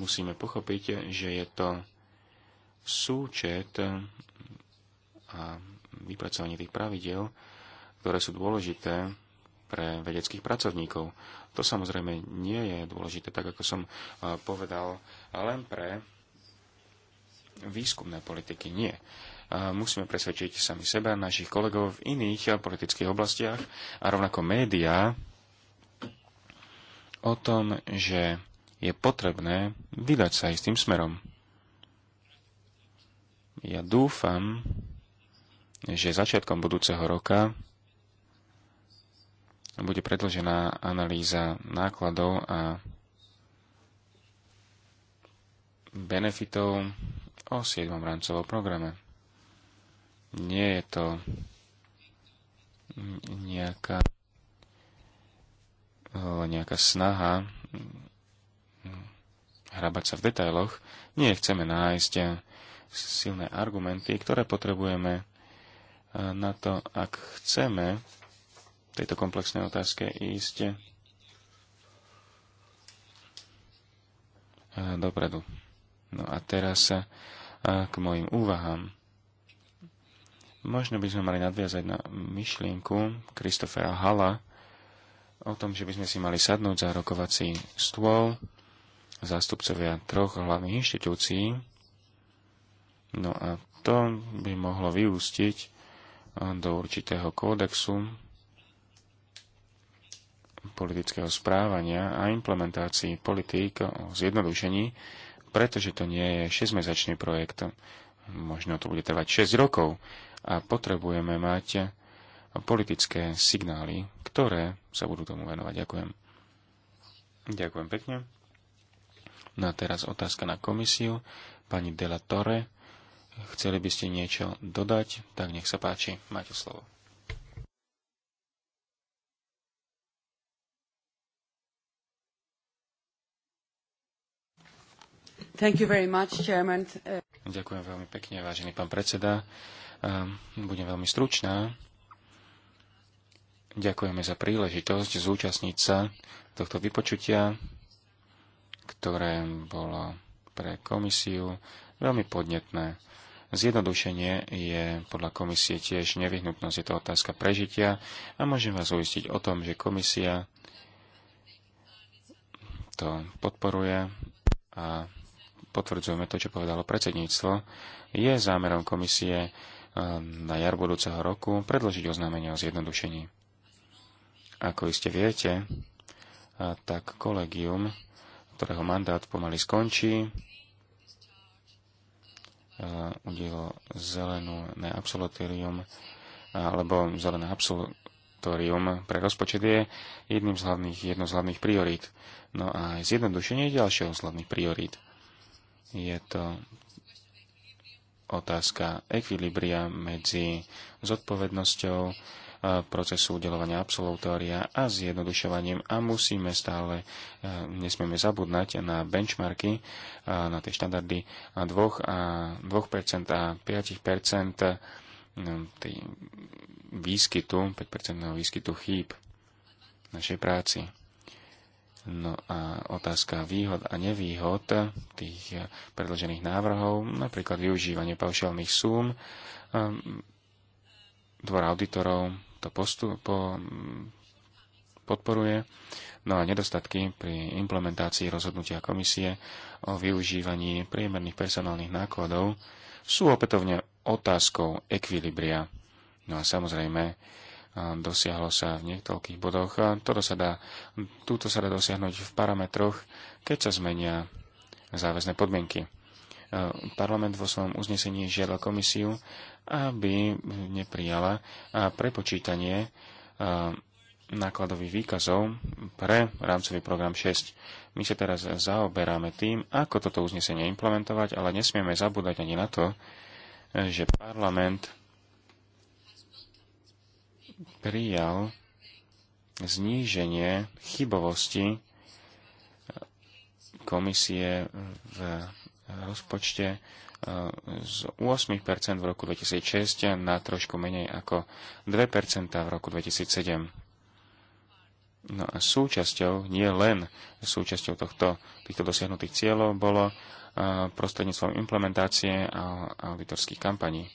Musíme pochopiť, že je to súčet a vypracovanie tých pravidel, ktoré sú dôležité pre vedeckých pracovníkov. To samozrejme nie je dôležité, tak ako som povedal, len pre výskumné politiky. Nie. Musíme presvedčiť sami seba, našich kolegov v iných politických oblastiach a rovnako médiá o tom, že je potrebné vydať sa istým smerom. Ja dúfam, že začiatkom budúceho roka bude predložená analýza nákladov a benefitov o 7. rámcovom programe. Nie je to nejaká, nejaká snaha hrabať sa v detailoch. Nie chceme nájsť silné argumenty, ktoré potrebujeme e, na to, ak chceme v tejto komplexnej otázke ísť e, dopredu. No a teraz e, k mojim úvahám. Možno by sme mali nadviazať na myšlienku Kristofera Hala o tom, že by sme si mali sadnúť za rokovací stôl zástupcovia troch hlavných inštitúcií. No a to by mohlo vyústiť do určitého kódexu politického správania a implementácii politík o zjednodušení, pretože to nie je 6-mesačný projekt. Možno to bude trvať 6 rokov a potrebujeme mať politické signály, ktoré sa budú tomu venovať. Ďakujem. Ďakujem pekne. No a teraz otázka na komisiu. Pani Dela chceli by ste niečo dodať? Tak nech sa páči, máte slovo. Ďakujem veľmi pekne, vážený pán predseda. Ehm, budem veľmi stručná. Ďakujeme za príležitosť zúčastniť sa tohto vypočutia, ktoré bolo pre komisiu veľmi podnetné. Zjednodušenie je podľa komisie tiež nevyhnutnosť, je to otázka prežitia a môžem vás uistiť o tom, že komisia to podporuje a potvrdzujeme to, čo povedalo predsedníctvo, je zámerom komisie eh, na jar budúceho roku predložiť oznámenie o zjednodušení. Ako iste viete, eh, tak kolegium, ktorého mandát pomaly skončí, eh, udielo zelenú absolutorium alebo zelené absolutorium pre rozpočet je jedným z hlavných, jednou z hlavných priorít. No a zjednodušenie je ďalšou z hlavných priorít. Je to otázka ekvilibria medzi zodpovednosťou e, procesu udelovania absolutória a zjednodušovaním a musíme stále, e, nesmieme zabudnať na benchmarky, e, na tie štandardy 2%, a 2% a 5% výskytu, 5% výskytu chýb v našej práci. No a otázka výhod a nevýhod tých predložených návrhov, napríklad využívanie paušálnych súm, ehm, dvor auditorov to postu, po, podporuje, no a nedostatky pri implementácii rozhodnutia komisie o využívaní priemerných personálnych nákladov sú opätovne otázkou ekvilibria. No a samozrejme, dosiahlo sa v niektoľkých bodoch. Toto sa dá, túto sa dá dosiahnuť v parametroch, keď sa zmenia záväzné podmienky. E, parlament vo svojom uznesení žiadal komisiu, aby neprijala prepočítanie e, nákladových výkazov pre rámcový program 6. My sa teraz zaoberáme tým, ako toto uznesenie implementovať, ale nesmieme zabúdať ani na to, že parlament prijal zníženie chybovosti komisie v rozpočte e, z 8% v roku 2006 na trošku menej ako 2% v roku 2007. No a súčasťou, nie len súčasťou tohto, týchto dosiahnutých cieľov, bolo e, prostredníctvom implementácie a auditorských kampaní. E,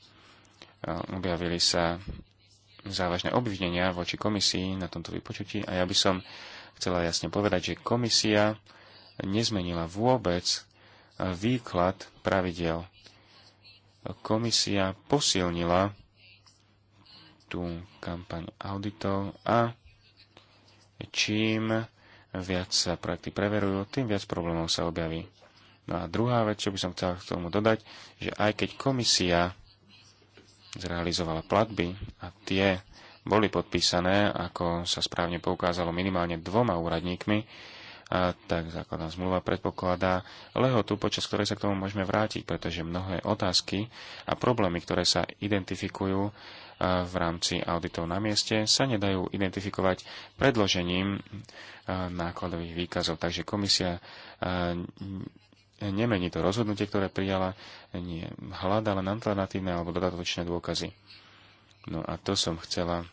objavili sa závažné obvinenia voči komisii na tomto vypočutí a ja by som chcela jasne povedať, že komisia nezmenila vôbec eh, výklad pravidel. Komisia posilnila tú kampaň auditov a čím viac sa projekty preverujú, tým viac problémov sa objaví. No a druhá vec, čo by som chcel k tomu dodať, že aj keď komisia zrealizovala platby a tie boli podpísané, ako sa správne poukázalo, minimálne dvoma úradníkmi, a tak základná zmluva predpokladá lehotu, počas ktorej sa k tomu môžeme vrátiť, pretože mnohé otázky a problémy, ktoré sa identifikujú v rámci auditov na mieste, sa nedajú identifikovať predložením nákladových výkazov. Takže komisia nemení to rozhodnutie, ktoré prijala, nie hľada len alternatívne alebo dodatočné dôkazy. No a to som chcela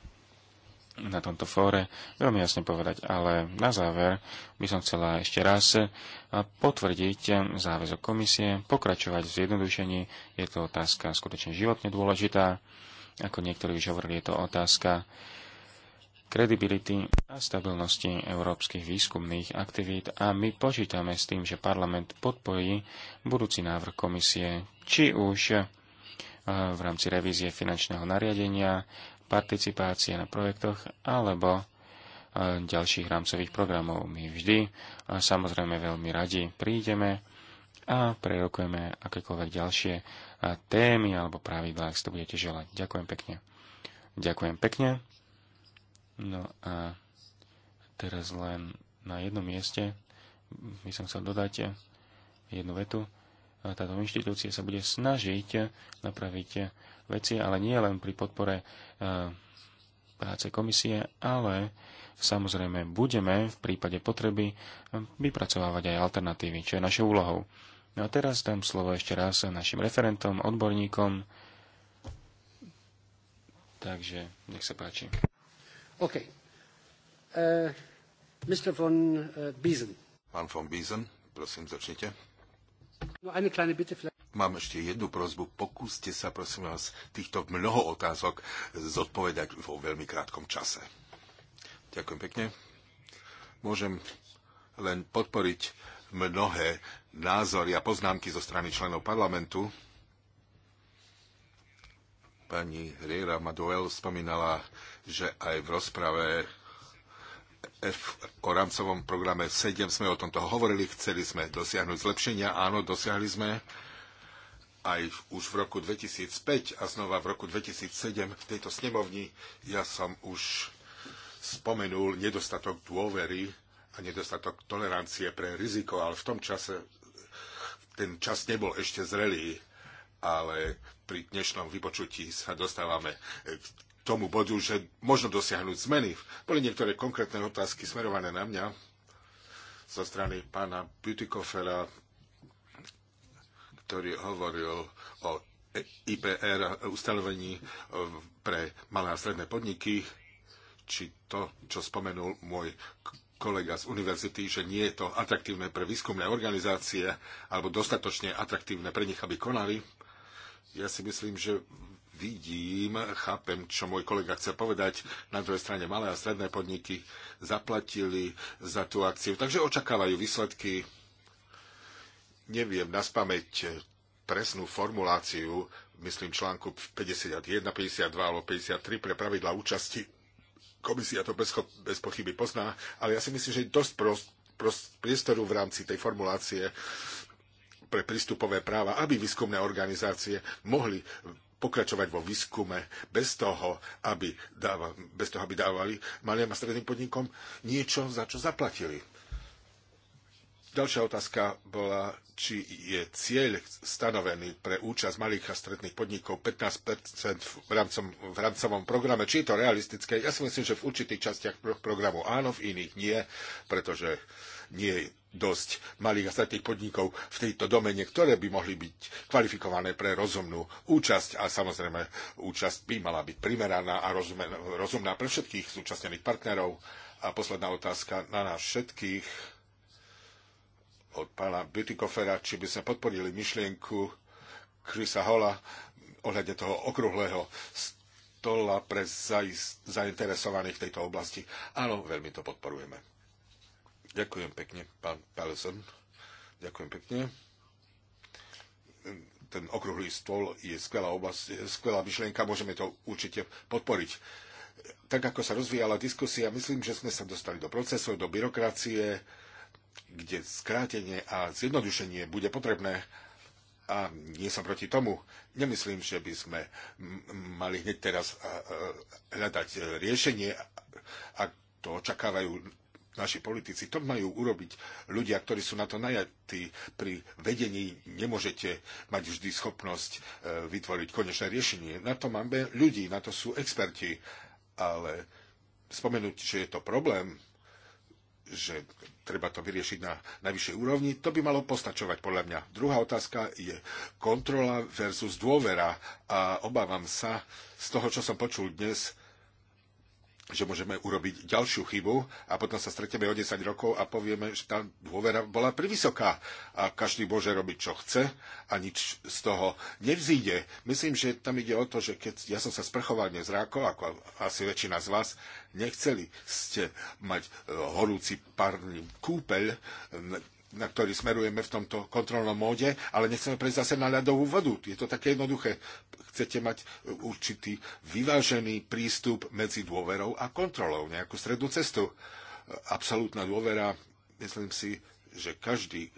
na tomto fóre veľmi jasne povedať, ale na záver by som chcela ešte raz potvrdiť záväzok komisie, pokračovať v zjednodušení. Je to otázka skutočne životne dôležitá. Ako niektorí už hovorili, je to otázka kredibility a stabilnosti európskych výskumných aktivít a my počítame s tým, že parlament podpojí budúci návrh komisie, či už e, v rámci revízie finančného nariadenia, participácie na projektoch alebo e, ďalších rámcových programov. My vždy a e, samozrejme veľmi radi prídeme a prerokujeme akékoľvek ďalšie témy alebo pravidlá, ak si to budete želať. Ďakujem pekne. Ďakujem pekne. No a teraz len na jednom mieste by som chcel dodať jednu vetu. Táto inštitúcia sa bude snažiť napraviť veci, ale nie len pri podpore e, práce komisie, ale samozrejme budeme v prípade potreby vypracovávať aj alternatívy, čo je našou úlohou. No a teraz dám slovo ešte raz našim referentom, odborníkom. Takže nech sa páči. Okay. Uh, eh, Mr. von uh, Biesen. Pán von Biesen, prosím, začnite. No, eine kleine Bitte vielleicht. Mám ešte jednu prozbu. Pokúste sa, prosím vás, týchto mnoho otázok zodpovedať vo veľmi krátkom čase. Ďakujem pekne. Môžem len podporiť mnohé názory a poznámky zo strany členov parlamentu. Pani Riera Maduel spomínala že aj v rozprave F, o rámcovom programe 7 sme o tomto hovorili, chceli sme dosiahnuť zlepšenia, áno, dosiahli sme aj už v roku 2005 a znova v roku 2007 v tejto snemovni ja som už spomenul nedostatok dôvery a nedostatok tolerancie pre riziko, ale v tom čase ten čas nebol ešte zrelý, ale pri dnešnom vypočutí sa dostávame k tomu bodu, že možno dosiahnuť zmeny. Boli niektoré konkrétne otázky smerované na mňa zo strany pána Butikofera, ktorý hovoril o IPR ustanovení pre malé a stredné podniky, či to, čo spomenul môj kolega z univerzity, že nie je to atraktívne pre výskumné organizácie alebo dostatočne atraktívne pre nich, aby konali. Ja si myslím, že vidím, chápem, čo môj kolega chce povedať. Na druhej strane malé a stredné podniky zaplatili za tú akciu, takže očakávajú výsledky. Neviem na spameť presnú formuláciu, myslím článku 51, 52 alebo 53 pre pravidla účasti. Komisia to bez, bez pochyby pozná, ale ja si myslím, že je dosť prost, prost, priestoru v rámci tej formulácie pre prístupové práva, aby výskumné organizácie mohli pokračovať vo výskume bez toho, aby, dáva, bez toho, aby dávali malým a stredným podnikom niečo, za čo zaplatili. Ďalšia otázka bola, či je cieľ stanovený pre účasť malých a stredných podnikov 15 v, rámcom, v rámcovom programe, či je to realistické. Ja si myslím, že v určitých častiach programu áno, v iných nie, pretože nie dosť malých a stredných podnikov v tejto domene, ktoré by mohli byť kvalifikované pre rozumnú účasť a samozrejme účasť by mala byť primeraná a rozumná pre všetkých súčasnených partnerov. A posledná otázka na nás všetkých od pána Butikofera, či by sme podporili myšlienku Chrisa Hola ohľadne toho okrúhleho stola pre zainteresovaných v tejto oblasti. Áno, veľmi to podporujeme. Ďakujem pekne, pán Palison. Ďakujem pekne. Ten okrúhly stôl je skvelá oblasť, skvelá myšlienka, môžeme to určite podporiť. Tak ako sa rozvíjala diskusia, myslím, že sme sa dostali do procesov, do byrokracie, kde skrátenie a zjednodušenie bude potrebné a nie som proti tomu. Nemyslím, že by sme mali hneď teraz hľadať e, riešenie, ak to očakávajú naši politici. To majú urobiť ľudia, ktorí sú na to najatí. Pri vedení nemôžete mať vždy schopnosť e, vytvoriť konečné riešenie. Na to máme ľudí, na to sú experti. Ale spomenúť, že je to problém, že treba to vyriešiť na najvyššej úrovni, to by malo postačovať podľa mňa. Druhá otázka je kontrola versus dôvera a obávam sa z toho, čo som počul dnes, že môžeme urobiť ďalšiu chybu a potom sa stretneme o 10 rokov a povieme, že tá dôvera bola privysoká a každý môže robiť, čo chce a nič z toho nevzíde. Myslím, že tam ide o to, že keď ja som sa sprchoval dnes ráko, ako asi väčšina z vás, nechceli ste mať e, horúci párny kúpeľ, na ktorý smerujeme v tomto kontrolnom móde, ale nechceme prejsť zase na ľadovú vodu. Je to také jednoduché. Chcete mať určitý vyvážený prístup medzi dôverou a kontrolou, nejakú strednú cestu. Absolútna dôvera, myslím si, že každý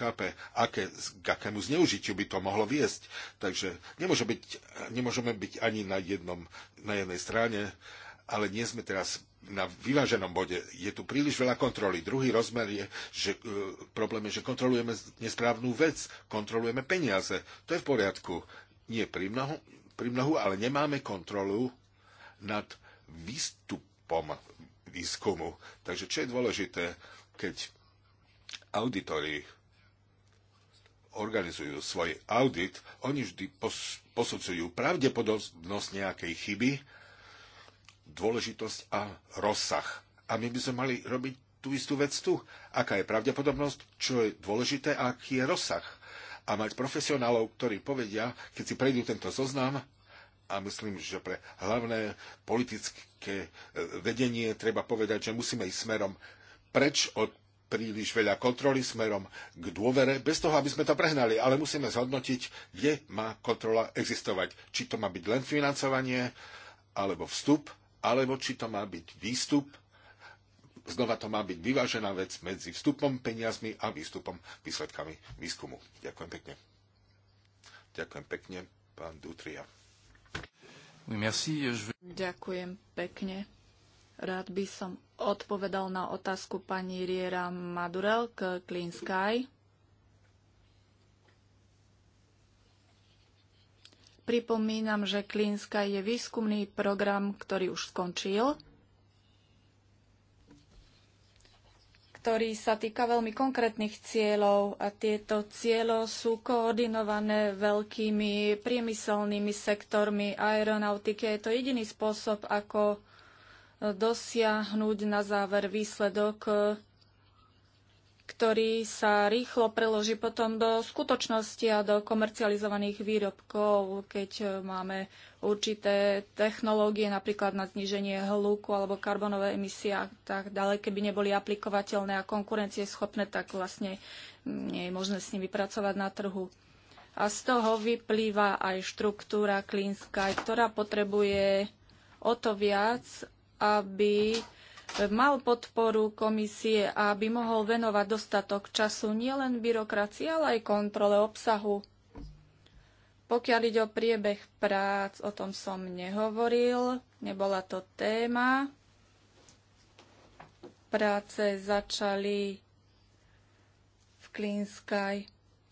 chápe, aké, k akému zneužitiu by to mohlo viesť. Takže nemôže byť, nemôžeme byť ani na, jednom, na jednej strane, ale nie sme teraz na vyváženom bode. Je tu príliš veľa kontroly. Druhý rozmer je, že e, problém je, že kontrolujeme nesprávnu vec, kontrolujeme peniaze. To je v poriadku. Nie pri mnohu, pri mnohu ale nemáme kontrolu nad výstupom výskumu. Takže čo je dôležité, keď auditori organizujú svoj audit, oni vždy posudzujú pravdepodobnosť nejakej chyby dôležitosť a rozsah. A my by sme mali robiť tú istú vec tu. Aká je pravdepodobnosť, čo je dôležité a aký je rozsah. A mať profesionálov, ktorí povedia, keď si prejdú tento zoznam, a myslím, že pre hlavné politické e, vedenie treba povedať, že musíme ísť smerom preč od príliš veľa kontroly smerom k dôvere, bez toho, aby sme to prehnali, ale musíme zhodnotiť, kde má kontrola existovať. Či to má byť len financovanie, alebo vstup, alebo či to má byť výstup, znova to má byť vyvážená vec medzi vstupom, peniazmi a výstupom, výsledkami výskumu. Ďakujem pekne. Ďakujem pekne, pán Dutria. Ďakujem pekne. Rád by som odpovedal na otázku pani Riera Madurel k Clean Sky. Pripomínam, že Klínska je výskumný program, ktorý už skončil, ktorý sa týka veľmi konkrétnych cieľov a tieto cieľo sú koordinované veľkými priemyselnými sektormi aeronautiky. Je to jediný spôsob, ako dosiahnuť na záver výsledok ktorý sa rýchlo preloží potom do skutočnosti a do komercializovaných výrobkov, keď e, máme určité technológie, napríklad na zniženie hluku alebo karbonové emisie a tak ďalej, keby neboli aplikovateľné a konkurencie schopné, tak vlastne nie je možné s nimi pracovať na trhu. A z toho vyplýva aj štruktúra Clean Sky, ktorá potrebuje o to viac, aby mal podporu komisie a aby mohol venovať dostatok času nielen byrokracii, ale aj kontrole obsahu. Pokiaľ ide o priebeh prác, o tom som nehovoril, nebola to téma. Práce začali v Clean Sky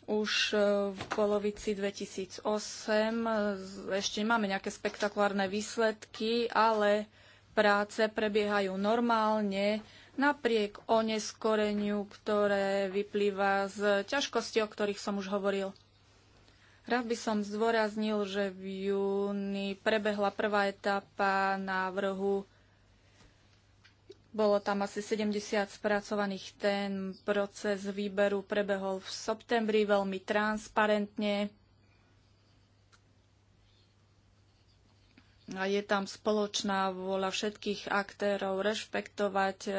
už e, v polovici 2008. Ešte nemáme nejaké spektakulárne výsledky, ale Práce prebiehajú normálne, napriek oneskoreniu, ktoré vyplýva z ťažkosti, o ktorých som už hovoril. Rád by som zdôraznil, že v júni prebehla prvá etapa návrhu. Bolo tam asi 70 spracovaných ten proces výberu prebehol v septembri veľmi transparentne a je tam spoločná vôľa všetkých aktérov rešpektovať eh,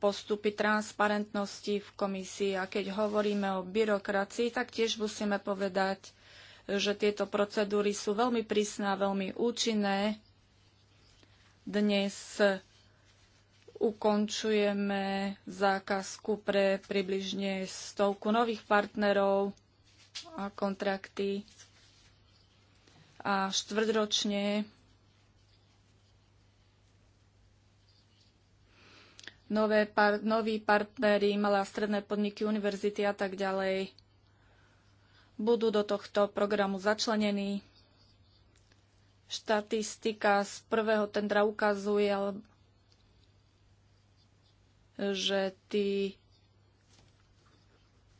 postupy transparentnosti v komisii. A keď hovoríme o byrokracii, tak tiež musíme povedať, že tieto procedúry sú veľmi prísne a veľmi účinné. Dnes ukončujeme zákazku pre približne stovku nových partnerov a kontrakty. A štvrťročne nové par- noví partnery, malé a stredné podniky, univerzity a tak ďalej budú do tohto programu začlenení. Štatistika z prvého tendra ukazuje, že tí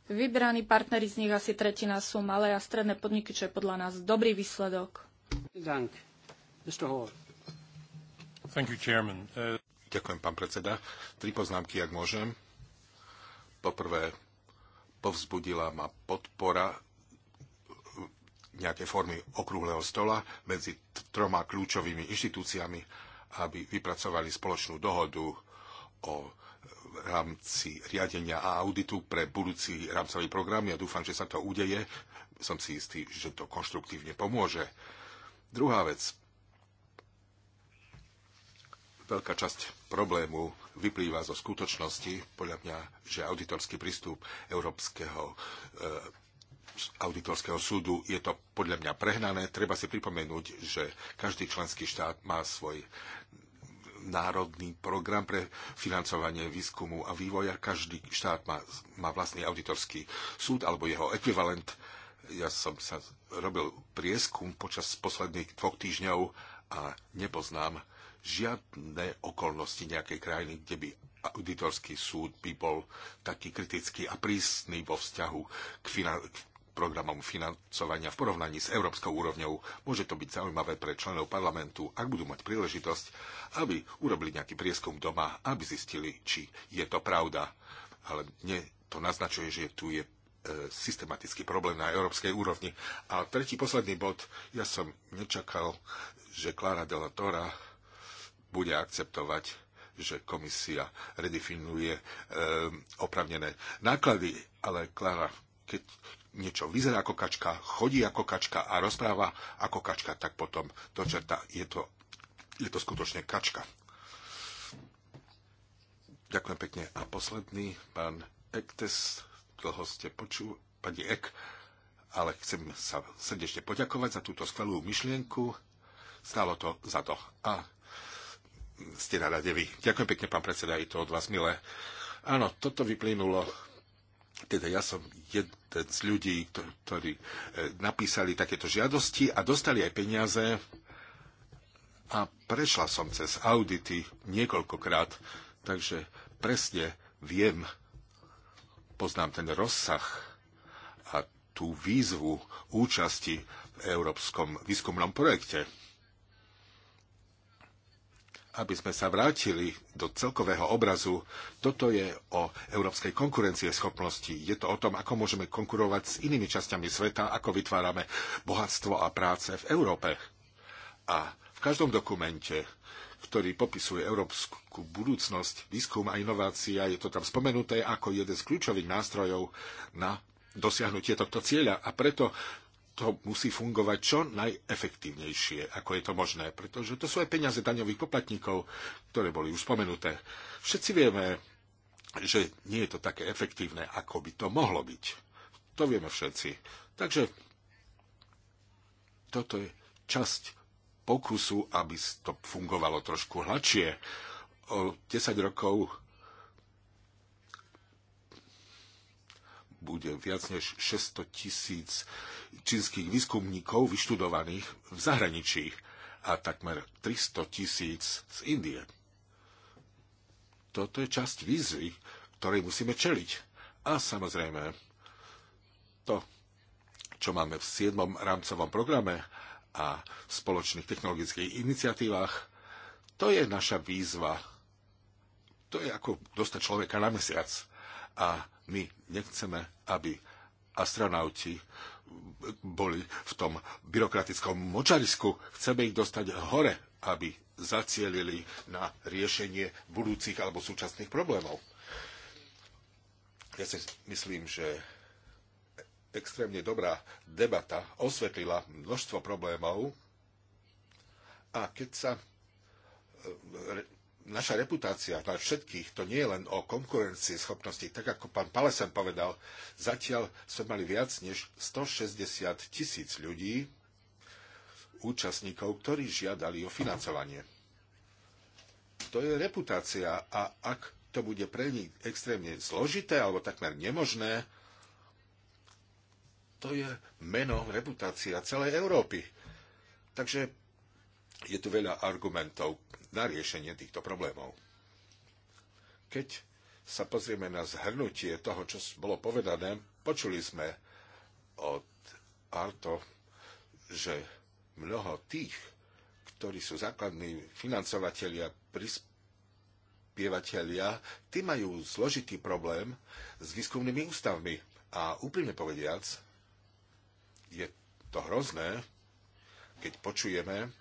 vybraní partnery z nich asi tretina sú malé a stredné podniky, čo je podľa nás dobrý výsledok. Thank you, Chairman. Uh... Ďakujem, pán predseda. Tri poznámky, ak môžem. Poprvé, povzbudila ma podpora nejakej formy okrúhleho stola medzi troma kľúčovými inštitúciami, aby vypracovali spoločnú dohodu o rámci riadenia a auditu pre budúci rámcový program. Ja dúfam, že sa to udeje. Som si istý, že to konštruktívne pomôže. Druhá vec veľká časť problému vyplýva zo skutočnosti, podľa mňa, že auditorský prístup Európskeho e, auditorského súdu je to podľa mňa prehnané. Treba si pripomenúť, že každý členský štát má svoj národný program pre financovanie výskumu a vývoja. Každý štát má, má vlastný auditorský súd alebo jeho ekvivalent. Ja som sa robil prieskum počas posledných dvoch týždňov a nepoznám žiadne okolnosti nejakej krajiny, kde by auditorský súd by bol taký kritický a prísny vo vzťahu k, finan- k programom financovania v porovnaní s európskou úrovňou. Môže to byť zaujímavé pre členov parlamentu, ak budú mať príležitosť, aby urobili nejaký prieskum doma, aby zistili, či je to pravda. Ale mne to naznačuje, že tu je e, systematický problém na európskej úrovni. A tretí, posledný bod, ja som nečakal, že Klára Delatora bude akceptovať, že komisia redefinuje e, eh, opravnené náklady, ale Klara, keď niečo vyzerá ako kačka, chodí ako kačka a rozpráva ako kačka, tak potom čerta, je to, je to skutočne kačka. Ďakujem pekne. A posledný, pán Ektes, dlho ste počul, pani Ek, ale chcem sa srdečne poďakovať za túto skvelú myšlienku. Stálo to za to. A ste na rade vy. Ďakujem pekne, pán predseda, je to od vás milé. Áno, toto vyplynulo teda ja som jeden z ľudí, ktorí e, napísali takéto žiadosti a dostali aj peniaze a prešla som cez audity niekoľkokrát, takže presne viem, poznám ten rozsah a tú výzvu účasti v európskom výskumnom projekte aby sme sa vrátili do celkového obrazu, toto je o európskej schopnosti. Je to o tom, ako môžeme konkurovať s inými časťami sveta, ako vytvárame bohatstvo a práce v Európe. A v každom dokumente, ktorý popisuje európsku budúcnosť, výskum a inovácia, je to tam spomenuté ako jeden z kľúčových nástrojov na dosiahnutie tohto cieľa. A preto to musí fungovať čo najefektívnejšie, ako je to možné, pretože to sú aj peniaze daňových poplatníkov, ktoré boli už spomenuté. Všetci vieme, že nie je to také efektívne, ako by to mohlo byť. To vieme všetci. Takže toto je časť pokusu, aby to fungovalo trošku hladšie. O 10 rokov bude viac než 600 tisíc čínskych výskumníkov vyštudovaných v zahraničí a takmer 300 tisíc z Indie. Toto je časť výzvy, ktorej musíme čeliť. A samozrejme, to, čo máme v 7. rámcovom programe a v spoločných technologických iniciatívach, to je naša výzva. To je ako dostať človeka na mesiac. A my nechceme, aby astronauti boli v tom byrokratickom močarisku. Chceme ich dostať hore, aby zacielili na riešenie budúcich alebo súčasných problémov. Ja si myslím, že extrémne dobrá debata osvetlila množstvo problémov a keď sa e, naša reputácia, na všetkých, to nie je len o konkurencii schopnosti. Tak ako pán Palesen povedal, zatiaľ sme mali viac než 160 tisíc ľudí, účastníkov, ktorí žiadali o financovanie. To je reputácia a ak to bude pre nich extrémne zložité alebo takmer nemožné, to je meno, reputácia celej Európy. Takže je tu veľa argumentov na riešenie týchto problémov. Keď sa pozrieme na zhrnutie toho, čo bolo povedané, počuli sme od Arto, že mnoho tých, ktorí sú základní financovatelia, prispievateľia, tí majú zložitý problém s výskumnými ústavmi. A úprimne povediac, je to hrozné, keď počujeme,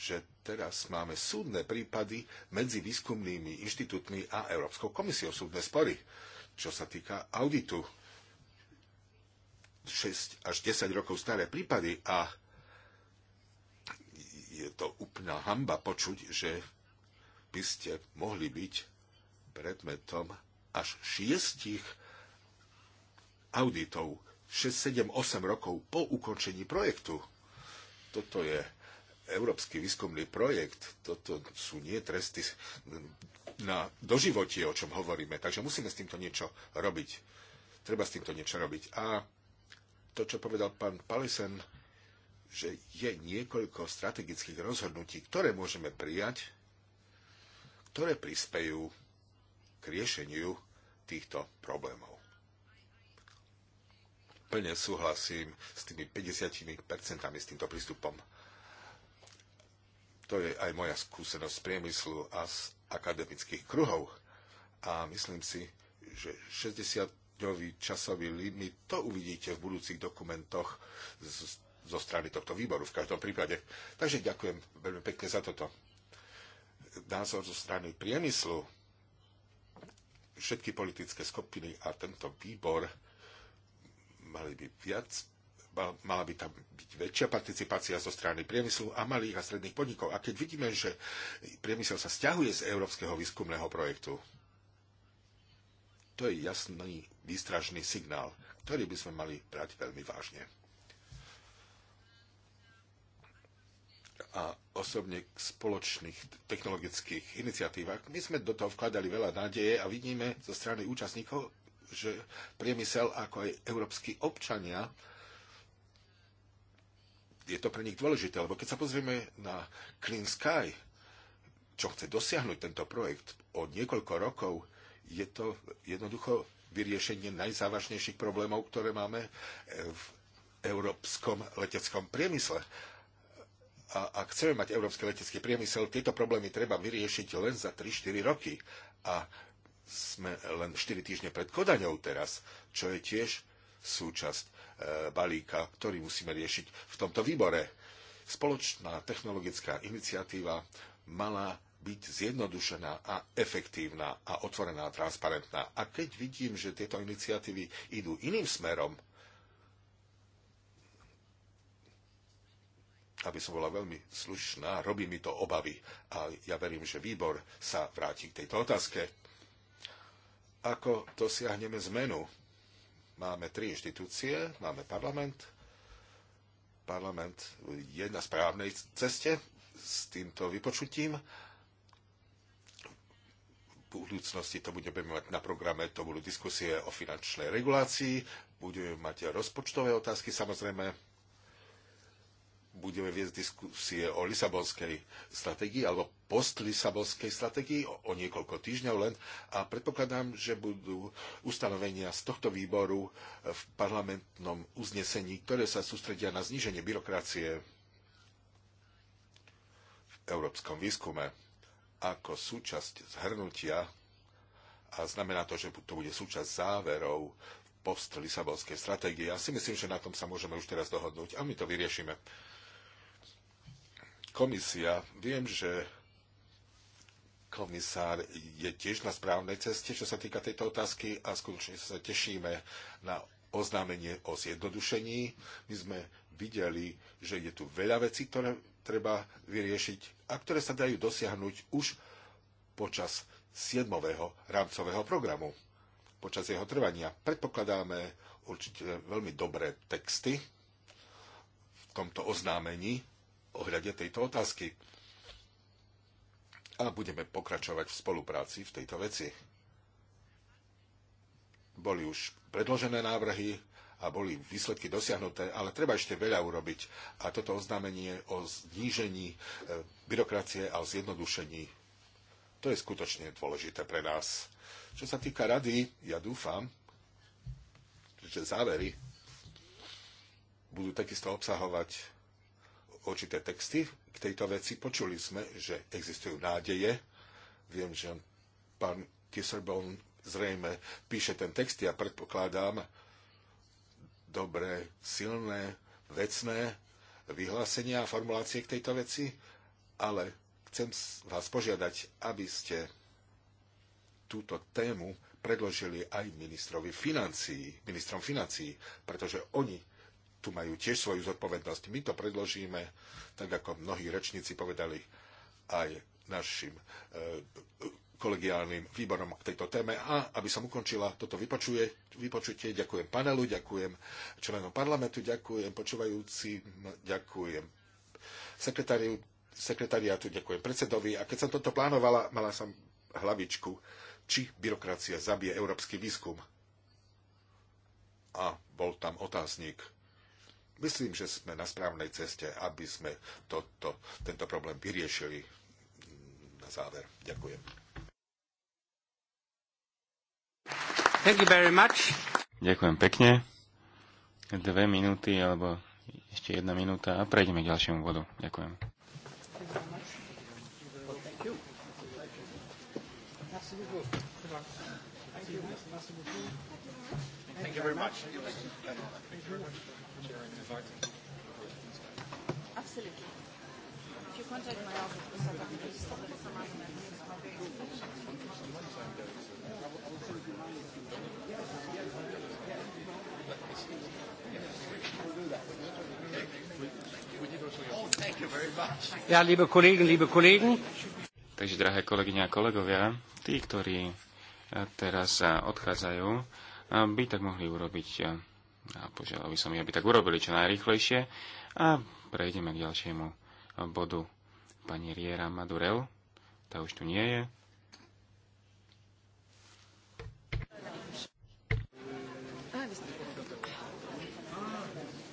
že teraz máme súdne prípady medzi výskumnými inštitútmi a Európskou komisiou súdne spory, čo sa týka auditu. 6 až 10 rokov staré prípady a je to úplná hamba počuť, že by ste mohli byť predmetom až šiestich auditov 6, 7, 8 rokov po ukončení projektu. Toto je európsky výskumný projekt, toto sú nie tresty na doživotie, o čom hovoríme. Takže musíme s týmto niečo robiť. Treba s týmto niečo robiť. A to, čo povedal pán Palisen, že je niekoľko strategických rozhodnutí, ktoré môžeme prijať, ktoré prispejú k riešeniu týchto problémov. Plne súhlasím s tými 50% s týmto prístupom to je aj moja skúsenosť z priemyslu a z akademických kruhov. A myslím si, že 60-dňový časový limit, to uvidíte v budúcich dokumentoch z, zo strany tohto výboru v každom prípade. Takže ďakujem veľmi pekne za toto. Názor zo strany priemyslu, všetky politické skupiny a tento výbor mali by viac mala by tam byť väčšia participácia zo strany priemyslu a malých a stredných podnikov. A keď vidíme, že priemysel sa stiahuje z európskeho výskumného projektu, to je jasný výstražný signál, ktorý by sme mali brať veľmi vážne. A osobne k spoločných technologických iniciatívach. My sme do toho vkladali veľa nádeje a vidíme zo strany účastníkov, že priemysel ako aj európsky občania je to pre nich dôležité, lebo keď sa pozrieme na Clean Sky, čo chce dosiahnuť tento projekt o niekoľko rokov, je to jednoducho vyriešenie najzávažnejších problémov, ktoré máme e, v európskom leteckom priemysle. A ak chceme mať európsky letecký priemysel, tieto problémy treba vyriešiť len za 3-4 roky. A sme len 4 týždne pred Kodaňou teraz, čo je tiež súčasť Eh, balíka, ktorý musíme riešiť v tomto výbore. Spoločná technologická iniciatíva mala byť zjednodušená a efektívna a otvorená a transparentná. A keď vidím, že tieto iniciatívy idú iným smerom, aby som bola veľmi slušná, robí mi to obavy. A ja verím, že výbor sa vráti k tejto otázke. Ako dosiahneme zmenu Máme tri inštitúcie, máme parlament. Parlament je na správnej ceste s týmto vypočutím. V budúcnosti to budeme mať na programe, to budú diskusie o finančnej regulácii, budeme mať rozpočtové otázky samozrejme, budeme viesť diskusie o Lisabonskej strategii alebo post-Lisabonskej strategii o, o niekoľko týždňov len a predpokladám, že budú ustanovenia z tohto výboru v parlamentnom uznesení, ktoré sa sústredia na zníženie byrokracie v európskom výskume ako súčasť zhrnutia a znamená to, že to bude súčasť záverov post-Lisabonskej stratégie. Ja si myslím, že na tom sa môžeme už teraz dohodnúť a my to vyriešime komisia. Viem, že komisár je tiež na správnej ceste, čo sa týka tejto otázky a skutočne sa tešíme na oznámenie o zjednodušení. My sme videli, že je tu veľa vecí, ktoré treba vyriešiť a ktoré sa dajú dosiahnuť už počas 7. rámcového programu, počas jeho trvania. Predpokladáme určite veľmi dobré texty v tomto oznámení ohľade tejto otázky. A budeme pokračovať v spolupráci v tejto veci. Boli už predložené návrhy a boli výsledky dosiahnuté, ale treba ešte veľa urobiť. A toto oznámenie o znížení e, byrokracie a o zjednodušení, to je skutočne dôležité pre nás. Čo sa týka rady, ja dúfam, že závery budú takisto obsahovať určité texty k tejto veci. Počuli sme, že existujú nádeje. Viem, že pán Kisserbon zrejme píše ten text, ja predpokladám dobré, silné, vecné vyhlásenia a formulácie k tejto veci, ale chcem vás požiadať, aby ste túto tému predložili aj ministrovi financií, ministrom financií, pretože oni tu majú tiež svoju zodpovednosť. My to predložíme, tak ako mnohí rečníci povedali, aj našim eh, kolegiálnym výborom k tejto téme. A aby som ukončila toto vypočuje, vypočutie, ďakujem panelu, ďakujem členom parlamentu, ďakujem počúvajúcim, ďakujem sekretariátu, ďakujem predsedovi. A keď som toto plánovala, mala som hlavičku, či byrokracia zabije európsky výskum. A bol tam otáznik Myslím, že sme na správnej ceste, aby sme toto, tento problém vyriešili na záver. Ďakujem. Thank you very much. Ďakujem pekne. Dve minúty alebo ešte jedna minúta a prejdeme k ďalšiemu vodu. Ďakujem. Thank you very much. Thank you very much. Absolutely. If you contact my office, I can stop at some Ja, liebe Kollegen, liebe Kollegen. Takže, drahé kolegyne a kolegovia, tí, ktorí eh, teraz eh, odchádzajú, eh, by tak mohli urobiť a požiadal by som ich, aby tak urobili čo najrychlejšie. A prejdeme k ďalšiemu bodu pani Riera Madurel. Tá už tu nie je.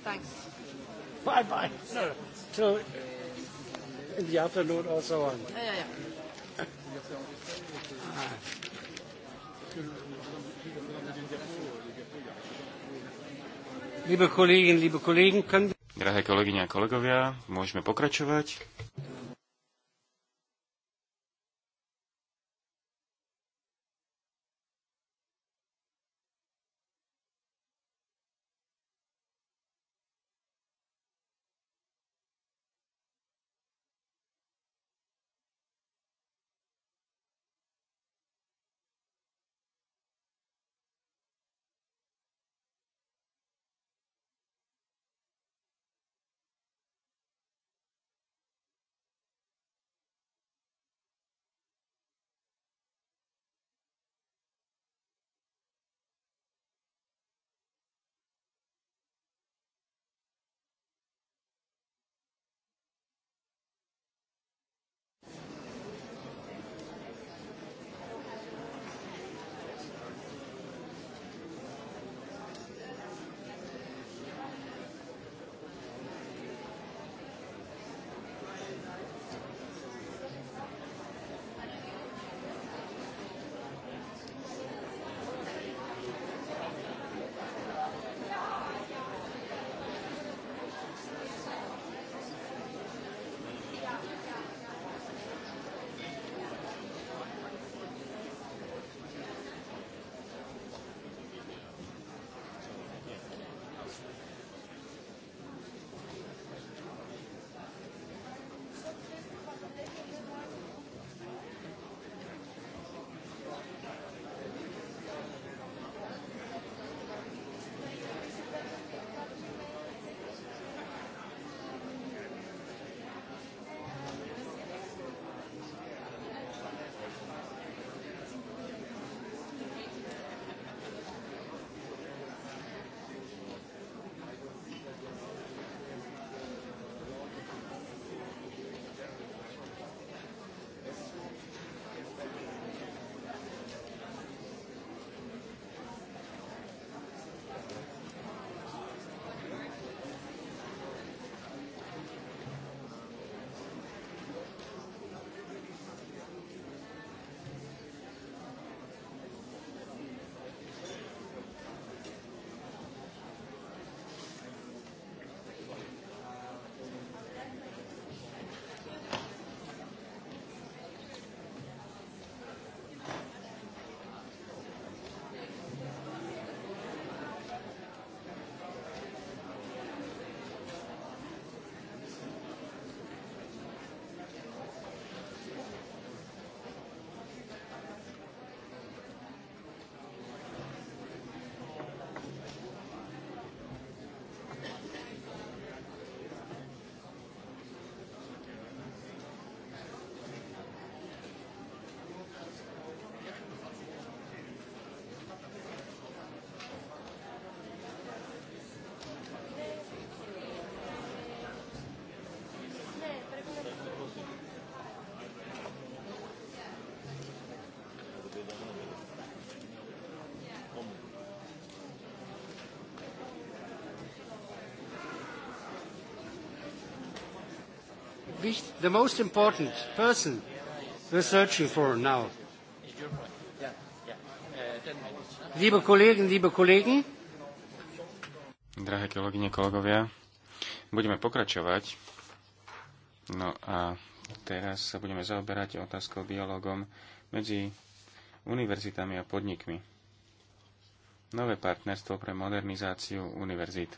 Thanks. Bye bye. No, till in the afternoon or so on. Yeah, yeah, yeah. ah. Liebe Kolleginnen, liebe Kollegen, können... Drahé kolegyne a kolegovia, môžeme pokračovať. the most important person we're searching for now. Liebe Kollegen, liebe Kollegen. Drahé kolegyne, kolegovia, budeme pokračovať. No a teraz sa budeme zaoberať otázkou dialogom medzi univerzitami a podnikmi. Nové partnerstvo pre modernizáciu univerzít.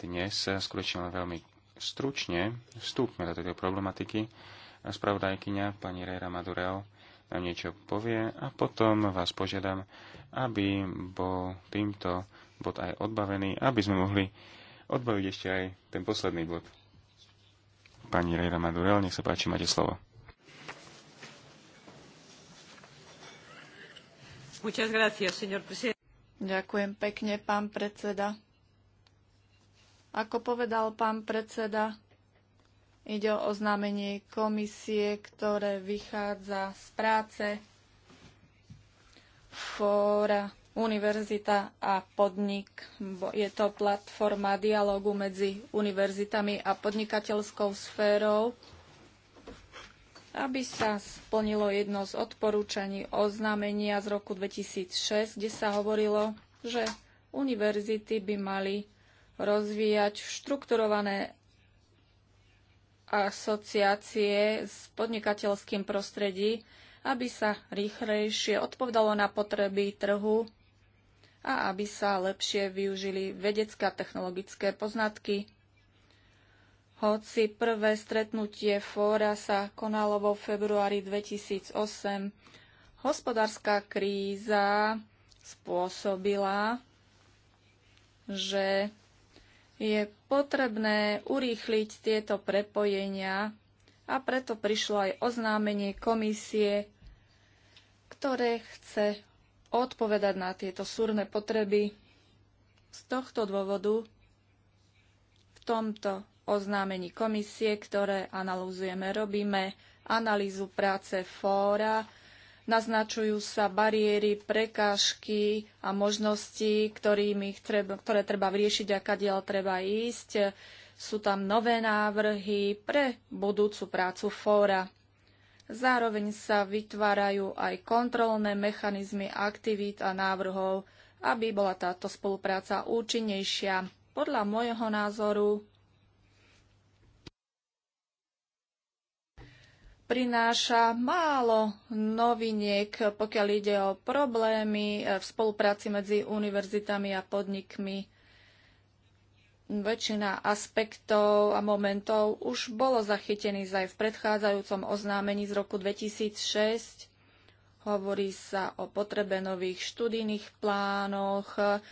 Dnes skutočne veľmi stručne vstúpme do tejto problematiky. Spravodajkyňa pani Rera Madureo nám niečo povie a potom vás požiadam, aby bol týmto bod aj odbavený, aby sme mohli odbaviť ešte aj ten posledný bod. Pani Rejra Madurel, nech sa páči, máte slovo. Ďakujem pekne, pán predseda. Ako povedal pán predseda, ide o oznámenie komisie, ktoré vychádza z práce Fóra Univerzita a podnik. Je to platforma dialogu medzi univerzitami a podnikateľskou sférou, aby sa splnilo jedno z odporúčaní oznámenia z roku 2006, kde sa hovorilo, že univerzity by mali rozvíjať štrukturované asociácie s podnikateľským prostredí, aby sa rýchlejšie odpovedalo na potreby trhu a aby sa lepšie využili vedecké a technologické poznatky. Hoci prvé stretnutie fóra sa konalo vo februári 2008, hospodárska kríza spôsobila, že je potrebné urýchliť tieto prepojenia a preto prišlo aj oznámenie komisie, ktoré chce odpovedať na tieto súrne potreby. Z tohto dôvodu v tomto oznámení komisie, ktoré analýzujeme, robíme analýzu práce fóra, Naznačujú sa bariéry, prekážky a možnosti, treba, ktoré treba vriešiť, a kadiaľ treba ísť. Sú tam nové návrhy pre budúcu prácu fóra. Zároveň sa vytvárajú aj kontrolné mechanizmy aktivít a návrhov, aby bola táto spolupráca účinnejšia. Podľa môjho názoru prináša málo noviniek, pokiaľ ide o problémy e, v spolupráci medzi univerzitami a podnikmi. Väčšina aspektov a momentov už bolo zachytených aj v predchádzajúcom oznámení z roku 2006. Hovorí sa o potrebe nových študijných plánoch, e,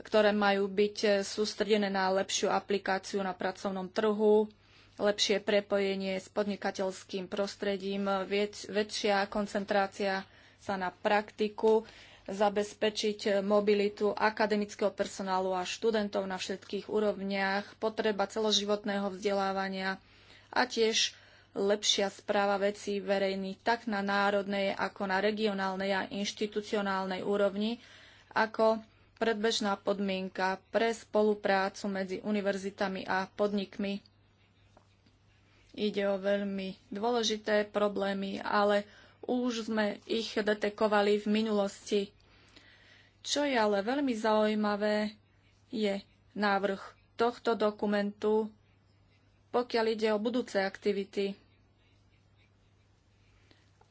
ktoré majú byť e, sústredené na lepšiu aplikáciu na pracovnom trhu lepšie prepojenie s podnikateľským prostredím, väčšia koncentrácia sa na praktiku, zabezpečiť mobilitu akademického personálu a študentov na všetkých úrovniach, potreba celoživotného vzdelávania a tiež lepšia správa vecí verejných tak na národnej, ako na regionálnej a inštitucionálnej úrovni, ako predbežná podmienka pre spoluprácu medzi univerzitami a podnikmi Ide o veľmi dôležité problémy, ale už sme ich detekovali v minulosti. Čo je ale veľmi zaujímavé, je návrh tohto dokumentu, pokiaľ ide o budúce aktivity.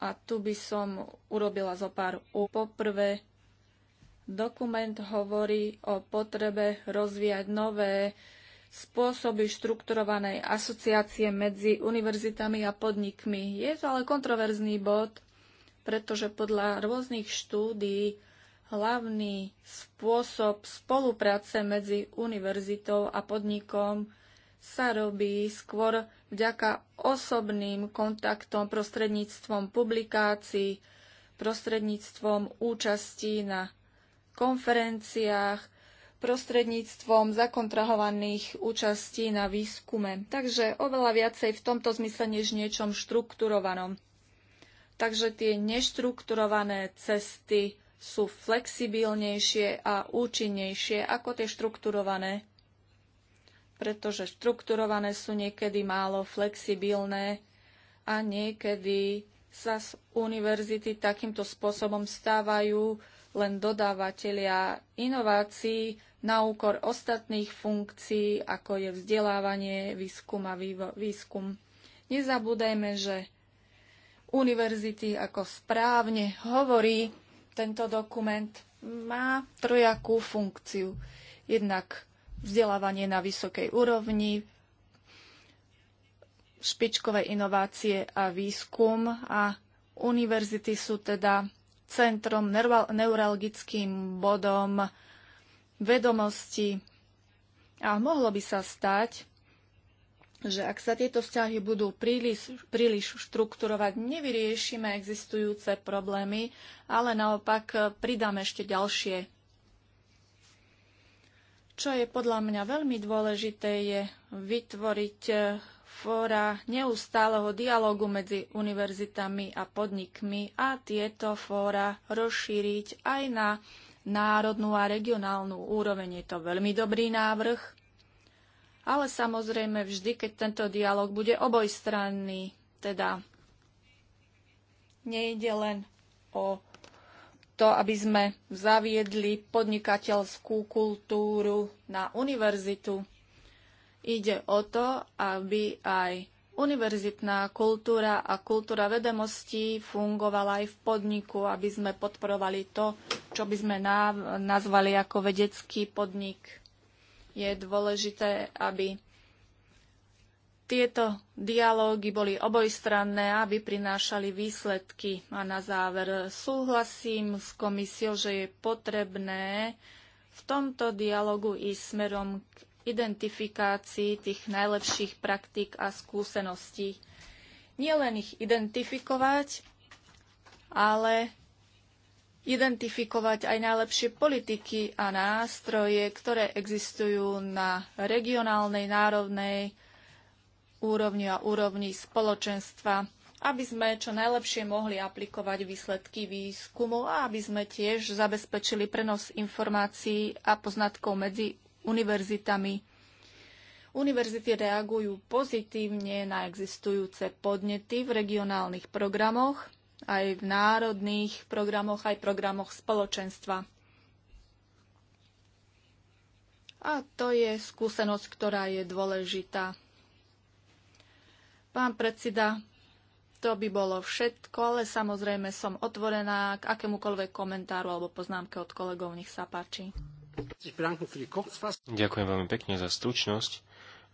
A tu by som urobila zo pár. Poprvé, dokument hovorí o potrebe rozvíjať nové spôsoby štrukturovanej asociácie medzi univerzitami a podnikmi. Je to ale kontroverzný bod, pretože podľa rôznych štúdií hlavný spôsob spolupráce medzi univerzitou a podnikom sa robí skôr vďaka osobným kontaktom prostredníctvom publikácií, prostredníctvom účasti na konferenciách, prostredníctvom zakontrahovaných účastí na výskume. Takže oveľa viacej v tomto zmysle než niečom štrukturovanom. Takže tie neštrukturované cesty sú flexibilnejšie a účinnejšie ako tie štrukturované, pretože štrukturované sú niekedy málo flexibilné a niekedy sa z univerzity takýmto spôsobom stávajú len dodávateľia inovácií na úkor ostatných funkcií, ako je vzdelávanie, výskum a výskum. Nezabúdajme, že univerzity, ako správne hovorí tento dokument, má trojakú funkciu. Jednak vzdelávanie na vysokej úrovni, špičkové inovácie a výskum a univerzity sú teda centrom, neuralgickým bodom vedomosti. A mohlo by sa stať, že ak sa tieto vzťahy budú príliš, príliš štrukturovať, nevyriešime existujúce problémy, ale naopak eh, pridáme ešte ďalšie. Čo je podľa mňa veľmi dôležité, je vytvoriť eh, fóra neustáleho dialogu medzi univerzitami a podnikmi a tieto fóra rozšíriť aj na národnú a regionálnu úroveň. Je to veľmi dobrý návrh, ale samozrejme vždy, keď tento dialog bude obojstranný, teda nejde len o to, aby sme zaviedli podnikateľskú kultúru na univerzitu Ide o to, aby aj univerzitná kultúra a kultúra vedomostí fungovala aj v podniku, aby sme podporovali to, čo by sme nazvali ako vedecký podnik. Je dôležité, aby tieto dialógy boli obojstranné, aby prinášali výsledky. A na záver súhlasím s komisiou, že je potrebné v tomto dialogu ísť smerom k identifikácii tých najlepších praktík a skúseností. Nielen ich identifikovať, ale identifikovať aj najlepšie politiky a nástroje, ktoré existujú na regionálnej, národnej úrovni a úrovni spoločenstva, aby sme čo najlepšie mohli aplikovať výsledky výskumu a aby sme tiež zabezpečili prenos informácií a poznatkov medzi univerzitami. Univerzity reagujú pozitívne na existujúce podnety v regionálnych programoch, aj v národných programoch, aj programoch spoločenstva. A to je skúsenosť, ktorá je dôležitá. Pán predseda, to by bolo všetko, ale samozrejme som otvorená k akémukoľvek komentáru alebo poznámke od kolegov. Nech sa páči. Ďakujem veľmi pekne za stručnosť.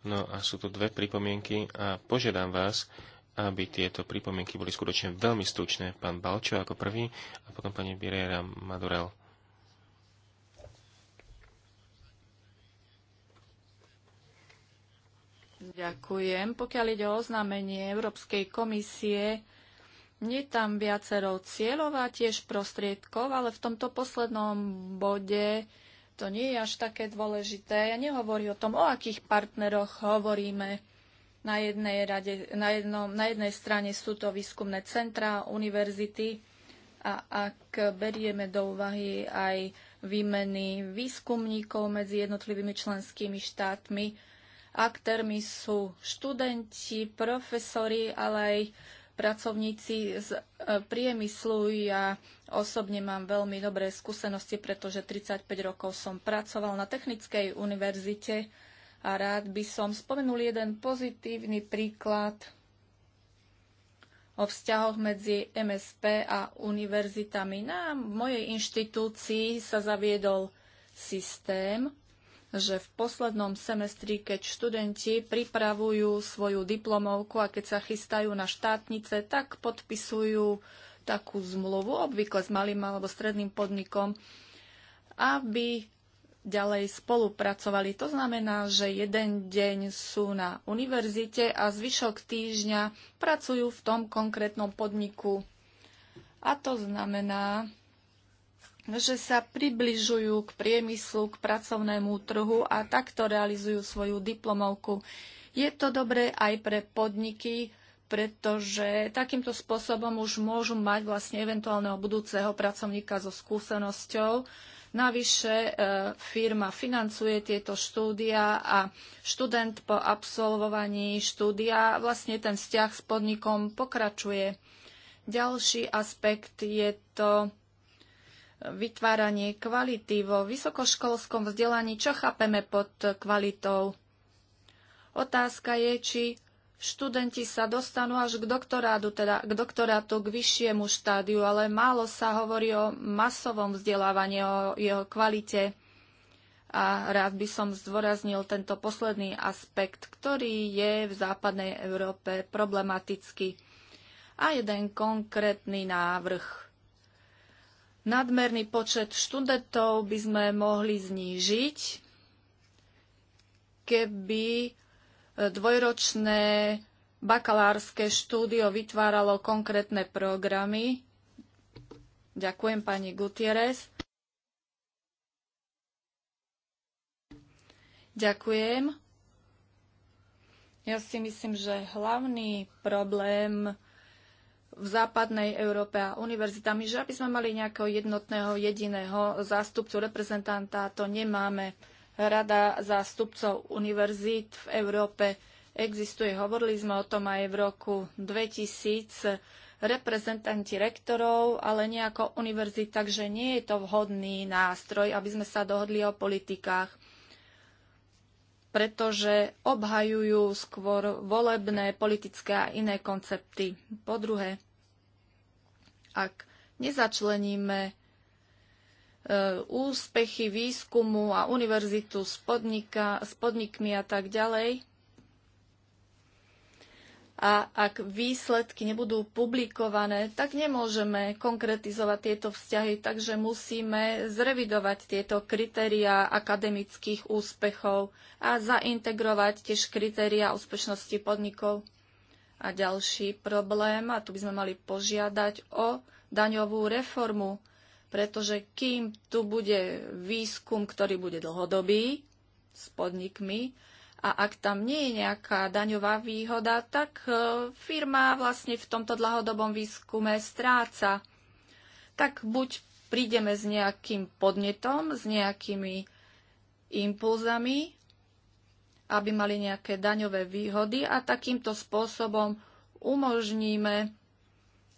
No a sú tu dve pripomienky a požiadam vás, aby tieto pripomienky boli skutočne veľmi stručné. Pán Balčo ako prvý a potom pani Birera Madurel. Ďakujem. Pokiaľ ide o oznámenie Európskej komisie, nie tam viacero cieľov a tiež prostriedkov, ale v tomto poslednom bode to nie je až také dôležité. Ja nehovorím o tom, o akých partneroch hovoríme. Na jednej, rade, na, jedno, na jednej strane sú to výskumné centra, univerzity a ak berieme do úvahy aj výmeny výskumníkov medzi jednotlivými členskými štátmi, aktérmi sú študenti, profesori, ale aj pracovníci z e, priemyslu. Ja osobne mám veľmi dobré skúsenosti, pretože 35 rokov som pracoval na Technickej univerzite a rád by som spomenul jeden pozitívny príklad o vzťahoch medzi MSP a univerzitami. Na mojej inštitúcii sa zaviedol systém, že v poslednom semestri, keď študenti pripravujú svoju diplomovku a keď sa chystajú na štátnice, tak podpisujú takú zmluvu, obvykle s malým alebo stredným podnikom, aby ďalej spolupracovali. To znamená, že jeden deň sú na univerzite a zvyšok týždňa pracujú v tom konkrétnom podniku. A to znamená, že sa približujú k priemyslu, k pracovnému trhu a takto realizujú svoju diplomovku. Je to dobré aj pre podniky, pretože takýmto spôsobom už môžu mať vlastne eventuálneho budúceho pracovníka so skúsenosťou. Navyše e, firma financuje tieto štúdia a študent po absolvovaní štúdia vlastne ten vzťah s podnikom pokračuje. Ďalší aspekt je to, vytváranie kvality vo vysokoškolskom vzdelaní, čo chápeme pod kvalitou. Otázka je, či študenti sa dostanú až k doktorátu, teda k doktorátu, k vyššiemu štádiu, ale málo sa hovorí o masovom vzdelávaní, o jeho kvalite. A rád by som zdôraznil tento posledný aspekt, ktorý je v západnej Európe problematický. A jeden konkrétny návrh Nadmerný počet študentov by sme mohli znížiť, keby e, dvojročné bakalárske štúdio vytváralo konkrétne programy. Ďakujem pani Gutierrez. Ďakujem. Ja si myslím, že hlavný problém v západnej Európe a univerzitami, že aby sme mali nejakého jednotného, jediného zástupcu, reprezentanta, to nemáme. Rada zástupcov univerzít v Európe existuje. Hovorili sme o tom aj v roku 2000 reprezentanti rektorov, ale nejako univerzit, takže nie je to vhodný nástroj, aby sme sa dohodli o politikách pretože obhajujú skôr volebné, politické a iné koncepty. Po druhé, ak nezačleníme e, úspechy výskumu a univerzitu s, podnika, s podnikmi a tak ďalej, a ak výsledky nebudú publikované, tak nemôžeme konkretizovať tieto vzťahy, takže musíme zrevidovať tieto kritériá akademických úspechov a zaintegrovať tiež kritériá úspešnosti podnikov. A ďalší problém, a tu by sme mali požiadať o daňovú reformu, pretože kým tu bude výskum, ktorý bude dlhodobý s podnikmi, a ak tam nie je nejaká daňová výhoda, tak e, firma vlastne v tomto dlhodobom výskume stráca. Tak buď prídeme s nejakým podnetom, s nejakými impulzami, aby mali nejaké daňové výhody a takýmto spôsobom umožníme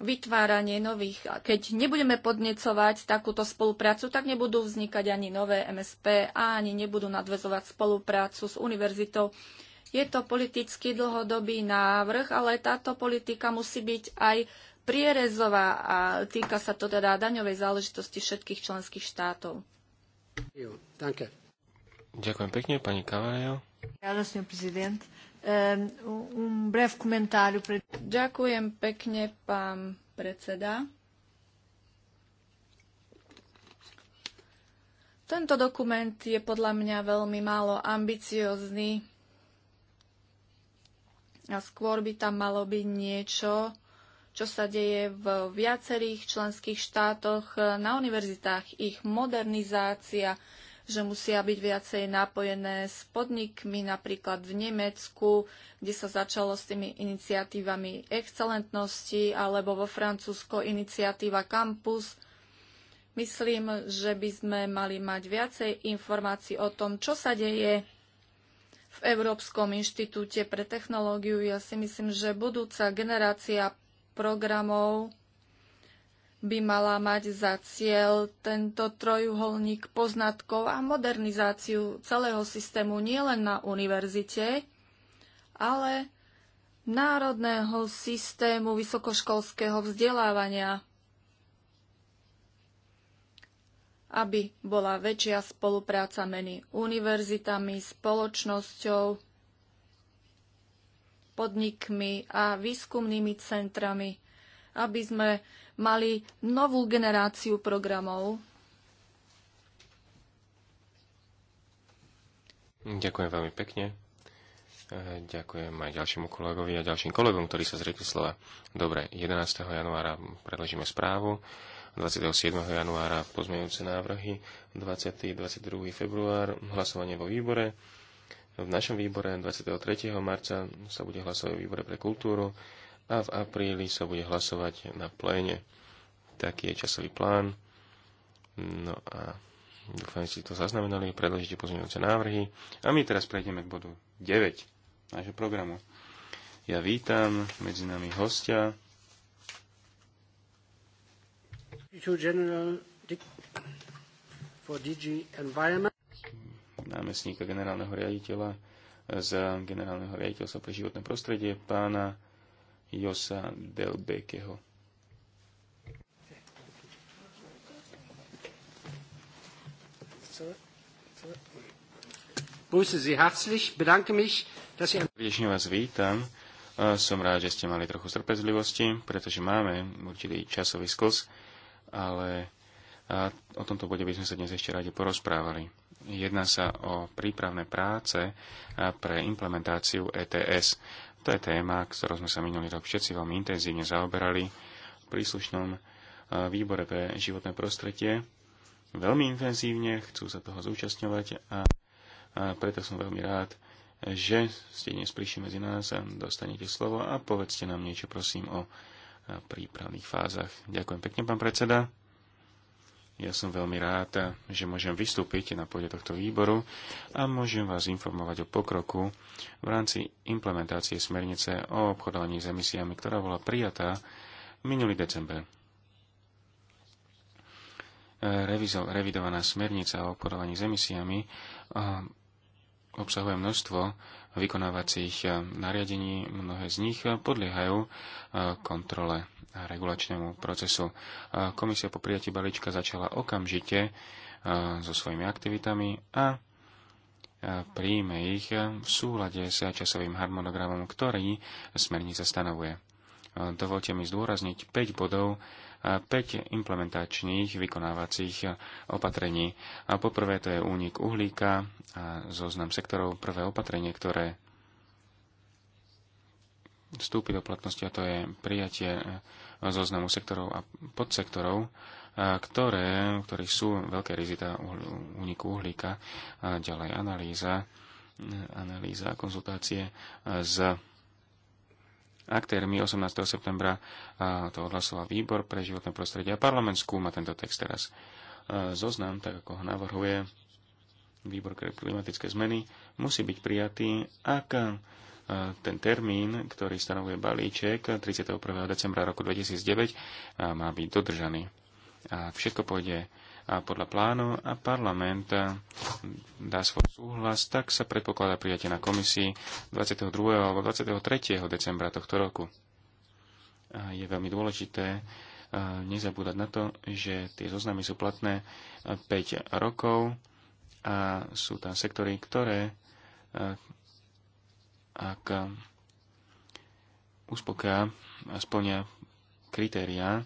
vytváranie nových. A keď nebudeme podnecovať takúto spoluprácu, tak nebudú vznikať ani nové MSP a ani nebudú nadvezovať spoluprácu s univerzitou. Je to politicky dlhodobý návrh, ale táto politika musí byť aj prierezová a týka sa to teda daňovej záležitosti všetkých členských štátov. Ďakujem pekne, pani Kavajo. Ďakujem, prezident. Ehm, um Pre... Ďakujem pekne, pán predseda. Tento dokument je podľa mňa veľmi málo ambiciozný a skôr by tam malo byť niečo, čo sa deje v viacerých členských štátoch na univerzitách, ich modernizácia, že musia byť viacej napojené s podnikmi, napríklad v Nemecku, kde sa začalo s tými iniciatívami excelentnosti, alebo vo Francúzsko iniciatíva Campus. Myslím, že by sme mali mať viacej informácií o tom, čo sa deje v Európskom inštitúte pre technológiu. Ja si myslím, že budúca generácia programov by mala mať za cieľ tento trojuholník poznatkov a modernizáciu celého systému nielen na univerzite, ale národného systému vysokoškolského vzdelávania, aby bola väčšia spolupráca medzi univerzitami, spoločnosťou, podnikmi a výskumnými centrami, aby sme mali novú generáciu programov. Ďakujem veľmi pekne. Ďakujem aj ďalšiemu kolegovi a ďalším kolegom, ktorí sa zriekli slova. Dobre, 11. januára predložíme správu, 27. januára pozmeňujúce návrhy, 20. 22. február hlasovanie vo výbore. V našom výbore 23. marca sa bude hlasovať o výbore pre kultúru, a v apríli sa bude hlasovať na pléne. Taký je časový plán. No a dúfam, že si to zaznamenali, predložíte pozmeňujúce návrhy. A my teraz prejdeme k bodu 9 nášho programu. Ja vítam medzi nami hostia. námestníka generálneho riaditeľa za generálneho riaditeľstva pre životné prostredie, pána Josa Delbekeho. Srdečne vás vítam. Som rád, že ste mali trochu trpezlivosti, pretože máme určitý časový skos, ale o tomto bode by sme sa dnes ešte radi porozprávali. Jedná sa o prípravné práce pre implementáciu ETS. To je téma, ktorou sme sa minulý rok všetci veľmi intenzívne zaoberali v príslušnom výbore pre životné prostredie. Veľmi intenzívne chcú sa toho zúčastňovať a preto som veľmi rád, že ste dnes prišli medzi nás a dostanete slovo a povedzte nám niečo prosím o prípravných fázach. Ďakujem pekne, pán predseda. Ja som veľmi rád, že môžem vystúpiť na pôde tohto výboru a môžem vás informovať o pokroku v rámci implementácie smernice o obchodovaní s emisiami, ktorá bola prijatá minulý december. Revizo, revidovaná smernica o obchodovaní s emisiami obsahuje množstvo vykonávacích nariadení, mnohé z nich podliehajú kontrole regulačnému procesu. Komisia po prijatí balíčka začala okamžite so svojimi aktivitami a príjme ich v súlade s časovým harmonogramom, ktorý smernica stanovuje. Dovolte mi zdôrazniť 5 bodov, 5 implementačných vykonávacích opatrení. A poprvé to je únik uhlíka a zoznam sektorov. Prvé opatrenie, ktoré vstúpi do platnosti, a to je prijatie zoznamu sektorov a podsektorov, e, ktoré, ktorých sú veľké rizika úniku uhlíka, a ďalej analýza, analýza a konzultácie e, s aktérmi 18. septembra e, to odhlasoval výbor pre životné prostredie a parlament skúma tento text teraz. Zoznam, tak ako ho navrhuje výbor pre klimatické zmeny, musí byť prijatý, ak ten termín, ktorý stanovuje balíček 31. decembra roku 2009, má byť dodržaný. A všetko pôjde podľa plánu a parlament dá svoj súhlas, tak sa predpokladá prijatie na komisii 22. alebo 23. decembra tohto roku. A je veľmi dôležité nezabúdať na to, že tie zoznamy sú platné 5 rokov a sú tam sektory, ktoré ak eh, uspokoja a splňa kritériá,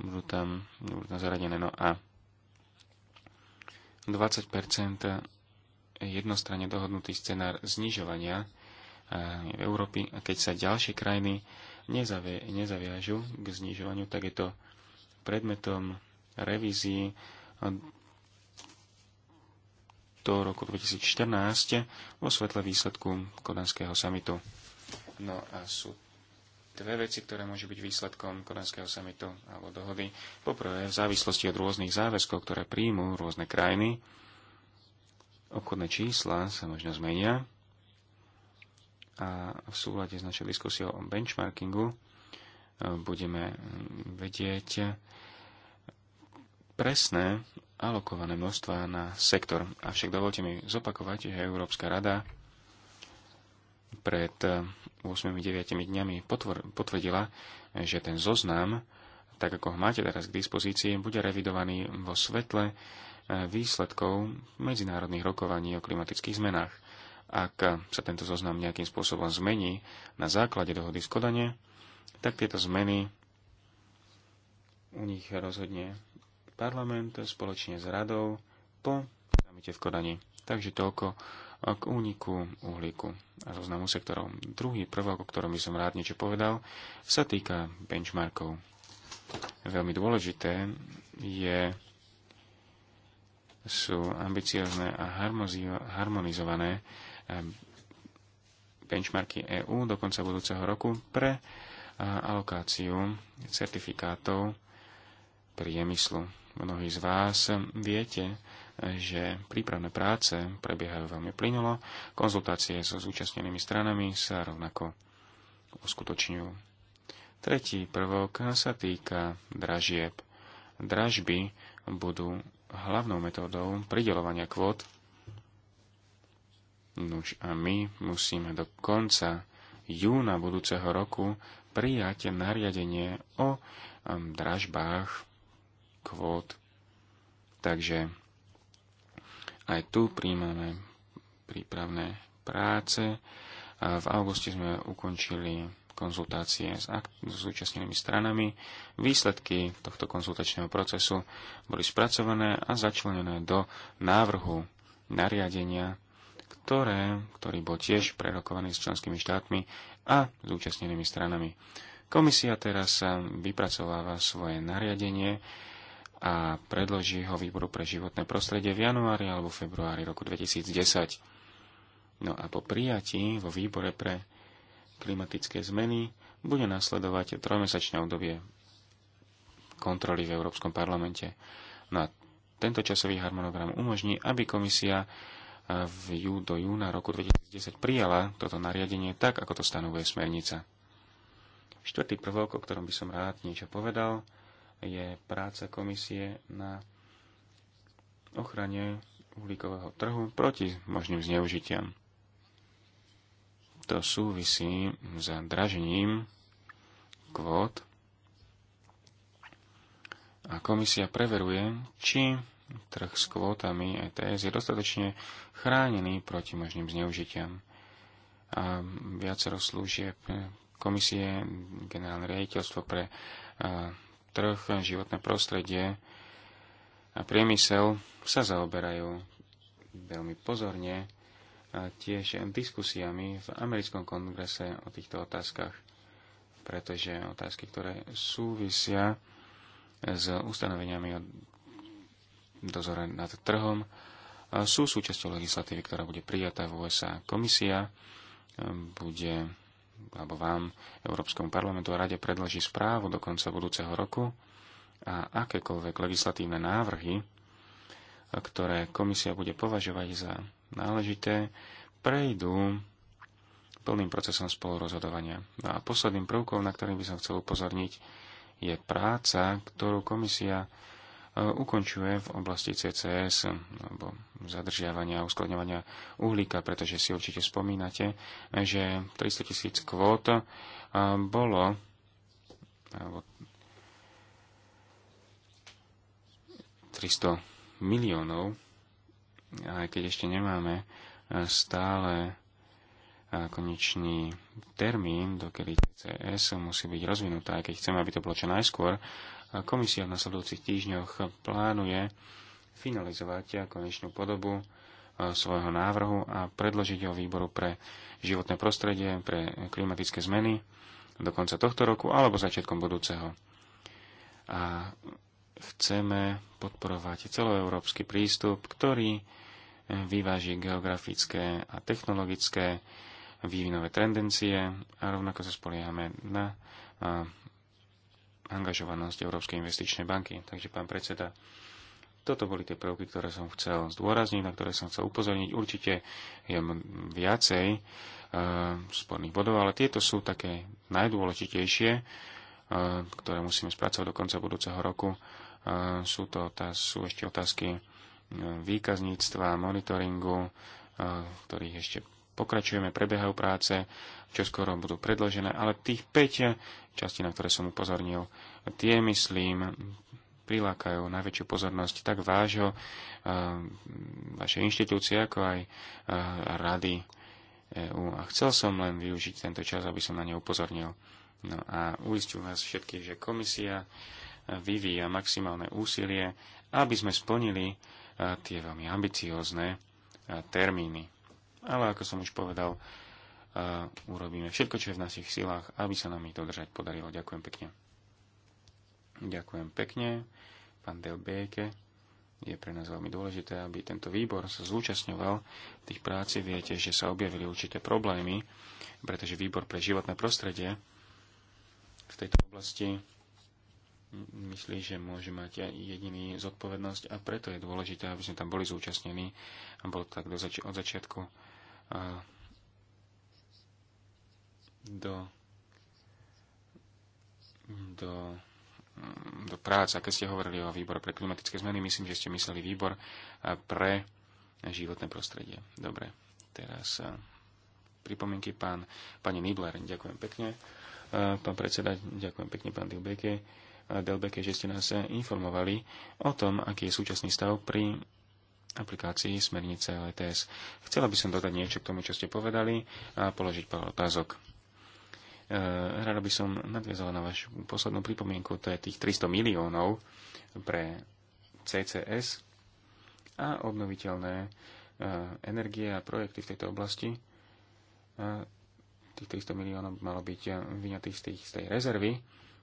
budú tam, budú tam zaradené. No a 20% jednostranne dohodnutý scenár znižovania v eh, Európy a keď sa ďalšie krajiny nezavie, nezaviažu k znižovaniu, tak je to predmetom revízií do roku 2014 vo svetle výsledku Kodanského samitu. No a sú dve veci, ktoré môžu byť výsledkom Kodanského samitu alebo dohody. Poprvé, v závislosti od rôznych záväzkov, ktoré príjmú rôzne krajiny, obchodné čísla sa možno zmenia a v súlade s našou diskusiou o benchmarkingu eh, budeme vedieť, presné alokované množstva na sektor. Avšak dovolte mi zopakovať, že Európska rada pred 8-9 eh, dňami potvrdila, že ten zoznam, tak ako ho máte teraz k dispozícii, bude revidovaný vo svetle eh, výsledkov medzinárodných rokovaní o klimatických zmenách. Ak sa tento zoznam nejakým spôsobom zmení na základe dohody z Kodane, tak tieto zmeny u nich rozhodne parlament spoločne s radou po samite v Kodani. Takže toľko k úniku uhlíku a zoznamu sektorov. Druhý prvok, o ktorom by som rád niečo povedal, sa týka benchmarkov. Veľmi dôležité je, sú ambiciozne a harmonizované ehm, benchmarky EÚ do konca budúceho roku pre alokáciu certifikátov priemyslu mnohí z vás viete, že prípravné práce prebiehajú veľmi plynulo, konzultácie so zúčastnenými stranami sa rovnako uskutočňujú. Tretí prvok sa týka dražieb. Dražby budú hlavnou metódou pridelovania kvót. Nuž a my musíme do konca júna budúceho roku prijať nariadenie o um, dražbách kvót. Takže aj tu príjmame prípravné práce. V auguste sme ukončili konzultácie s, ak- s zúčastnenými stranami. Výsledky tohto konzultačného procesu boli spracované a začlenené do návrhu nariadenia, ktoré, ktorý bol tiež prerokovaný s členskými štátmi a zúčastnenými stranami. Komisia teraz vypracováva svoje nariadenie a predloží ho výboru pre životné prostredie v januári alebo februári roku 2010. No a po prijatí vo výbore pre klimatické zmeny bude nasledovať trojmesačné obdobie kontroly v Európskom parlamente. No a tento časový harmonogram umožní, aby komisia e, v jú, do júna roku 2010 prijala toto nariadenie tak, ako to stanovuje smernica. Štvrtý prvok, o ktorom by som rád niečo povedal, je práca komisie na ochrane uhlíkového trhu proti možným zneužitiam. To súvisí s dražením kvót a komisia preveruje, či trh s kvótami ETS je dostatočne chránený proti možným zneužitiam. A viacero služieb komisie, generálne riaditeľstvo pre trh, životné prostredie a priemysel sa zaoberajú veľmi pozorne a tiež diskusiami v americkom kongrese o týchto otázkach, pretože otázky, ktoré súvisia s ustanoveniami o dozore nad trhom, sú súčasťou legislatívy, ktorá bude prijatá v USA. Komisia bude alebo vám, Európskom parlamentu a Rade predloží správu do konca budúceho roku a akékoľvek legislatívne návrhy, ktoré komisia bude považovať za náležité, prejdú plným procesom spolurozhodovania. No a posledným prvkom, na ktorý by som chcel upozorniť, je práca, ktorú komisia ukončuje v oblasti CCS alebo zadržiavania a uskladňovania uhlíka, pretože si určite spomínate, že 300 tisíc kvót bolo alebo 300 miliónov, aj keď ešte nemáme stále konečný termín, dokedy CCS musí byť rozvinutá, aj keď chceme, aby to bolo čo najskôr, Komisia v nasledujúcich týždňoch plánuje finalizovať konečnú podobu e, svojho návrhu a predložiť ho výboru pre životné prostredie, pre klimatické zmeny do konca tohto roku alebo začiatkom budúceho. A chceme podporovať celoeurópsky prístup, ktorý e, vyváži geografické a technologické vývinové tendencie a rovnako sa spoliehame na e, angažovanosť Európskej investičnej banky. Takže, pán predseda, toto boli tie prvky, ktoré som chcel zdôrazniť, na ktoré som chcel upozorniť. Určite je viacej e, sporných bodov, ale tieto sú také najdôležitejšie, e, ktoré musíme spracovať do konca budúceho roku. E, sú, to otáz, sú ešte otázky e, výkazníctva, monitoringu, e, ktorých ešte pokračujeme, prebiehajú práce, čo skoro budú predložené, ale tých 5 častí, na ktoré som upozornil, tie, myslím, prilákajú najväčšiu pozornosť tak vášho, eh, vašej inštitúcie, ako aj eh, rady EU. A chcel som len využiť tento čas, aby som na ne upozornil. No a uistím vás všetkých, že komisia eh, vyvíja maximálne úsilie, aby sme splnili tie veľmi ambiciózne termíny ale ako som už povedal, eh, urobíme všetko, čo je v našich silách, aby sa nám ich dodržať podarilo. Ďakujem pekne. Ďakujem pekne. Pán Del Beke, je pre nás veľmi dôležité, aby tento výbor sa zúčastňoval v tých práci. Viete, že sa objavili určité problémy, pretože výbor pre životné prostredie v tejto oblasti myslí, že môže mať jediný zodpovednosť a preto je dôležité, aby sme tam boli zúčastnení a bolo tak do zač- od začiatku do, do, do práce. Keď ste hovorili o výbor pre klimatické zmeny, myslím, že ste mysleli výbor pre životné prostredie. Dobre, teraz pripomienky pán, pani Nibler. Ďakujem pekne. Pán predseda, ďakujem pekne pán Dilbeke. Delbeke, že ste nás informovali o tom, aký je súčasný stav pri aplikácii smernice LTS. E Chcela by som dodať niečo k tomu, čo ste povedali a položiť pár otázok. E, rada by som nadviazala na vašu poslednú pripomienku, to je tých 300 miliónov pre CCS a obnoviteľné e, energie a projekty v tejto oblasti. Tých 300 miliónov malo byť vyňatých z, z tej rezervy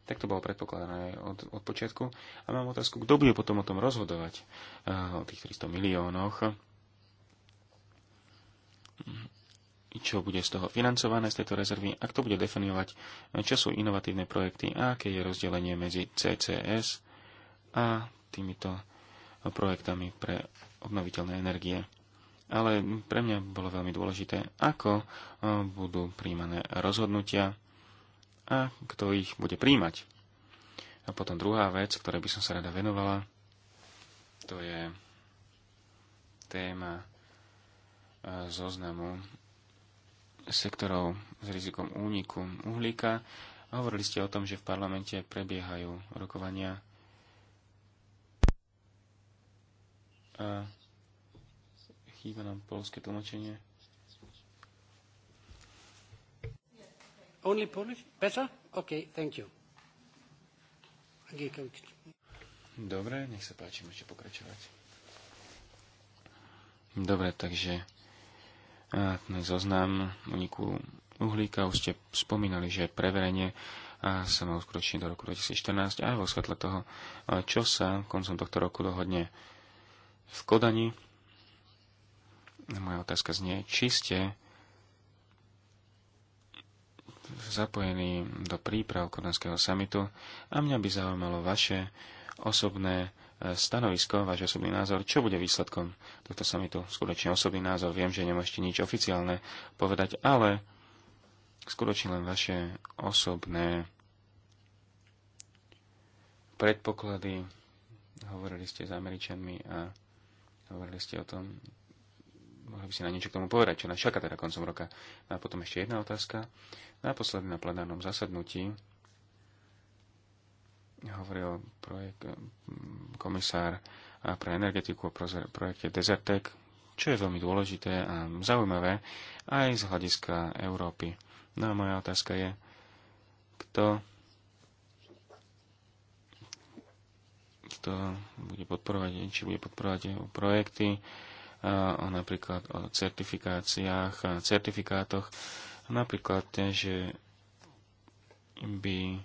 tak to bolo predpokladané od, od počiatku. A mám otázku, kto bude potom o tom rozhodovať, eh, o tých 300 miliónoch? čo bude z toho financované z tejto rezervy a kto bude definovať, eh, čo sú inovatívne projekty a aké je rozdelenie medzi CCS a týmito projektami pre obnoviteľné energie. Ale pre mňa bolo veľmi dôležité, ako eh, budú príjmané rozhodnutia a kto ich bude príjmať. A potom druhá vec, ktorej by som sa rada venovala, to je téma e, zoznamu sektorov s rizikom úniku uhlíka. A hovorili ste o tom, že v parlamente prebiehajú rokovania a chýba nám polské tlmočenie. Only Polish? Better? OK, thank you. Dobre, nech sa páči, môžete pokračovať. Dobre, takže na zoznam uniku uhlíka už ste spomínali, že preverenie a sa má uskutočniť do roku 2014 aj vo svetle toho, čo sa koncom tohto roku dohodne v Kodani. Moja otázka znie, či ste zapojení do príprav Kodanského samitu a mňa by zaujímalo vaše osobné e, stanovisko, váš osobný názor, čo bude výsledkom tohto samitu. Skutočne osobný názor, viem, že nemôžete nič oficiálne povedať, ale skutočne len vaše osobné predpoklady. Hovorili ste s Američanmi a hovorili ste o tom, mohli by si na niečo k tomu povedať, čo nás čaká teda koncom roka. A potom ešte jedna otázka. Naposledy na plenárnom zasadnutí hovoril projekt, komisár pre energetiku o projekte Desertec, čo je veľmi dôležité a zaujímavé aj z hľadiska Európy. No a moja otázka je, kto, kto bude podporovať, či bude podporovať projekty, o napríklad o certifikáciách, certifikátoch, napríklad, že by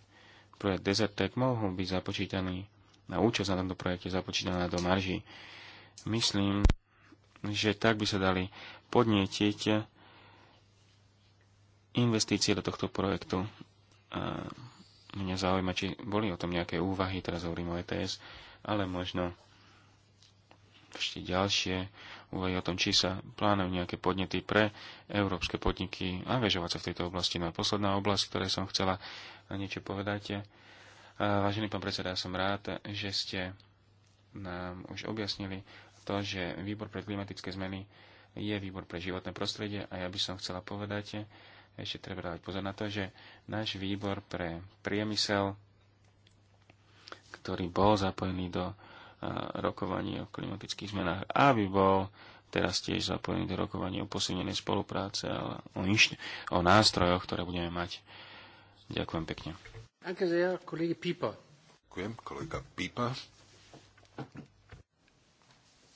projekt Desertec mohol byť započítaný na účasť na tomto projekte započítaná do marží. Myslím, že tak by sa dali podnietiť investície do tohto projektu. A mňa zaujíma, či boli o tom nejaké úvahy, teraz hovorím o ETS, ale možno ešte ďalšie úvahy o tom, či sa plánujú nejaké podnety pre európske podniky a angažovať sa v tejto oblasti. No a posledná oblasť, ktorej som chcela niečo povedať. Vážený pán predseda, ja som rád, že ste nám už objasnili to, že výbor pre klimatické zmeny je výbor pre životné prostredie a ja by som chcela povedať, ešte treba dávať pozor na to, že náš výbor pre priemysel, ktorý bol zapojený do rokovaní o klimatických zmenách, aby bol teraz tiež zapojený do rokovaní o posilnenej spolupráce a o, inš- o nástrojoch, ktoré budeme mať. Ďakujem pekne. Ďakujem, kolega Pípa.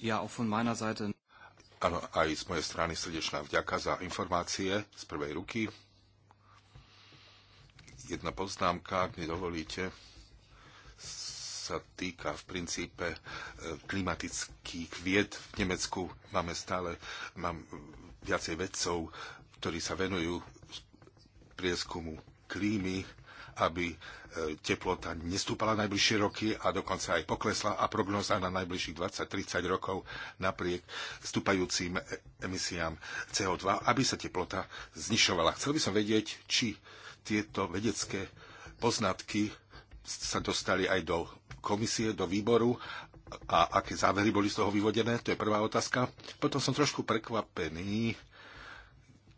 Ja auch von meiner Seite. Áno, aj z mojej strany srdečná vďaka za informácie z prvej ruky. Jedna poznámka, ak mi dovolíte, z sa týka v princípe e, klimatických vied. V Nemecku máme stále mám viacej vedcov, ktorí sa venujú prieskumu klímy, aby e, teplota nestúpala najbližšie roky a dokonca aj poklesla a prognoza na najbližších 20-30 rokov napriek stúpajúcim e, emisiám CO2, aby sa teplota znišovala. Chcel by som vedieť, či tieto vedecké poznatky sa dostali aj do komisie do výboru a aké závery boli z toho vyvodené? To je prvá otázka. Potom som trošku prekvapený,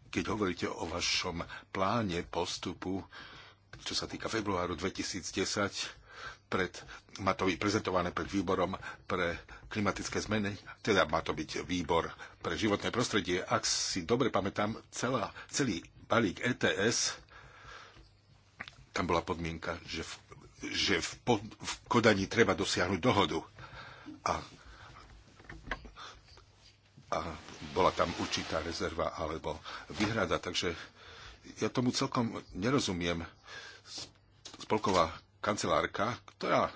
keď hovoríte o vašom pláne postupu, čo sa týka februáru 2010, pred, má to byť prezentované pred výborom pre klimatické zmeny, teda má to byť výbor pre životné prostredie. Ak si dobre pamätám, celá, celý balík ETS, tam bola podmienka, že v že v, po, v Kodani treba dosiahnuť dohodu. A, a bola tam určitá rezerva alebo výhrada, takže ja tomu celkom nerozumiem. Spolková kancelárka, ktorá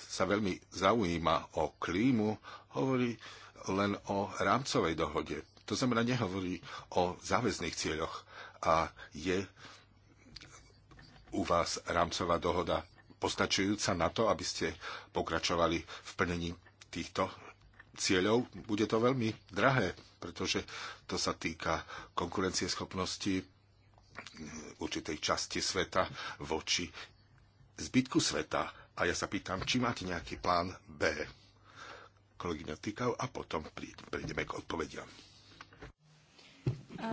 sa veľmi zaujíma o klímu, hovorí len o rámcovej dohode. To znamená, nehovorí o záväzných cieľoch. A je u vás rámcová dohoda postačujúca na to, aby ste pokračovali v plnení týchto cieľov. Bude to veľmi drahé, pretože to sa týka konkurencieschopnosti určitej časti sveta voči zbytku sveta. A ja sa pýtam, či máte nejaký plán B? Kolegyňa Tykau a potom prejdeme k odpovediam.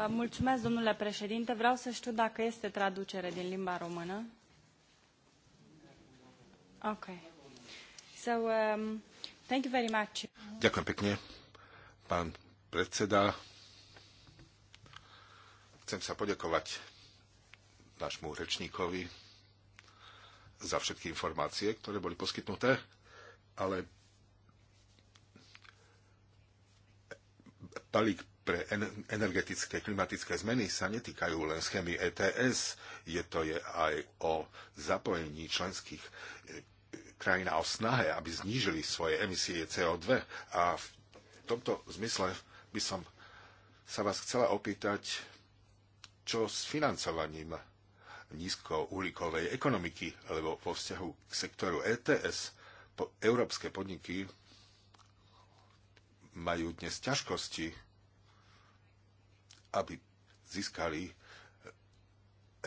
Mulțumesc, domnule președinte. Vreau să știu dacă este traducere din limba română. Okay. So, um, thank you very much. Ďakujem pekne, pán predseda. Chcem sa poďakovať nášmu rečníkovi za všetky informácie, ktoré boli poskytnuté, ale balík pre energetické klimatické zmeny sa netýkajú len schémy ETS, je to je aj o zapojení členských krajina o snahe, aby znížili svoje emisie CO2. A v tomto zmysle by som sa vás chcela opýtať, čo s financovaním nízkouhlíkovej ekonomiky, lebo vo vzťahu k sektoru ETS po, európske podniky majú dnes ťažkosti, aby získali e,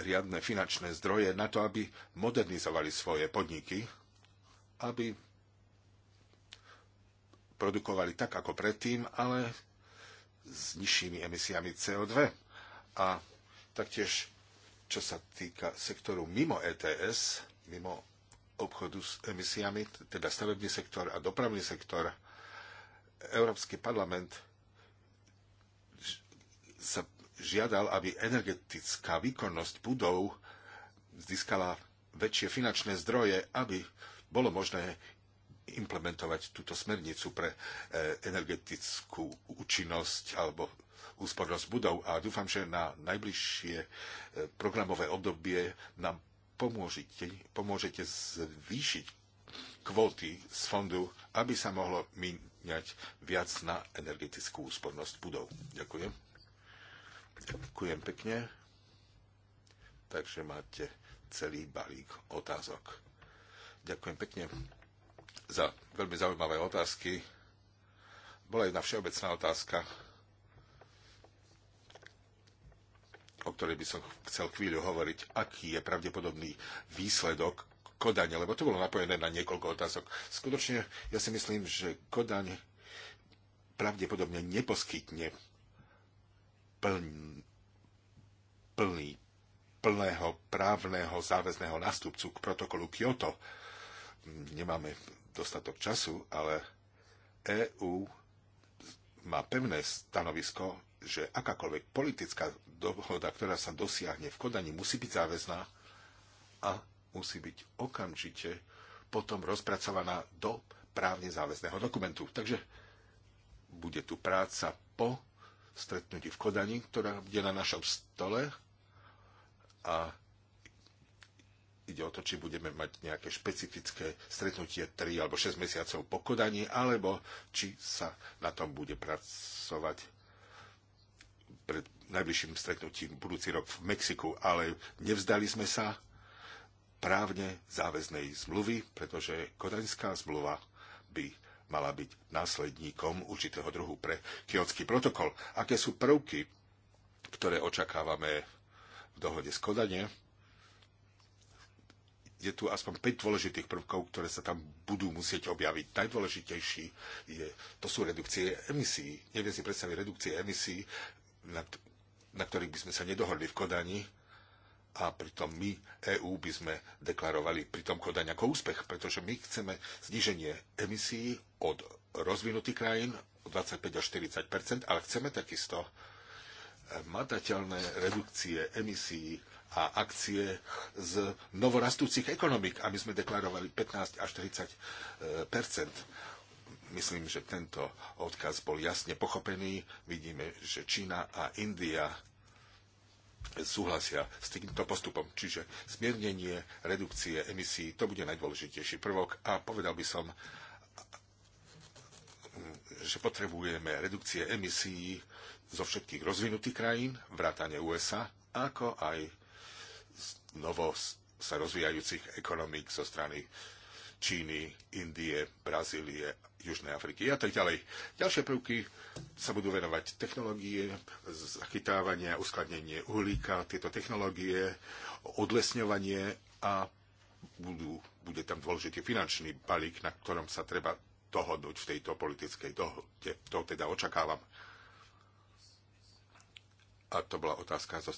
riadne finančné zdroje na to, aby modernizovali svoje podniky aby produkovali tak ako predtým, ale s nižšími emisiami CO2. A taktiež, čo sa týka sektoru mimo ETS, mimo obchodu s emisiami, teda stavebný sektor a dopravný sektor, Európsky parlament sa žiadal, aby energetická výkonnosť budov získala väčšie finančné zdroje, aby bolo možné implementovať túto smernicu pre e, energetickú účinnosť alebo úspornosť budov a dúfam, že na najbližšie e, programové obdobie nám pomôžete, pomôžete zvýšiť kvóty z fondu, aby sa mohlo míňať viac na energetickú úspornosť budov. Ďakujem. Ďakujem pekne. Takže máte celý balík otázok. Ďakujem pekne za veľmi zaujímavé otázky. Bola jedna všeobecná otázka, o ktorej by som chcel chvíľu hovoriť, aký je pravdepodobný výsledok Kodane, lebo to bolo napojené na niekoľko otázok. Skutočne ja si myslím, že Kodaň pravdepodobne neposkytne pln, plný, plného právneho záväzného nástupcu k protokolu Kyoto nemáme dostatok času, ale EÚ má pevné stanovisko, že akákoľvek politická dohoda, ktorá sa dosiahne v Kodani, musí byť záväzná a musí byť okamžite potom rozpracovaná do právne záväzného dokumentu. Takže bude tu práca po stretnutí v Kodani, ktorá bude na našom stole a Ide o to, či budeme mať nejaké špecifické stretnutie 3 alebo 6 mesiacov po kodaní, alebo či sa na tom bude pracovať pred najbližším stretnutím budúci rok v Mexiku. Ale nevzdali sme sa právne záväznej zmluvy, pretože kodaňská zmluva by mala byť následníkom určitého druhu pre kiotský protokol. Aké sú prvky, ktoré očakávame v dohode s Kodane? je tu aspoň 5 dôležitých prvkov, ktoré sa tam budú musieť objaviť. Najdôležitejší je, to sú redukcie emisí. Neviem si predstaviť redukcie emisí, na, na ktorých by sme sa nedohodli v Kodani a pritom my, EÚ, by sme deklarovali pritom Kodaň ako úspech, pretože my chceme zníženie emisí od rozvinutých krajín o 25 až 40 ale chceme takisto eh, matateľné redukcie emisí a akcie z novorastúcich ekonomik, aby sme deklarovali 15 až 30 e, Myslím, že tento odkaz bol jasne pochopený. Vidíme, že Čína a India súhlasia s týmto postupom. Čiže smiernenie redukcie emisí, to bude najdôležitejší prvok a povedal by som, že potrebujeme redukcie emisí zo všetkých rozvinutých krajín, vrátane USA, ako aj novo sa rozvíjajúcich ekonomík zo strany Číny, Indie, Brazílie, Južnej Afriky a tak ďalej. Ďalšie prvky sa budú venovať technológie, zachytávania, uskladnenie uhlíka, tieto technológie, odlesňovanie a budú, bude tam dôležitý finančný balík, na ktorom sa treba dohodnúť v tejto politickej dohode. To teda očakávam. A to bola otázka zo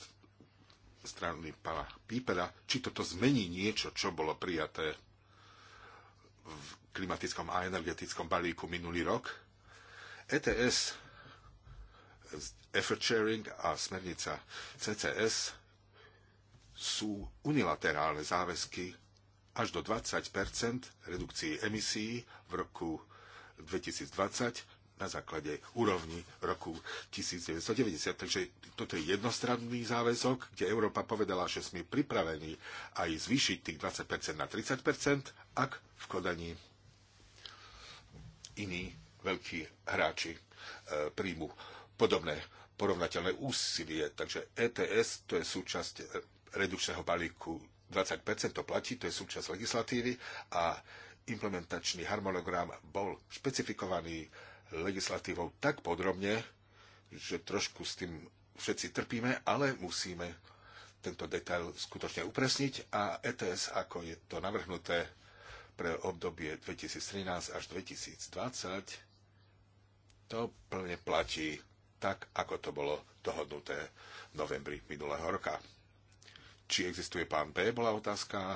strany pána Pípera, či toto zmení niečo, čo bolo prijaté v klimatickom a energetickom balíku minulý rok. ETS, effort sharing a smernica CCS sú unilaterálne záväzky až do 20 redukcií emisí v roku 2020 na základe úrovni roku 1990. Takže toto je jednostranný záväzok, kde Európa povedala, že sme pripravení aj zvýšiť tých 20% na 30%, ak v Kodani iní veľkí hráči e, príjmu podobné porovnateľné úsilie. Takže ETS to je súčasť e, redukčného balíku 20% to platí, to je súčasť legislatívy a implementačný harmonogram bol špecifikovaný legislatívou tak podrobne, že trošku s tým všetci trpíme, ale musíme tento detail skutočne upresniť a ETS, ako je to navrhnuté pre obdobie 2013 až 2020, to plne platí tak, ako to bolo dohodnuté v novembri minulého roka. Či existuje plán B, bola otázka.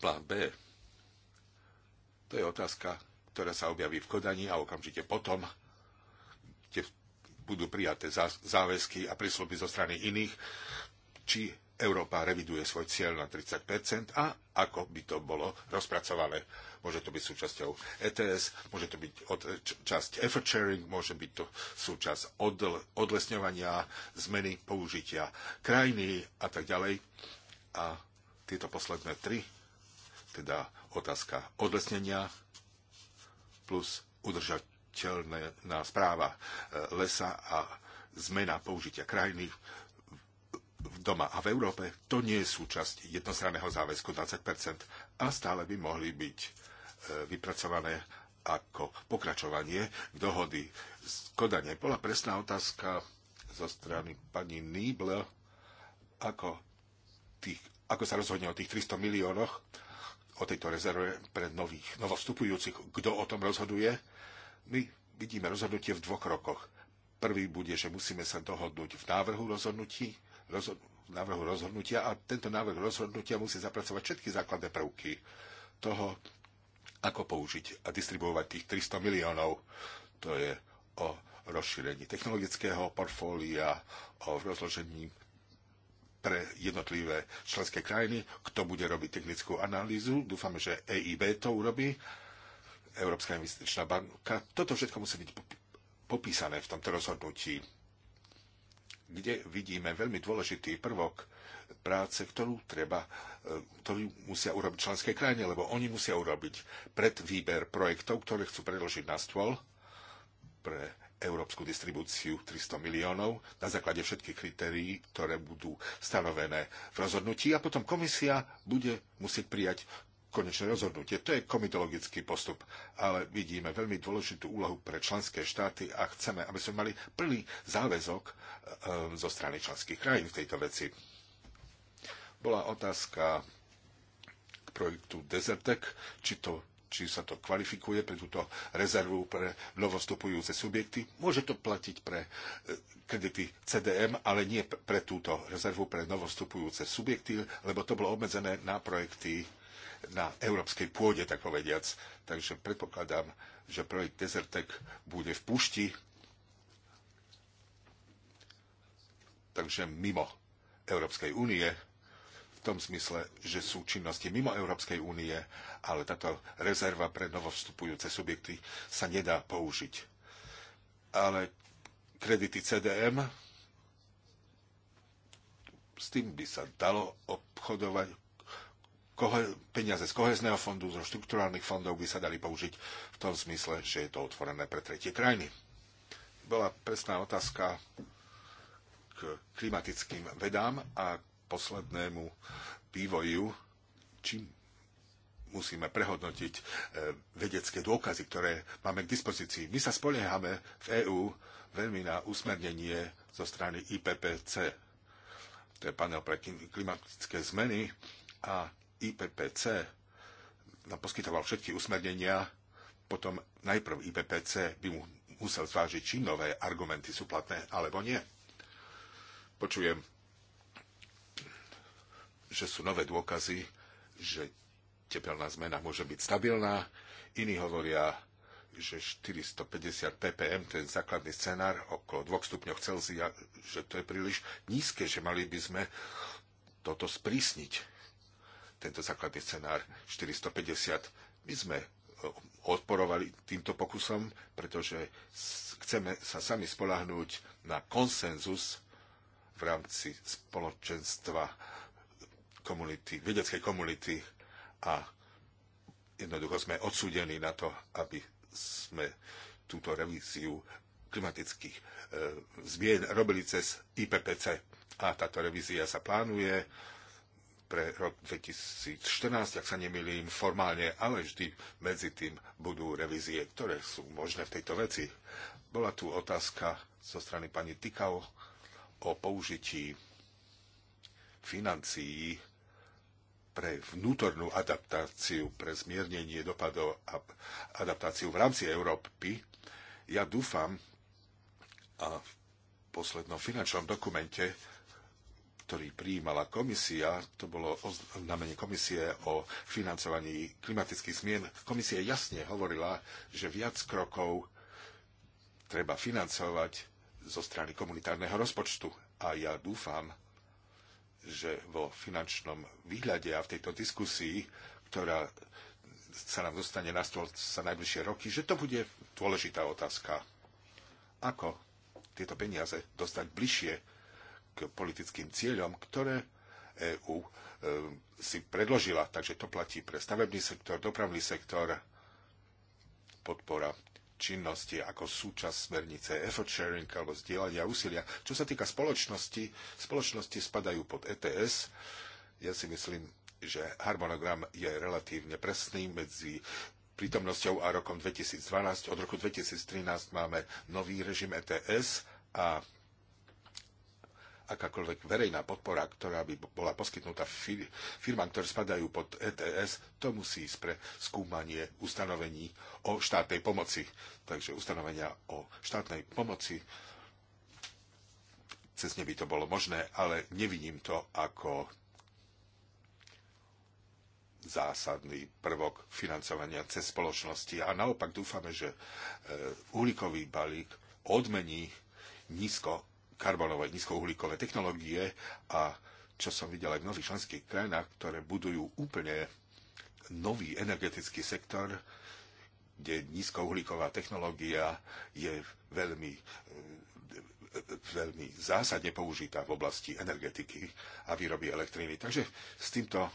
Plán B. To je otázka, ktorá sa objaví v Kodani a okamžite potom kde budú prijaté záväzky a prísľuby zo strany iných, či Európa reviduje svoj cieľ na 30 a ako by to bolo rozpracované. Môže to byť súčasťou ETS, môže to byť od, časť effort sharing, môže byť to súčasť odl, odlesňovania, zmeny použitia krajiny a tak ďalej. A tieto posledné tri, teda otázka odlesnenia, plus udržateľná správa e, lesa a zmena použitia krajiny v doma a v Európe, to nie je súčasť jednostranného záväzku 20 a stále by mohli byť e, vypracované ako pokračovanie k dohody z Kodane. Bola presná otázka zo strany pani Nýble, ako, tých, ako sa rozhodne o tých 300 miliónoch o tejto rezerve pre nových, novostupujúcich. Kto o tom rozhoduje? My vidíme rozhodnutie v dvoch rokoch. Prvý bude, že musíme sa dohodnúť v návrhu rozhodnutí, rozhod, v návrhu rozhodnutia a tento návrh rozhodnutia musí zapracovať všetky základné prvky toho, ako použiť a distribuovať tých 300 miliónov. To je o rozšírení technologického portfólia, o rozložení pre jednotlivé členské krajiny, kto bude robiť technickú analýzu. Dúfame, že EIB to urobí, Európska investičná banka. Toto všetko musí byť popísané v tomto rozhodnutí, kde vidíme veľmi dôležitý prvok práce, ktorú treba, e, ktorú musia urobiť členské krajiny, lebo oni musia urobiť predvýber projektov, ktoré chcú predložiť na stôl pre európsku distribúciu 300 miliónov na základe všetkých kritérií, ktoré budú stanovené v rozhodnutí a potom komisia bude musieť prijať konečné rozhodnutie. To je komitologický postup, ale vidíme veľmi dôležitú úlohu pre členské štáty a chceme, aby sme mali plný záväzok e, zo strany členských krajín v tejto veci. Bola otázka k projektu Desertec, či to či sa to kvalifikuje pre túto rezervu pre novostupujúce subjekty. Môže to platiť pre e, kredity CDM, ale nie pre túto rezervu pre novostupujúce subjekty, lebo to bolo obmedzené na projekty na európskej pôde, tak povediac. Takže predpokladám, že projekt Desertec bude v púšti, takže mimo Európskej únie, v tom smysle, že sú činnosti mimo Európskej únie ale táto rezerva pre novovstupujúce subjekty sa nedá použiť. Ale kredity CDM, s tým by sa dalo obchodovať. Kohe, peniaze z kohezného fondu, zo štrukturálnych fondov by sa dali použiť v tom zmysle, že je to otvorené pre tretie krajiny. Bola presná otázka k klimatickým vedám a poslednému vývoju, čím musíme prehodnotiť e, vedecké dôkazy, ktoré máme k dispozícii. My sa spoliehame v EÚ veľmi na usmernenie zo strany IPPC, to je panel pre klimatické zmeny a IPPC nám poskytoval všetky usmernenia, potom najprv IPPC by mu musel zvážiť, či nové argumenty sú platné alebo nie. Počujem, že sú nové dôkazy, že tepelná zmena môže byť stabilná. Iní hovoria, že 450 ppm, ten základný scenár, okolo 2 stupňov Celzia, že to je príliš nízke, že mali by sme toto sprísniť. Tento základný scenár 450. My sme e, odporovali týmto pokusom, pretože chceme sa sami spolahnúť na konsenzus v rámci spoločenstva komunity, vedeckej komunity a jednoducho sme odsúdení na to, aby sme túto revíziu klimatických e, zmien robili cez IPPC. A táto revízia sa plánuje pre rok 2014, ak sa nemýlim, formálne, ale vždy medzi tým budú revízie, ktoré sú možné v tejto veci. Bola tu otázka zo strany pani Tikao o použití financií pre vnútornú adaptáciu, pre zmiernenie dopadov a adaptáciu v rámci Európy. Ja dúfam, a v poslednom finančnom dokumente, ktorý prijímala komisia, to bolo oznámenie komisie o financovaní klimatických zmien, komisia jasne hovorila, že viac krokov treba financovať zo strany komunitárneho rozpočtu. A ja dúfam, že vo finančnom výhľade a v tejto diskusii, ktorá sa nám dostane na stôl sa najbližšie roky, že to bude dôležitá otázka. Ako tieto peniaze dostať bližšie k politickým cieľom, ktoré EÚ e, si predložila. Takže to platí pre stavebný sektor, dopravný sektor, podpora činnosti ako súčasť smernice effort sharing alebo zdieľania úsilia. Čo sa týka spoločnosti, spoločnosti spadajú pod ETS. Ja si myslím, že harmonogram je relatívne presný medzi prítomnosťou a rokom 2012. Od roku 2013 máme nový režim ETS a akákoľvek verejná podpora, ktorá by bola poskytnutá firmám, ktoré spadajú pod ETS, to musí ísť pre skúmanie ustanovení o štátnej pomoci. Takže ustanovenia o štátnej pomoci cez ne by to bolo možné, ale nevidím to ako zásadný prvok financovania cez spoločnosti. A naopak dúfame, že e, uhlíkový balík odmení nízko karbonové, nízkouhlíkové technológie a čo som videl aj v mnohých členských krajinách, ktoré budujú úplne nový energetický sektor, kde nízkouhlíková technológia je veľmi e, veľmi zásadne použitá v oblasti energetiky a výroby elektriny. Takže s týmto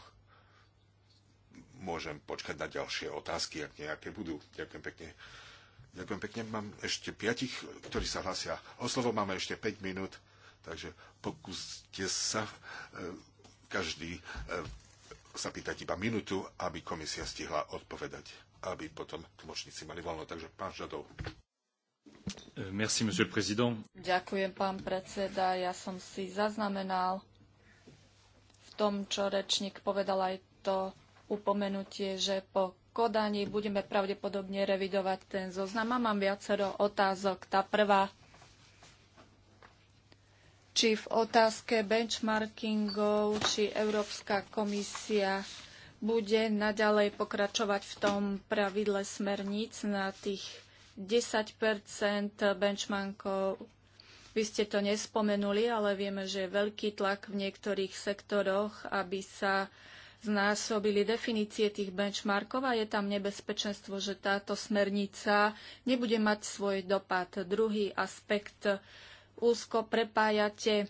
môžem počkať na ďalšie otázky, ak nejaké budú. Ďakujem pekne. Ďakujem pekne. Mám ešte piatich, ktorí sa hlásia o slovo. Máme ešte 5 minút, takže pokúste sa e, každý e, sa pýtať iba minútu, aby komisia stihla odpovedať, aby potom tlmočníci mali voľno. Takže pán Žadov. E, merci, monsieur président. Ďakujem, pán predseda. Ja som si zaznamenal v tom, čo rečník povedal aj to upomenutie, že po Kodani budeme pravdepodobne revidovať ten zoznam. A mám viacero otázok. Tá prvá, či v otázke benchmarkingov, či Európska komisia bude naďalej pokračovať v tom pravidle smerníc na tých 10 benchmarkov. Vy ste to nespomenuli, ale vieme, že je veľký tlak v niektorých sektoroch, aby sa znásobili definície tých benchmarkov a je tam nebezpečenstvo, že táto smernica nebude mať svoj dopad. Druhý aspekt úzko prepájate e,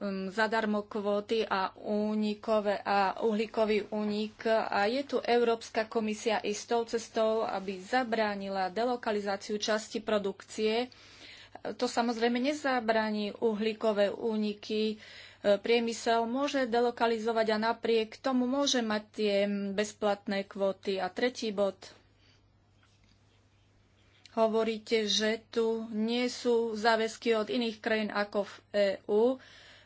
um, zadarmo kvóty a, únikové, a uhlíkový únik. A je tu Európska komisia istou cestou, aby zabránila delokalizáciu časti produkcie. To samozrejme nezabráni uhlíkové úniky, E, priemysel môže delokalizovať a napriek tomu môže mať tie bezplatné kvóty. A tretí bod. Hovoríte, že tu nie sú záväzky od iných krajín ako v EÚ.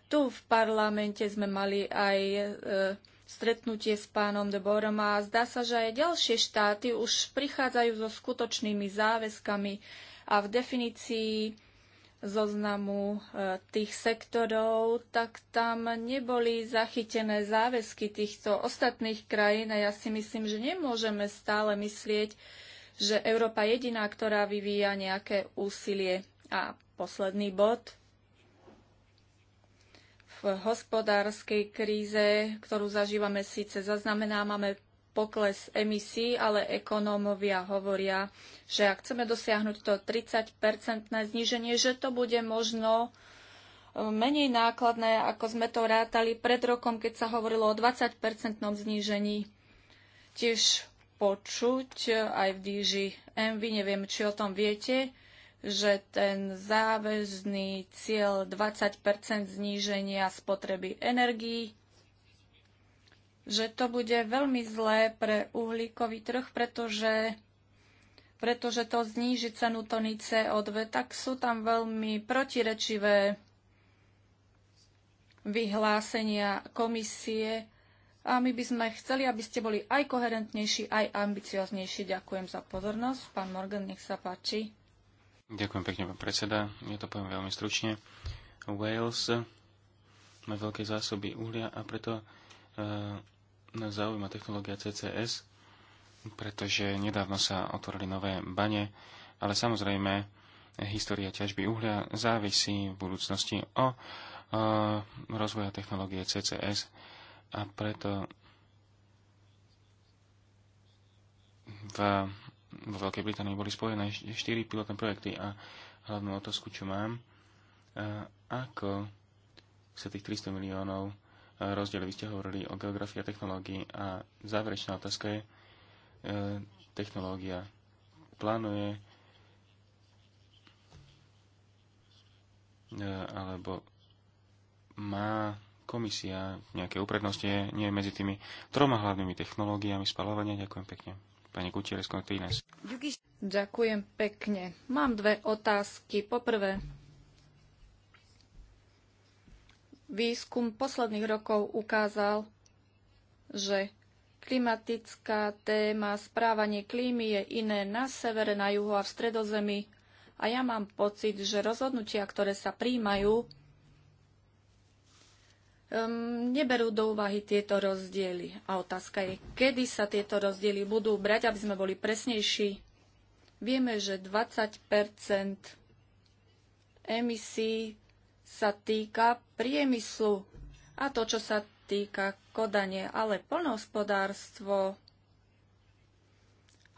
Tu v parlamente sme mali aj e, stretnutie s pánom de Borom a zdá sa, že aj ďalšie štáty už prichádzajú so skutočnými záväzkami a v definícii zoznamu e, tých sektorov, tak tam neboli zachytené záväzky týchto ostatných krajín a ja si myslím, že nemôžeme stále myslieť, že Európa jediná, ktorá vyvíja nejaké úsilie. A posledný bod. V hospodárskej kríze, ktorú zažívame síce zaznamená, máme pokles emisí, ale ekonómovia hovoria, že ak chceme dosiahnuť to 30-percentné zníženie, že to bude možno e, menej nákladné, ako sme to rátali pred rokom, keď sa hovorilo o 20-percentnom znížení. Tiež počuť e, aj v DG MV, neviem, či o tom viete, že ten záväzný cieľ 20 zníženia spotreby energií že to bude veľmi zlé pre uhlíkový trh, pretože, pretože to zníži cenu tony CO2, tak sú tam veľmi protirečivé vyhlásenia komisie a my by sme chceli, aby ste boli aj koherentnejší, aj ambicioznejší. Ďakujem za pozornosť. Pán Morgan, nech sa páči. Ďakujem pekne, pán predseda. Ja to poviem veľmi stručne. Wales má veľké zásoby uhlia a preto eh, nás zaujíma technológia CCS, pretože nedávno sa otvorili nové bane, ale samozrejme história ťažby uhlia závisí v budúcnosti o, o e, rozvoja technológie CCS a preto v, vo Veľkej Británii boli spojené 4 pilotné projekty a hlavnú otázku, čo mám, a e, ako sa tých 300 miliónov rozdiel. Vy ste hovorili o geografii a technológii a záverečná otázka je e, technológia. Plánuje e, alebo má komisia nejaké uprednosti, nie je medzi tými troma hlavnými technológiami spalovania. Ďakujem pekne. Pani Gutierrez, Ďakujem pekne. Mám dve otázky. Poprvé, Výskum posledných rokov ukázal, že klimatická téma správanie klímy je iné na severe, na juhu a v stredozemi. A ja mám pocit, že rozhodnutia, ktoré sa príjmajú, um, neberú do úvahy tieto rozdiely. A otázka je, kedy sa tieto rozdiely budú brať, aby sme boli presnejší. Vieme, že 20 emisí sa týka priemyslu a to, čo sa týka kodanie, ale poľnohospodárstvo.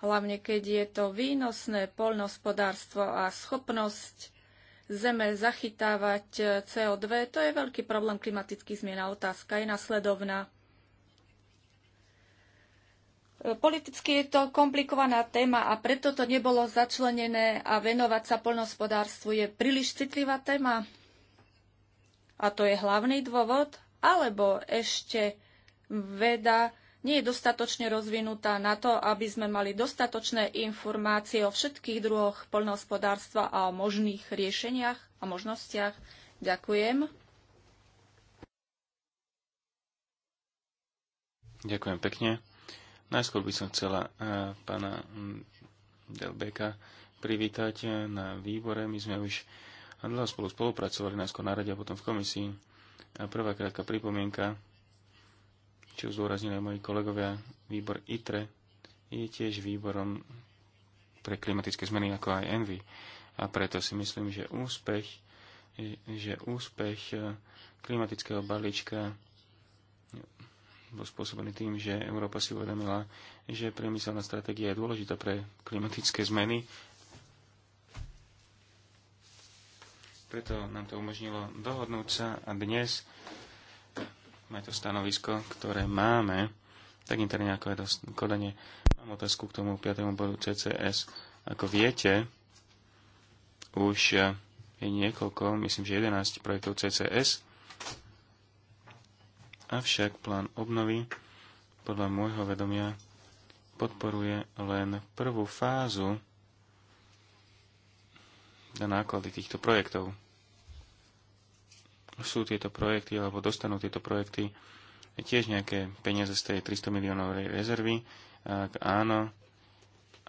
hlavne keď je to výnosné poľnohospodárstvo a schopnosť zeme zachytávať eh, CO2, to je veľký problém klimatických zmien a otázka je nasledovná. Eh, politicky je to komplikovaná téma a preto to nebolo začlenené a venovať sa poľnohospodárstvu je príliš citlivá téma. A to je hlavný dôvod? Alebo ešte veda nie je dostatočne rozvinutá na to, aby sme mali dostatočné informácie o všetkých druhoch poľnohospodárstva a o možných riešeniach a možnostiach. Ďakujem. Ďakujem pekne. Najskôr by som chcela eh, pána Delbeka privítať eh, na výbore. My sme už a dlho spolu spolupracovali najskôr na rade a potom v komisii. A prvá krátka pripomienka, čo zdôraznili moji kolegovia, výbor ITRE je tiež výborom pre klimatické zmeny ako aj ENVY. A preto si myslím, že úspech, že úspech e, klimatického balíčka bol spôsobený tým, že Európa si uvedomila, že priemyselná stratégia je dôležitá pre klimatické zmeny Preto nám to umožnilo dohodnúť sa a dnes máme to stanovisko, ktoré máme, tak interne ako je dosť kodanie. Mám otázku k tomu 5. bodu CCS. Ako viete, už je niekoľko, myslím, že 11 projektov CCS. Avšak plán obnovy podľa môjho vedomia podporuje len prvú fázu na náklady týchto projektov sú tieto projekty alebo dostanú tieto projekty tiež nejaké peniaze z tej 300 miliónovej rezervy? Ak áno,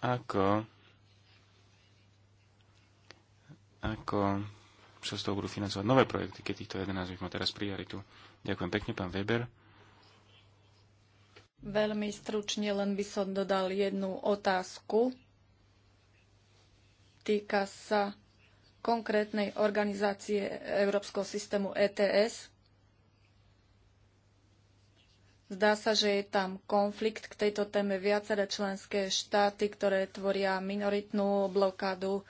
ako, ako sa z toho budú financovať nové projekty, keď týchto 11 by sme teraz prijali tu. Ďakujem pekne, pán Weber. Veľmi stručne len by som dodal jednu otázku. Týka sa konkrétnej organizácie Európskeho systému ETS. Zdá sa, že je tam konflikt k tejto téme viaceré členské štáty, ktoré tvoria minoritnú blokádu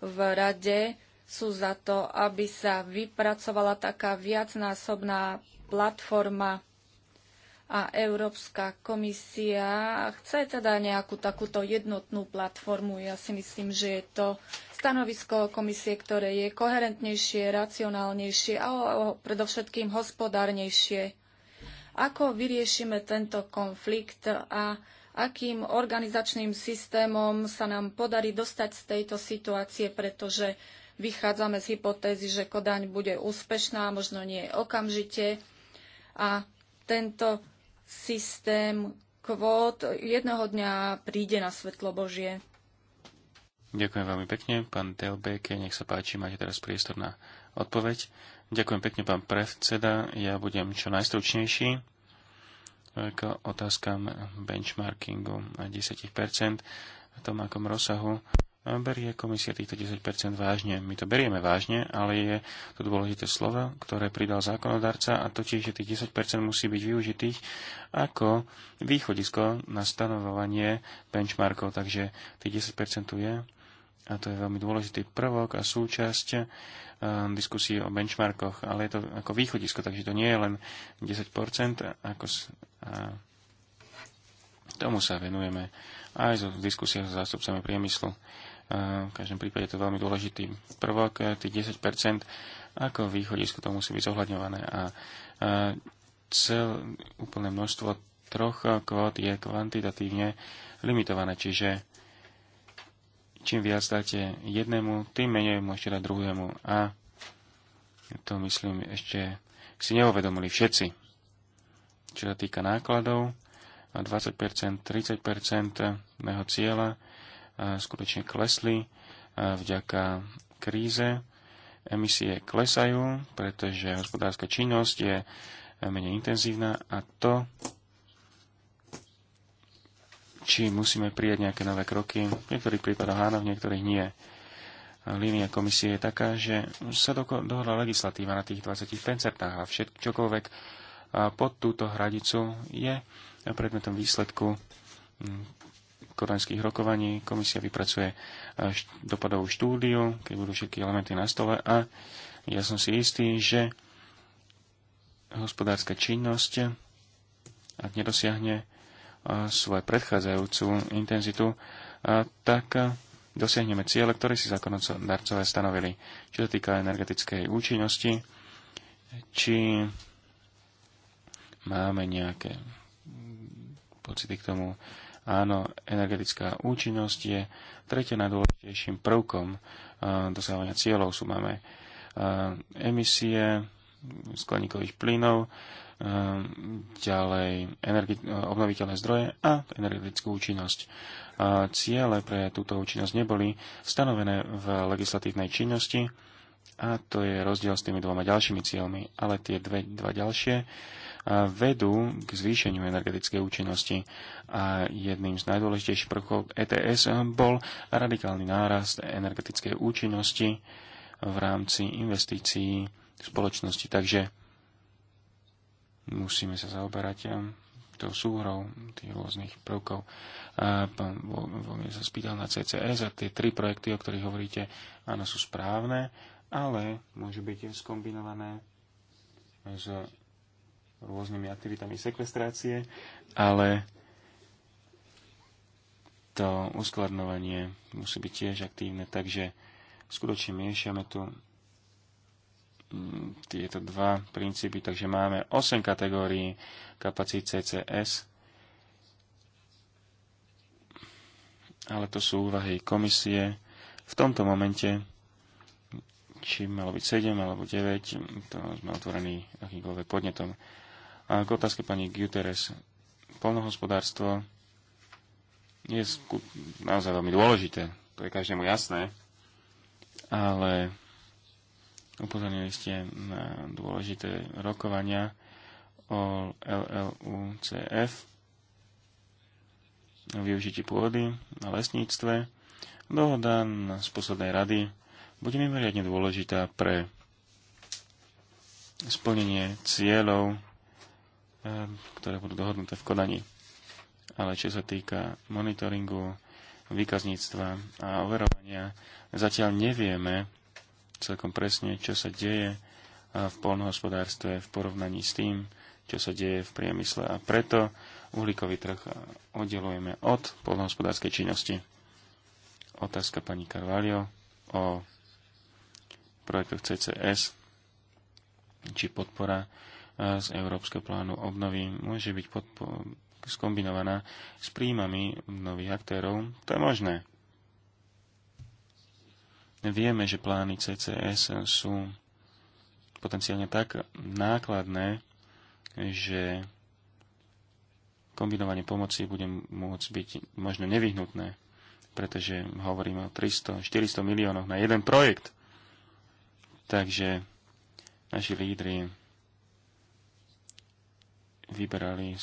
v rade sú za to, aby sa vypracovala taká viacnásobná platforma a Európska komisia chce teda nejakú takúto jednotnú platformu. Ja si myslím, že je to stanovisko komisie, ktoré je koherentnejšie, racionálnejšie a predovšetkým hospodárnejšie. Ako vyriešime tento konflikt a akým organizačným systémom sa nám podarí dostať z tejto situácie, pretože vychádzame z hypotézy, že Kodaň bude úspešná, možno nie okamžite. A tento systém kvót jedného dňa príde na svetlo Božie. Ďakujem veľmi pekne, pán Delbeke, nech sa páči, máte teraz priestor na odpoveď. Ďakujem pekne, pán predseda, ja budem čo najstručnejší k otázkam benchmarkingu na 10%, v tom akom rozsahu berie komisia týchto 10% vážne. My to berieme vážne, ale je to dôležité slovo, ktoré pridal zákonodarca a totiž, že tých 10% musí byť využitých ako východisko na stanovovanie benchmarkov. Takže tých 10% tu je a to je veľmi dôležitý prvok a súčasť eh, diskusie o benchmarkoch, ale je to ako východisko, takže to nie je len 10%, ako s, a tomu sa venujeme aj v diskusiách s zástupcami priemyslu. Eh, v každom prípade je to veľmi dôležitý prvok, eh, tých 10%, ako východisko to musí byť zohľadňované a cel, úplné množstvo troch kvót je kvantitatívne limitované, čiže čím viac dáte jednému, tým menej môžete dať druhému. A to myslím ešte si neuvedomili všetci. Čo sa týka nákladov, 20%, 30% mého cieľa skutočne klesli vďaka kríze. Emisie klesajú, pretože hospodárska činnosť je menej intenzívna a to či musíme prijať nejaké nové kroky. V niektorých prípadoch áno, v niektorých nie. Línia komisie je taká, že sa dohodla legislatíva na tých 20 a všetko čokoľvek pod túto hradicu je predmetom výsledku mm, kodaňských rokovaní. Komisia vypracuje e, dopadovú štúdiu, keď budú všetky elementy na stole a ja som si istý, že hospodárska činnosť, ak nedosiahne svoju predchádzajúcu intenzitu, tak dosiahneme cieľe, ktoré si zákonodarcové stanovili. Čo sa týka energetickej účinnosti, či máme nejaké pocity k tomu. Áno, energetická účinnosť je tretie najdôležitejším prvkom dosahovania cieľov. Sú máme emisie skleníkových plynov, Ehm, ďalej obnoviteľné zdroje a energetickú účinnosť. Ciele pre túto účinnosť neboli stanovené v legislatívnej činnosti a to je rozdiel s tými dvoma ďalšími cieľmi, ale tie dve, dva ďalšie e, vedú k zvýšeniu energetickej účinnosti a jedným z najdôležitejších prvkov ETS bol radikálny nárast energetickej účinnosti v rámci investícií spoločnosti. Takže musíme sa zaoberať eh, tou súhrou tých rôznych prvkov. A pán Vomir sa spýtal na CCS a tie tri projekty, o ktorých hovoríte, áno, sú správne, ale môžu byť skombinované s rôznymi aktivitami sekvestrácie, ale to uskladnovanie musí byť tiež aktívne, takže skutočne miešame tu tieto dva princípy, takže máme 8 kategórií kapacít CCS, ale to sú úvahy komisie. V tomto momente, či malo byť 7 alebo 9, to sme otvorení akýmkoľvek podnetom. A k otázke pani Guterres, polnohospodárstvo je naozaj veľmi dôležité, to je každému jasné, ale Upozornili ste na dôležité rokovania o LLUCF, o využití pôdy na lesníctve. Dohoda na spôsobnej rady bude mimoriadne dôležitá pre splnenie cieľov, eh, ktoré budú dohodnuté v Kodani. Ale čo sa týka monitoringu, výkazníctva a overovania, zatiaľ nevieme, celkom presne, čo sa deje v polnohospodárstve v porovnaní s tým, čo sa deje v priemysle. A preto uhlíkový trh oddelujeme od polnohospodárskej činnosti. Otázka pani Carvalho o projektoch CCS, či podpora z Európskeho plánu obnovy môže byť podpo- skombinovaná s príjmami nových aktérov. To je možné. Vieme, že plány CCS sú potenciálne tak nákladné, že kombinovanie pomoci bude môcť byť možno nevyhnutné, pretože hovoríme o 300-400 miliónoch na jeden projekt. Takže naši lídry vyberali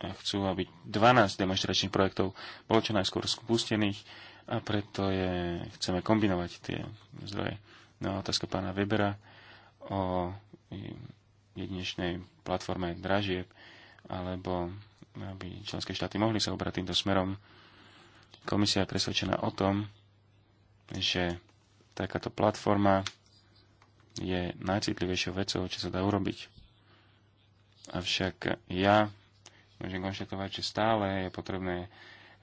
a chcú, aby 12 demonstračných projektov bolo čo najskôr spustených a preto je, chceme kombinovať tie zdroje. No a otázka pána Webera o jedinečnej platforme dražieb, alebo aby členské štáty mohli sa obrať týmto smerom. Komisia je presvedčená o tom, že takáto platforma je najcitlivejšou vecou, čo sa dá urobiť. Avšak ja môžem konštatovať, že stále je potrebné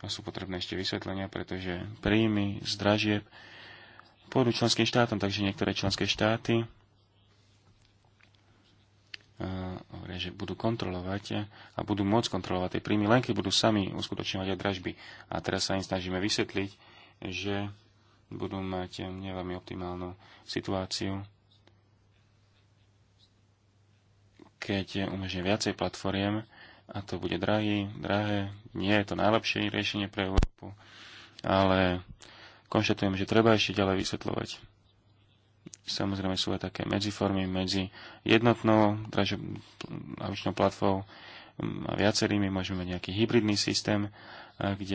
tam no, sú potrebné ešte vysvetlenia, pretože príjmy z dražieb pôjdu členským štátom, takže niektoré členské štáty e, hovoria, že budú kontrolovať a budú môcť kontrolovať tie príjmy, len keď budú sami uskutočňovať aj dražby. A teraz sa im snažíme vysvetliť, že budú mať neveľmi optimálnu situáciu, keď umožňuje viacej platformiem a to bude drahý, drahé. Nie je to najlepšie riešenie pre Európu, ale konštatujem, že treba ešte ďalej vysvetľovať. Samozrejme sú aj také medziformy medzi jednotnou dražobnou platformou a viacerými. Môžeme mať nejaký hybridný systém, kde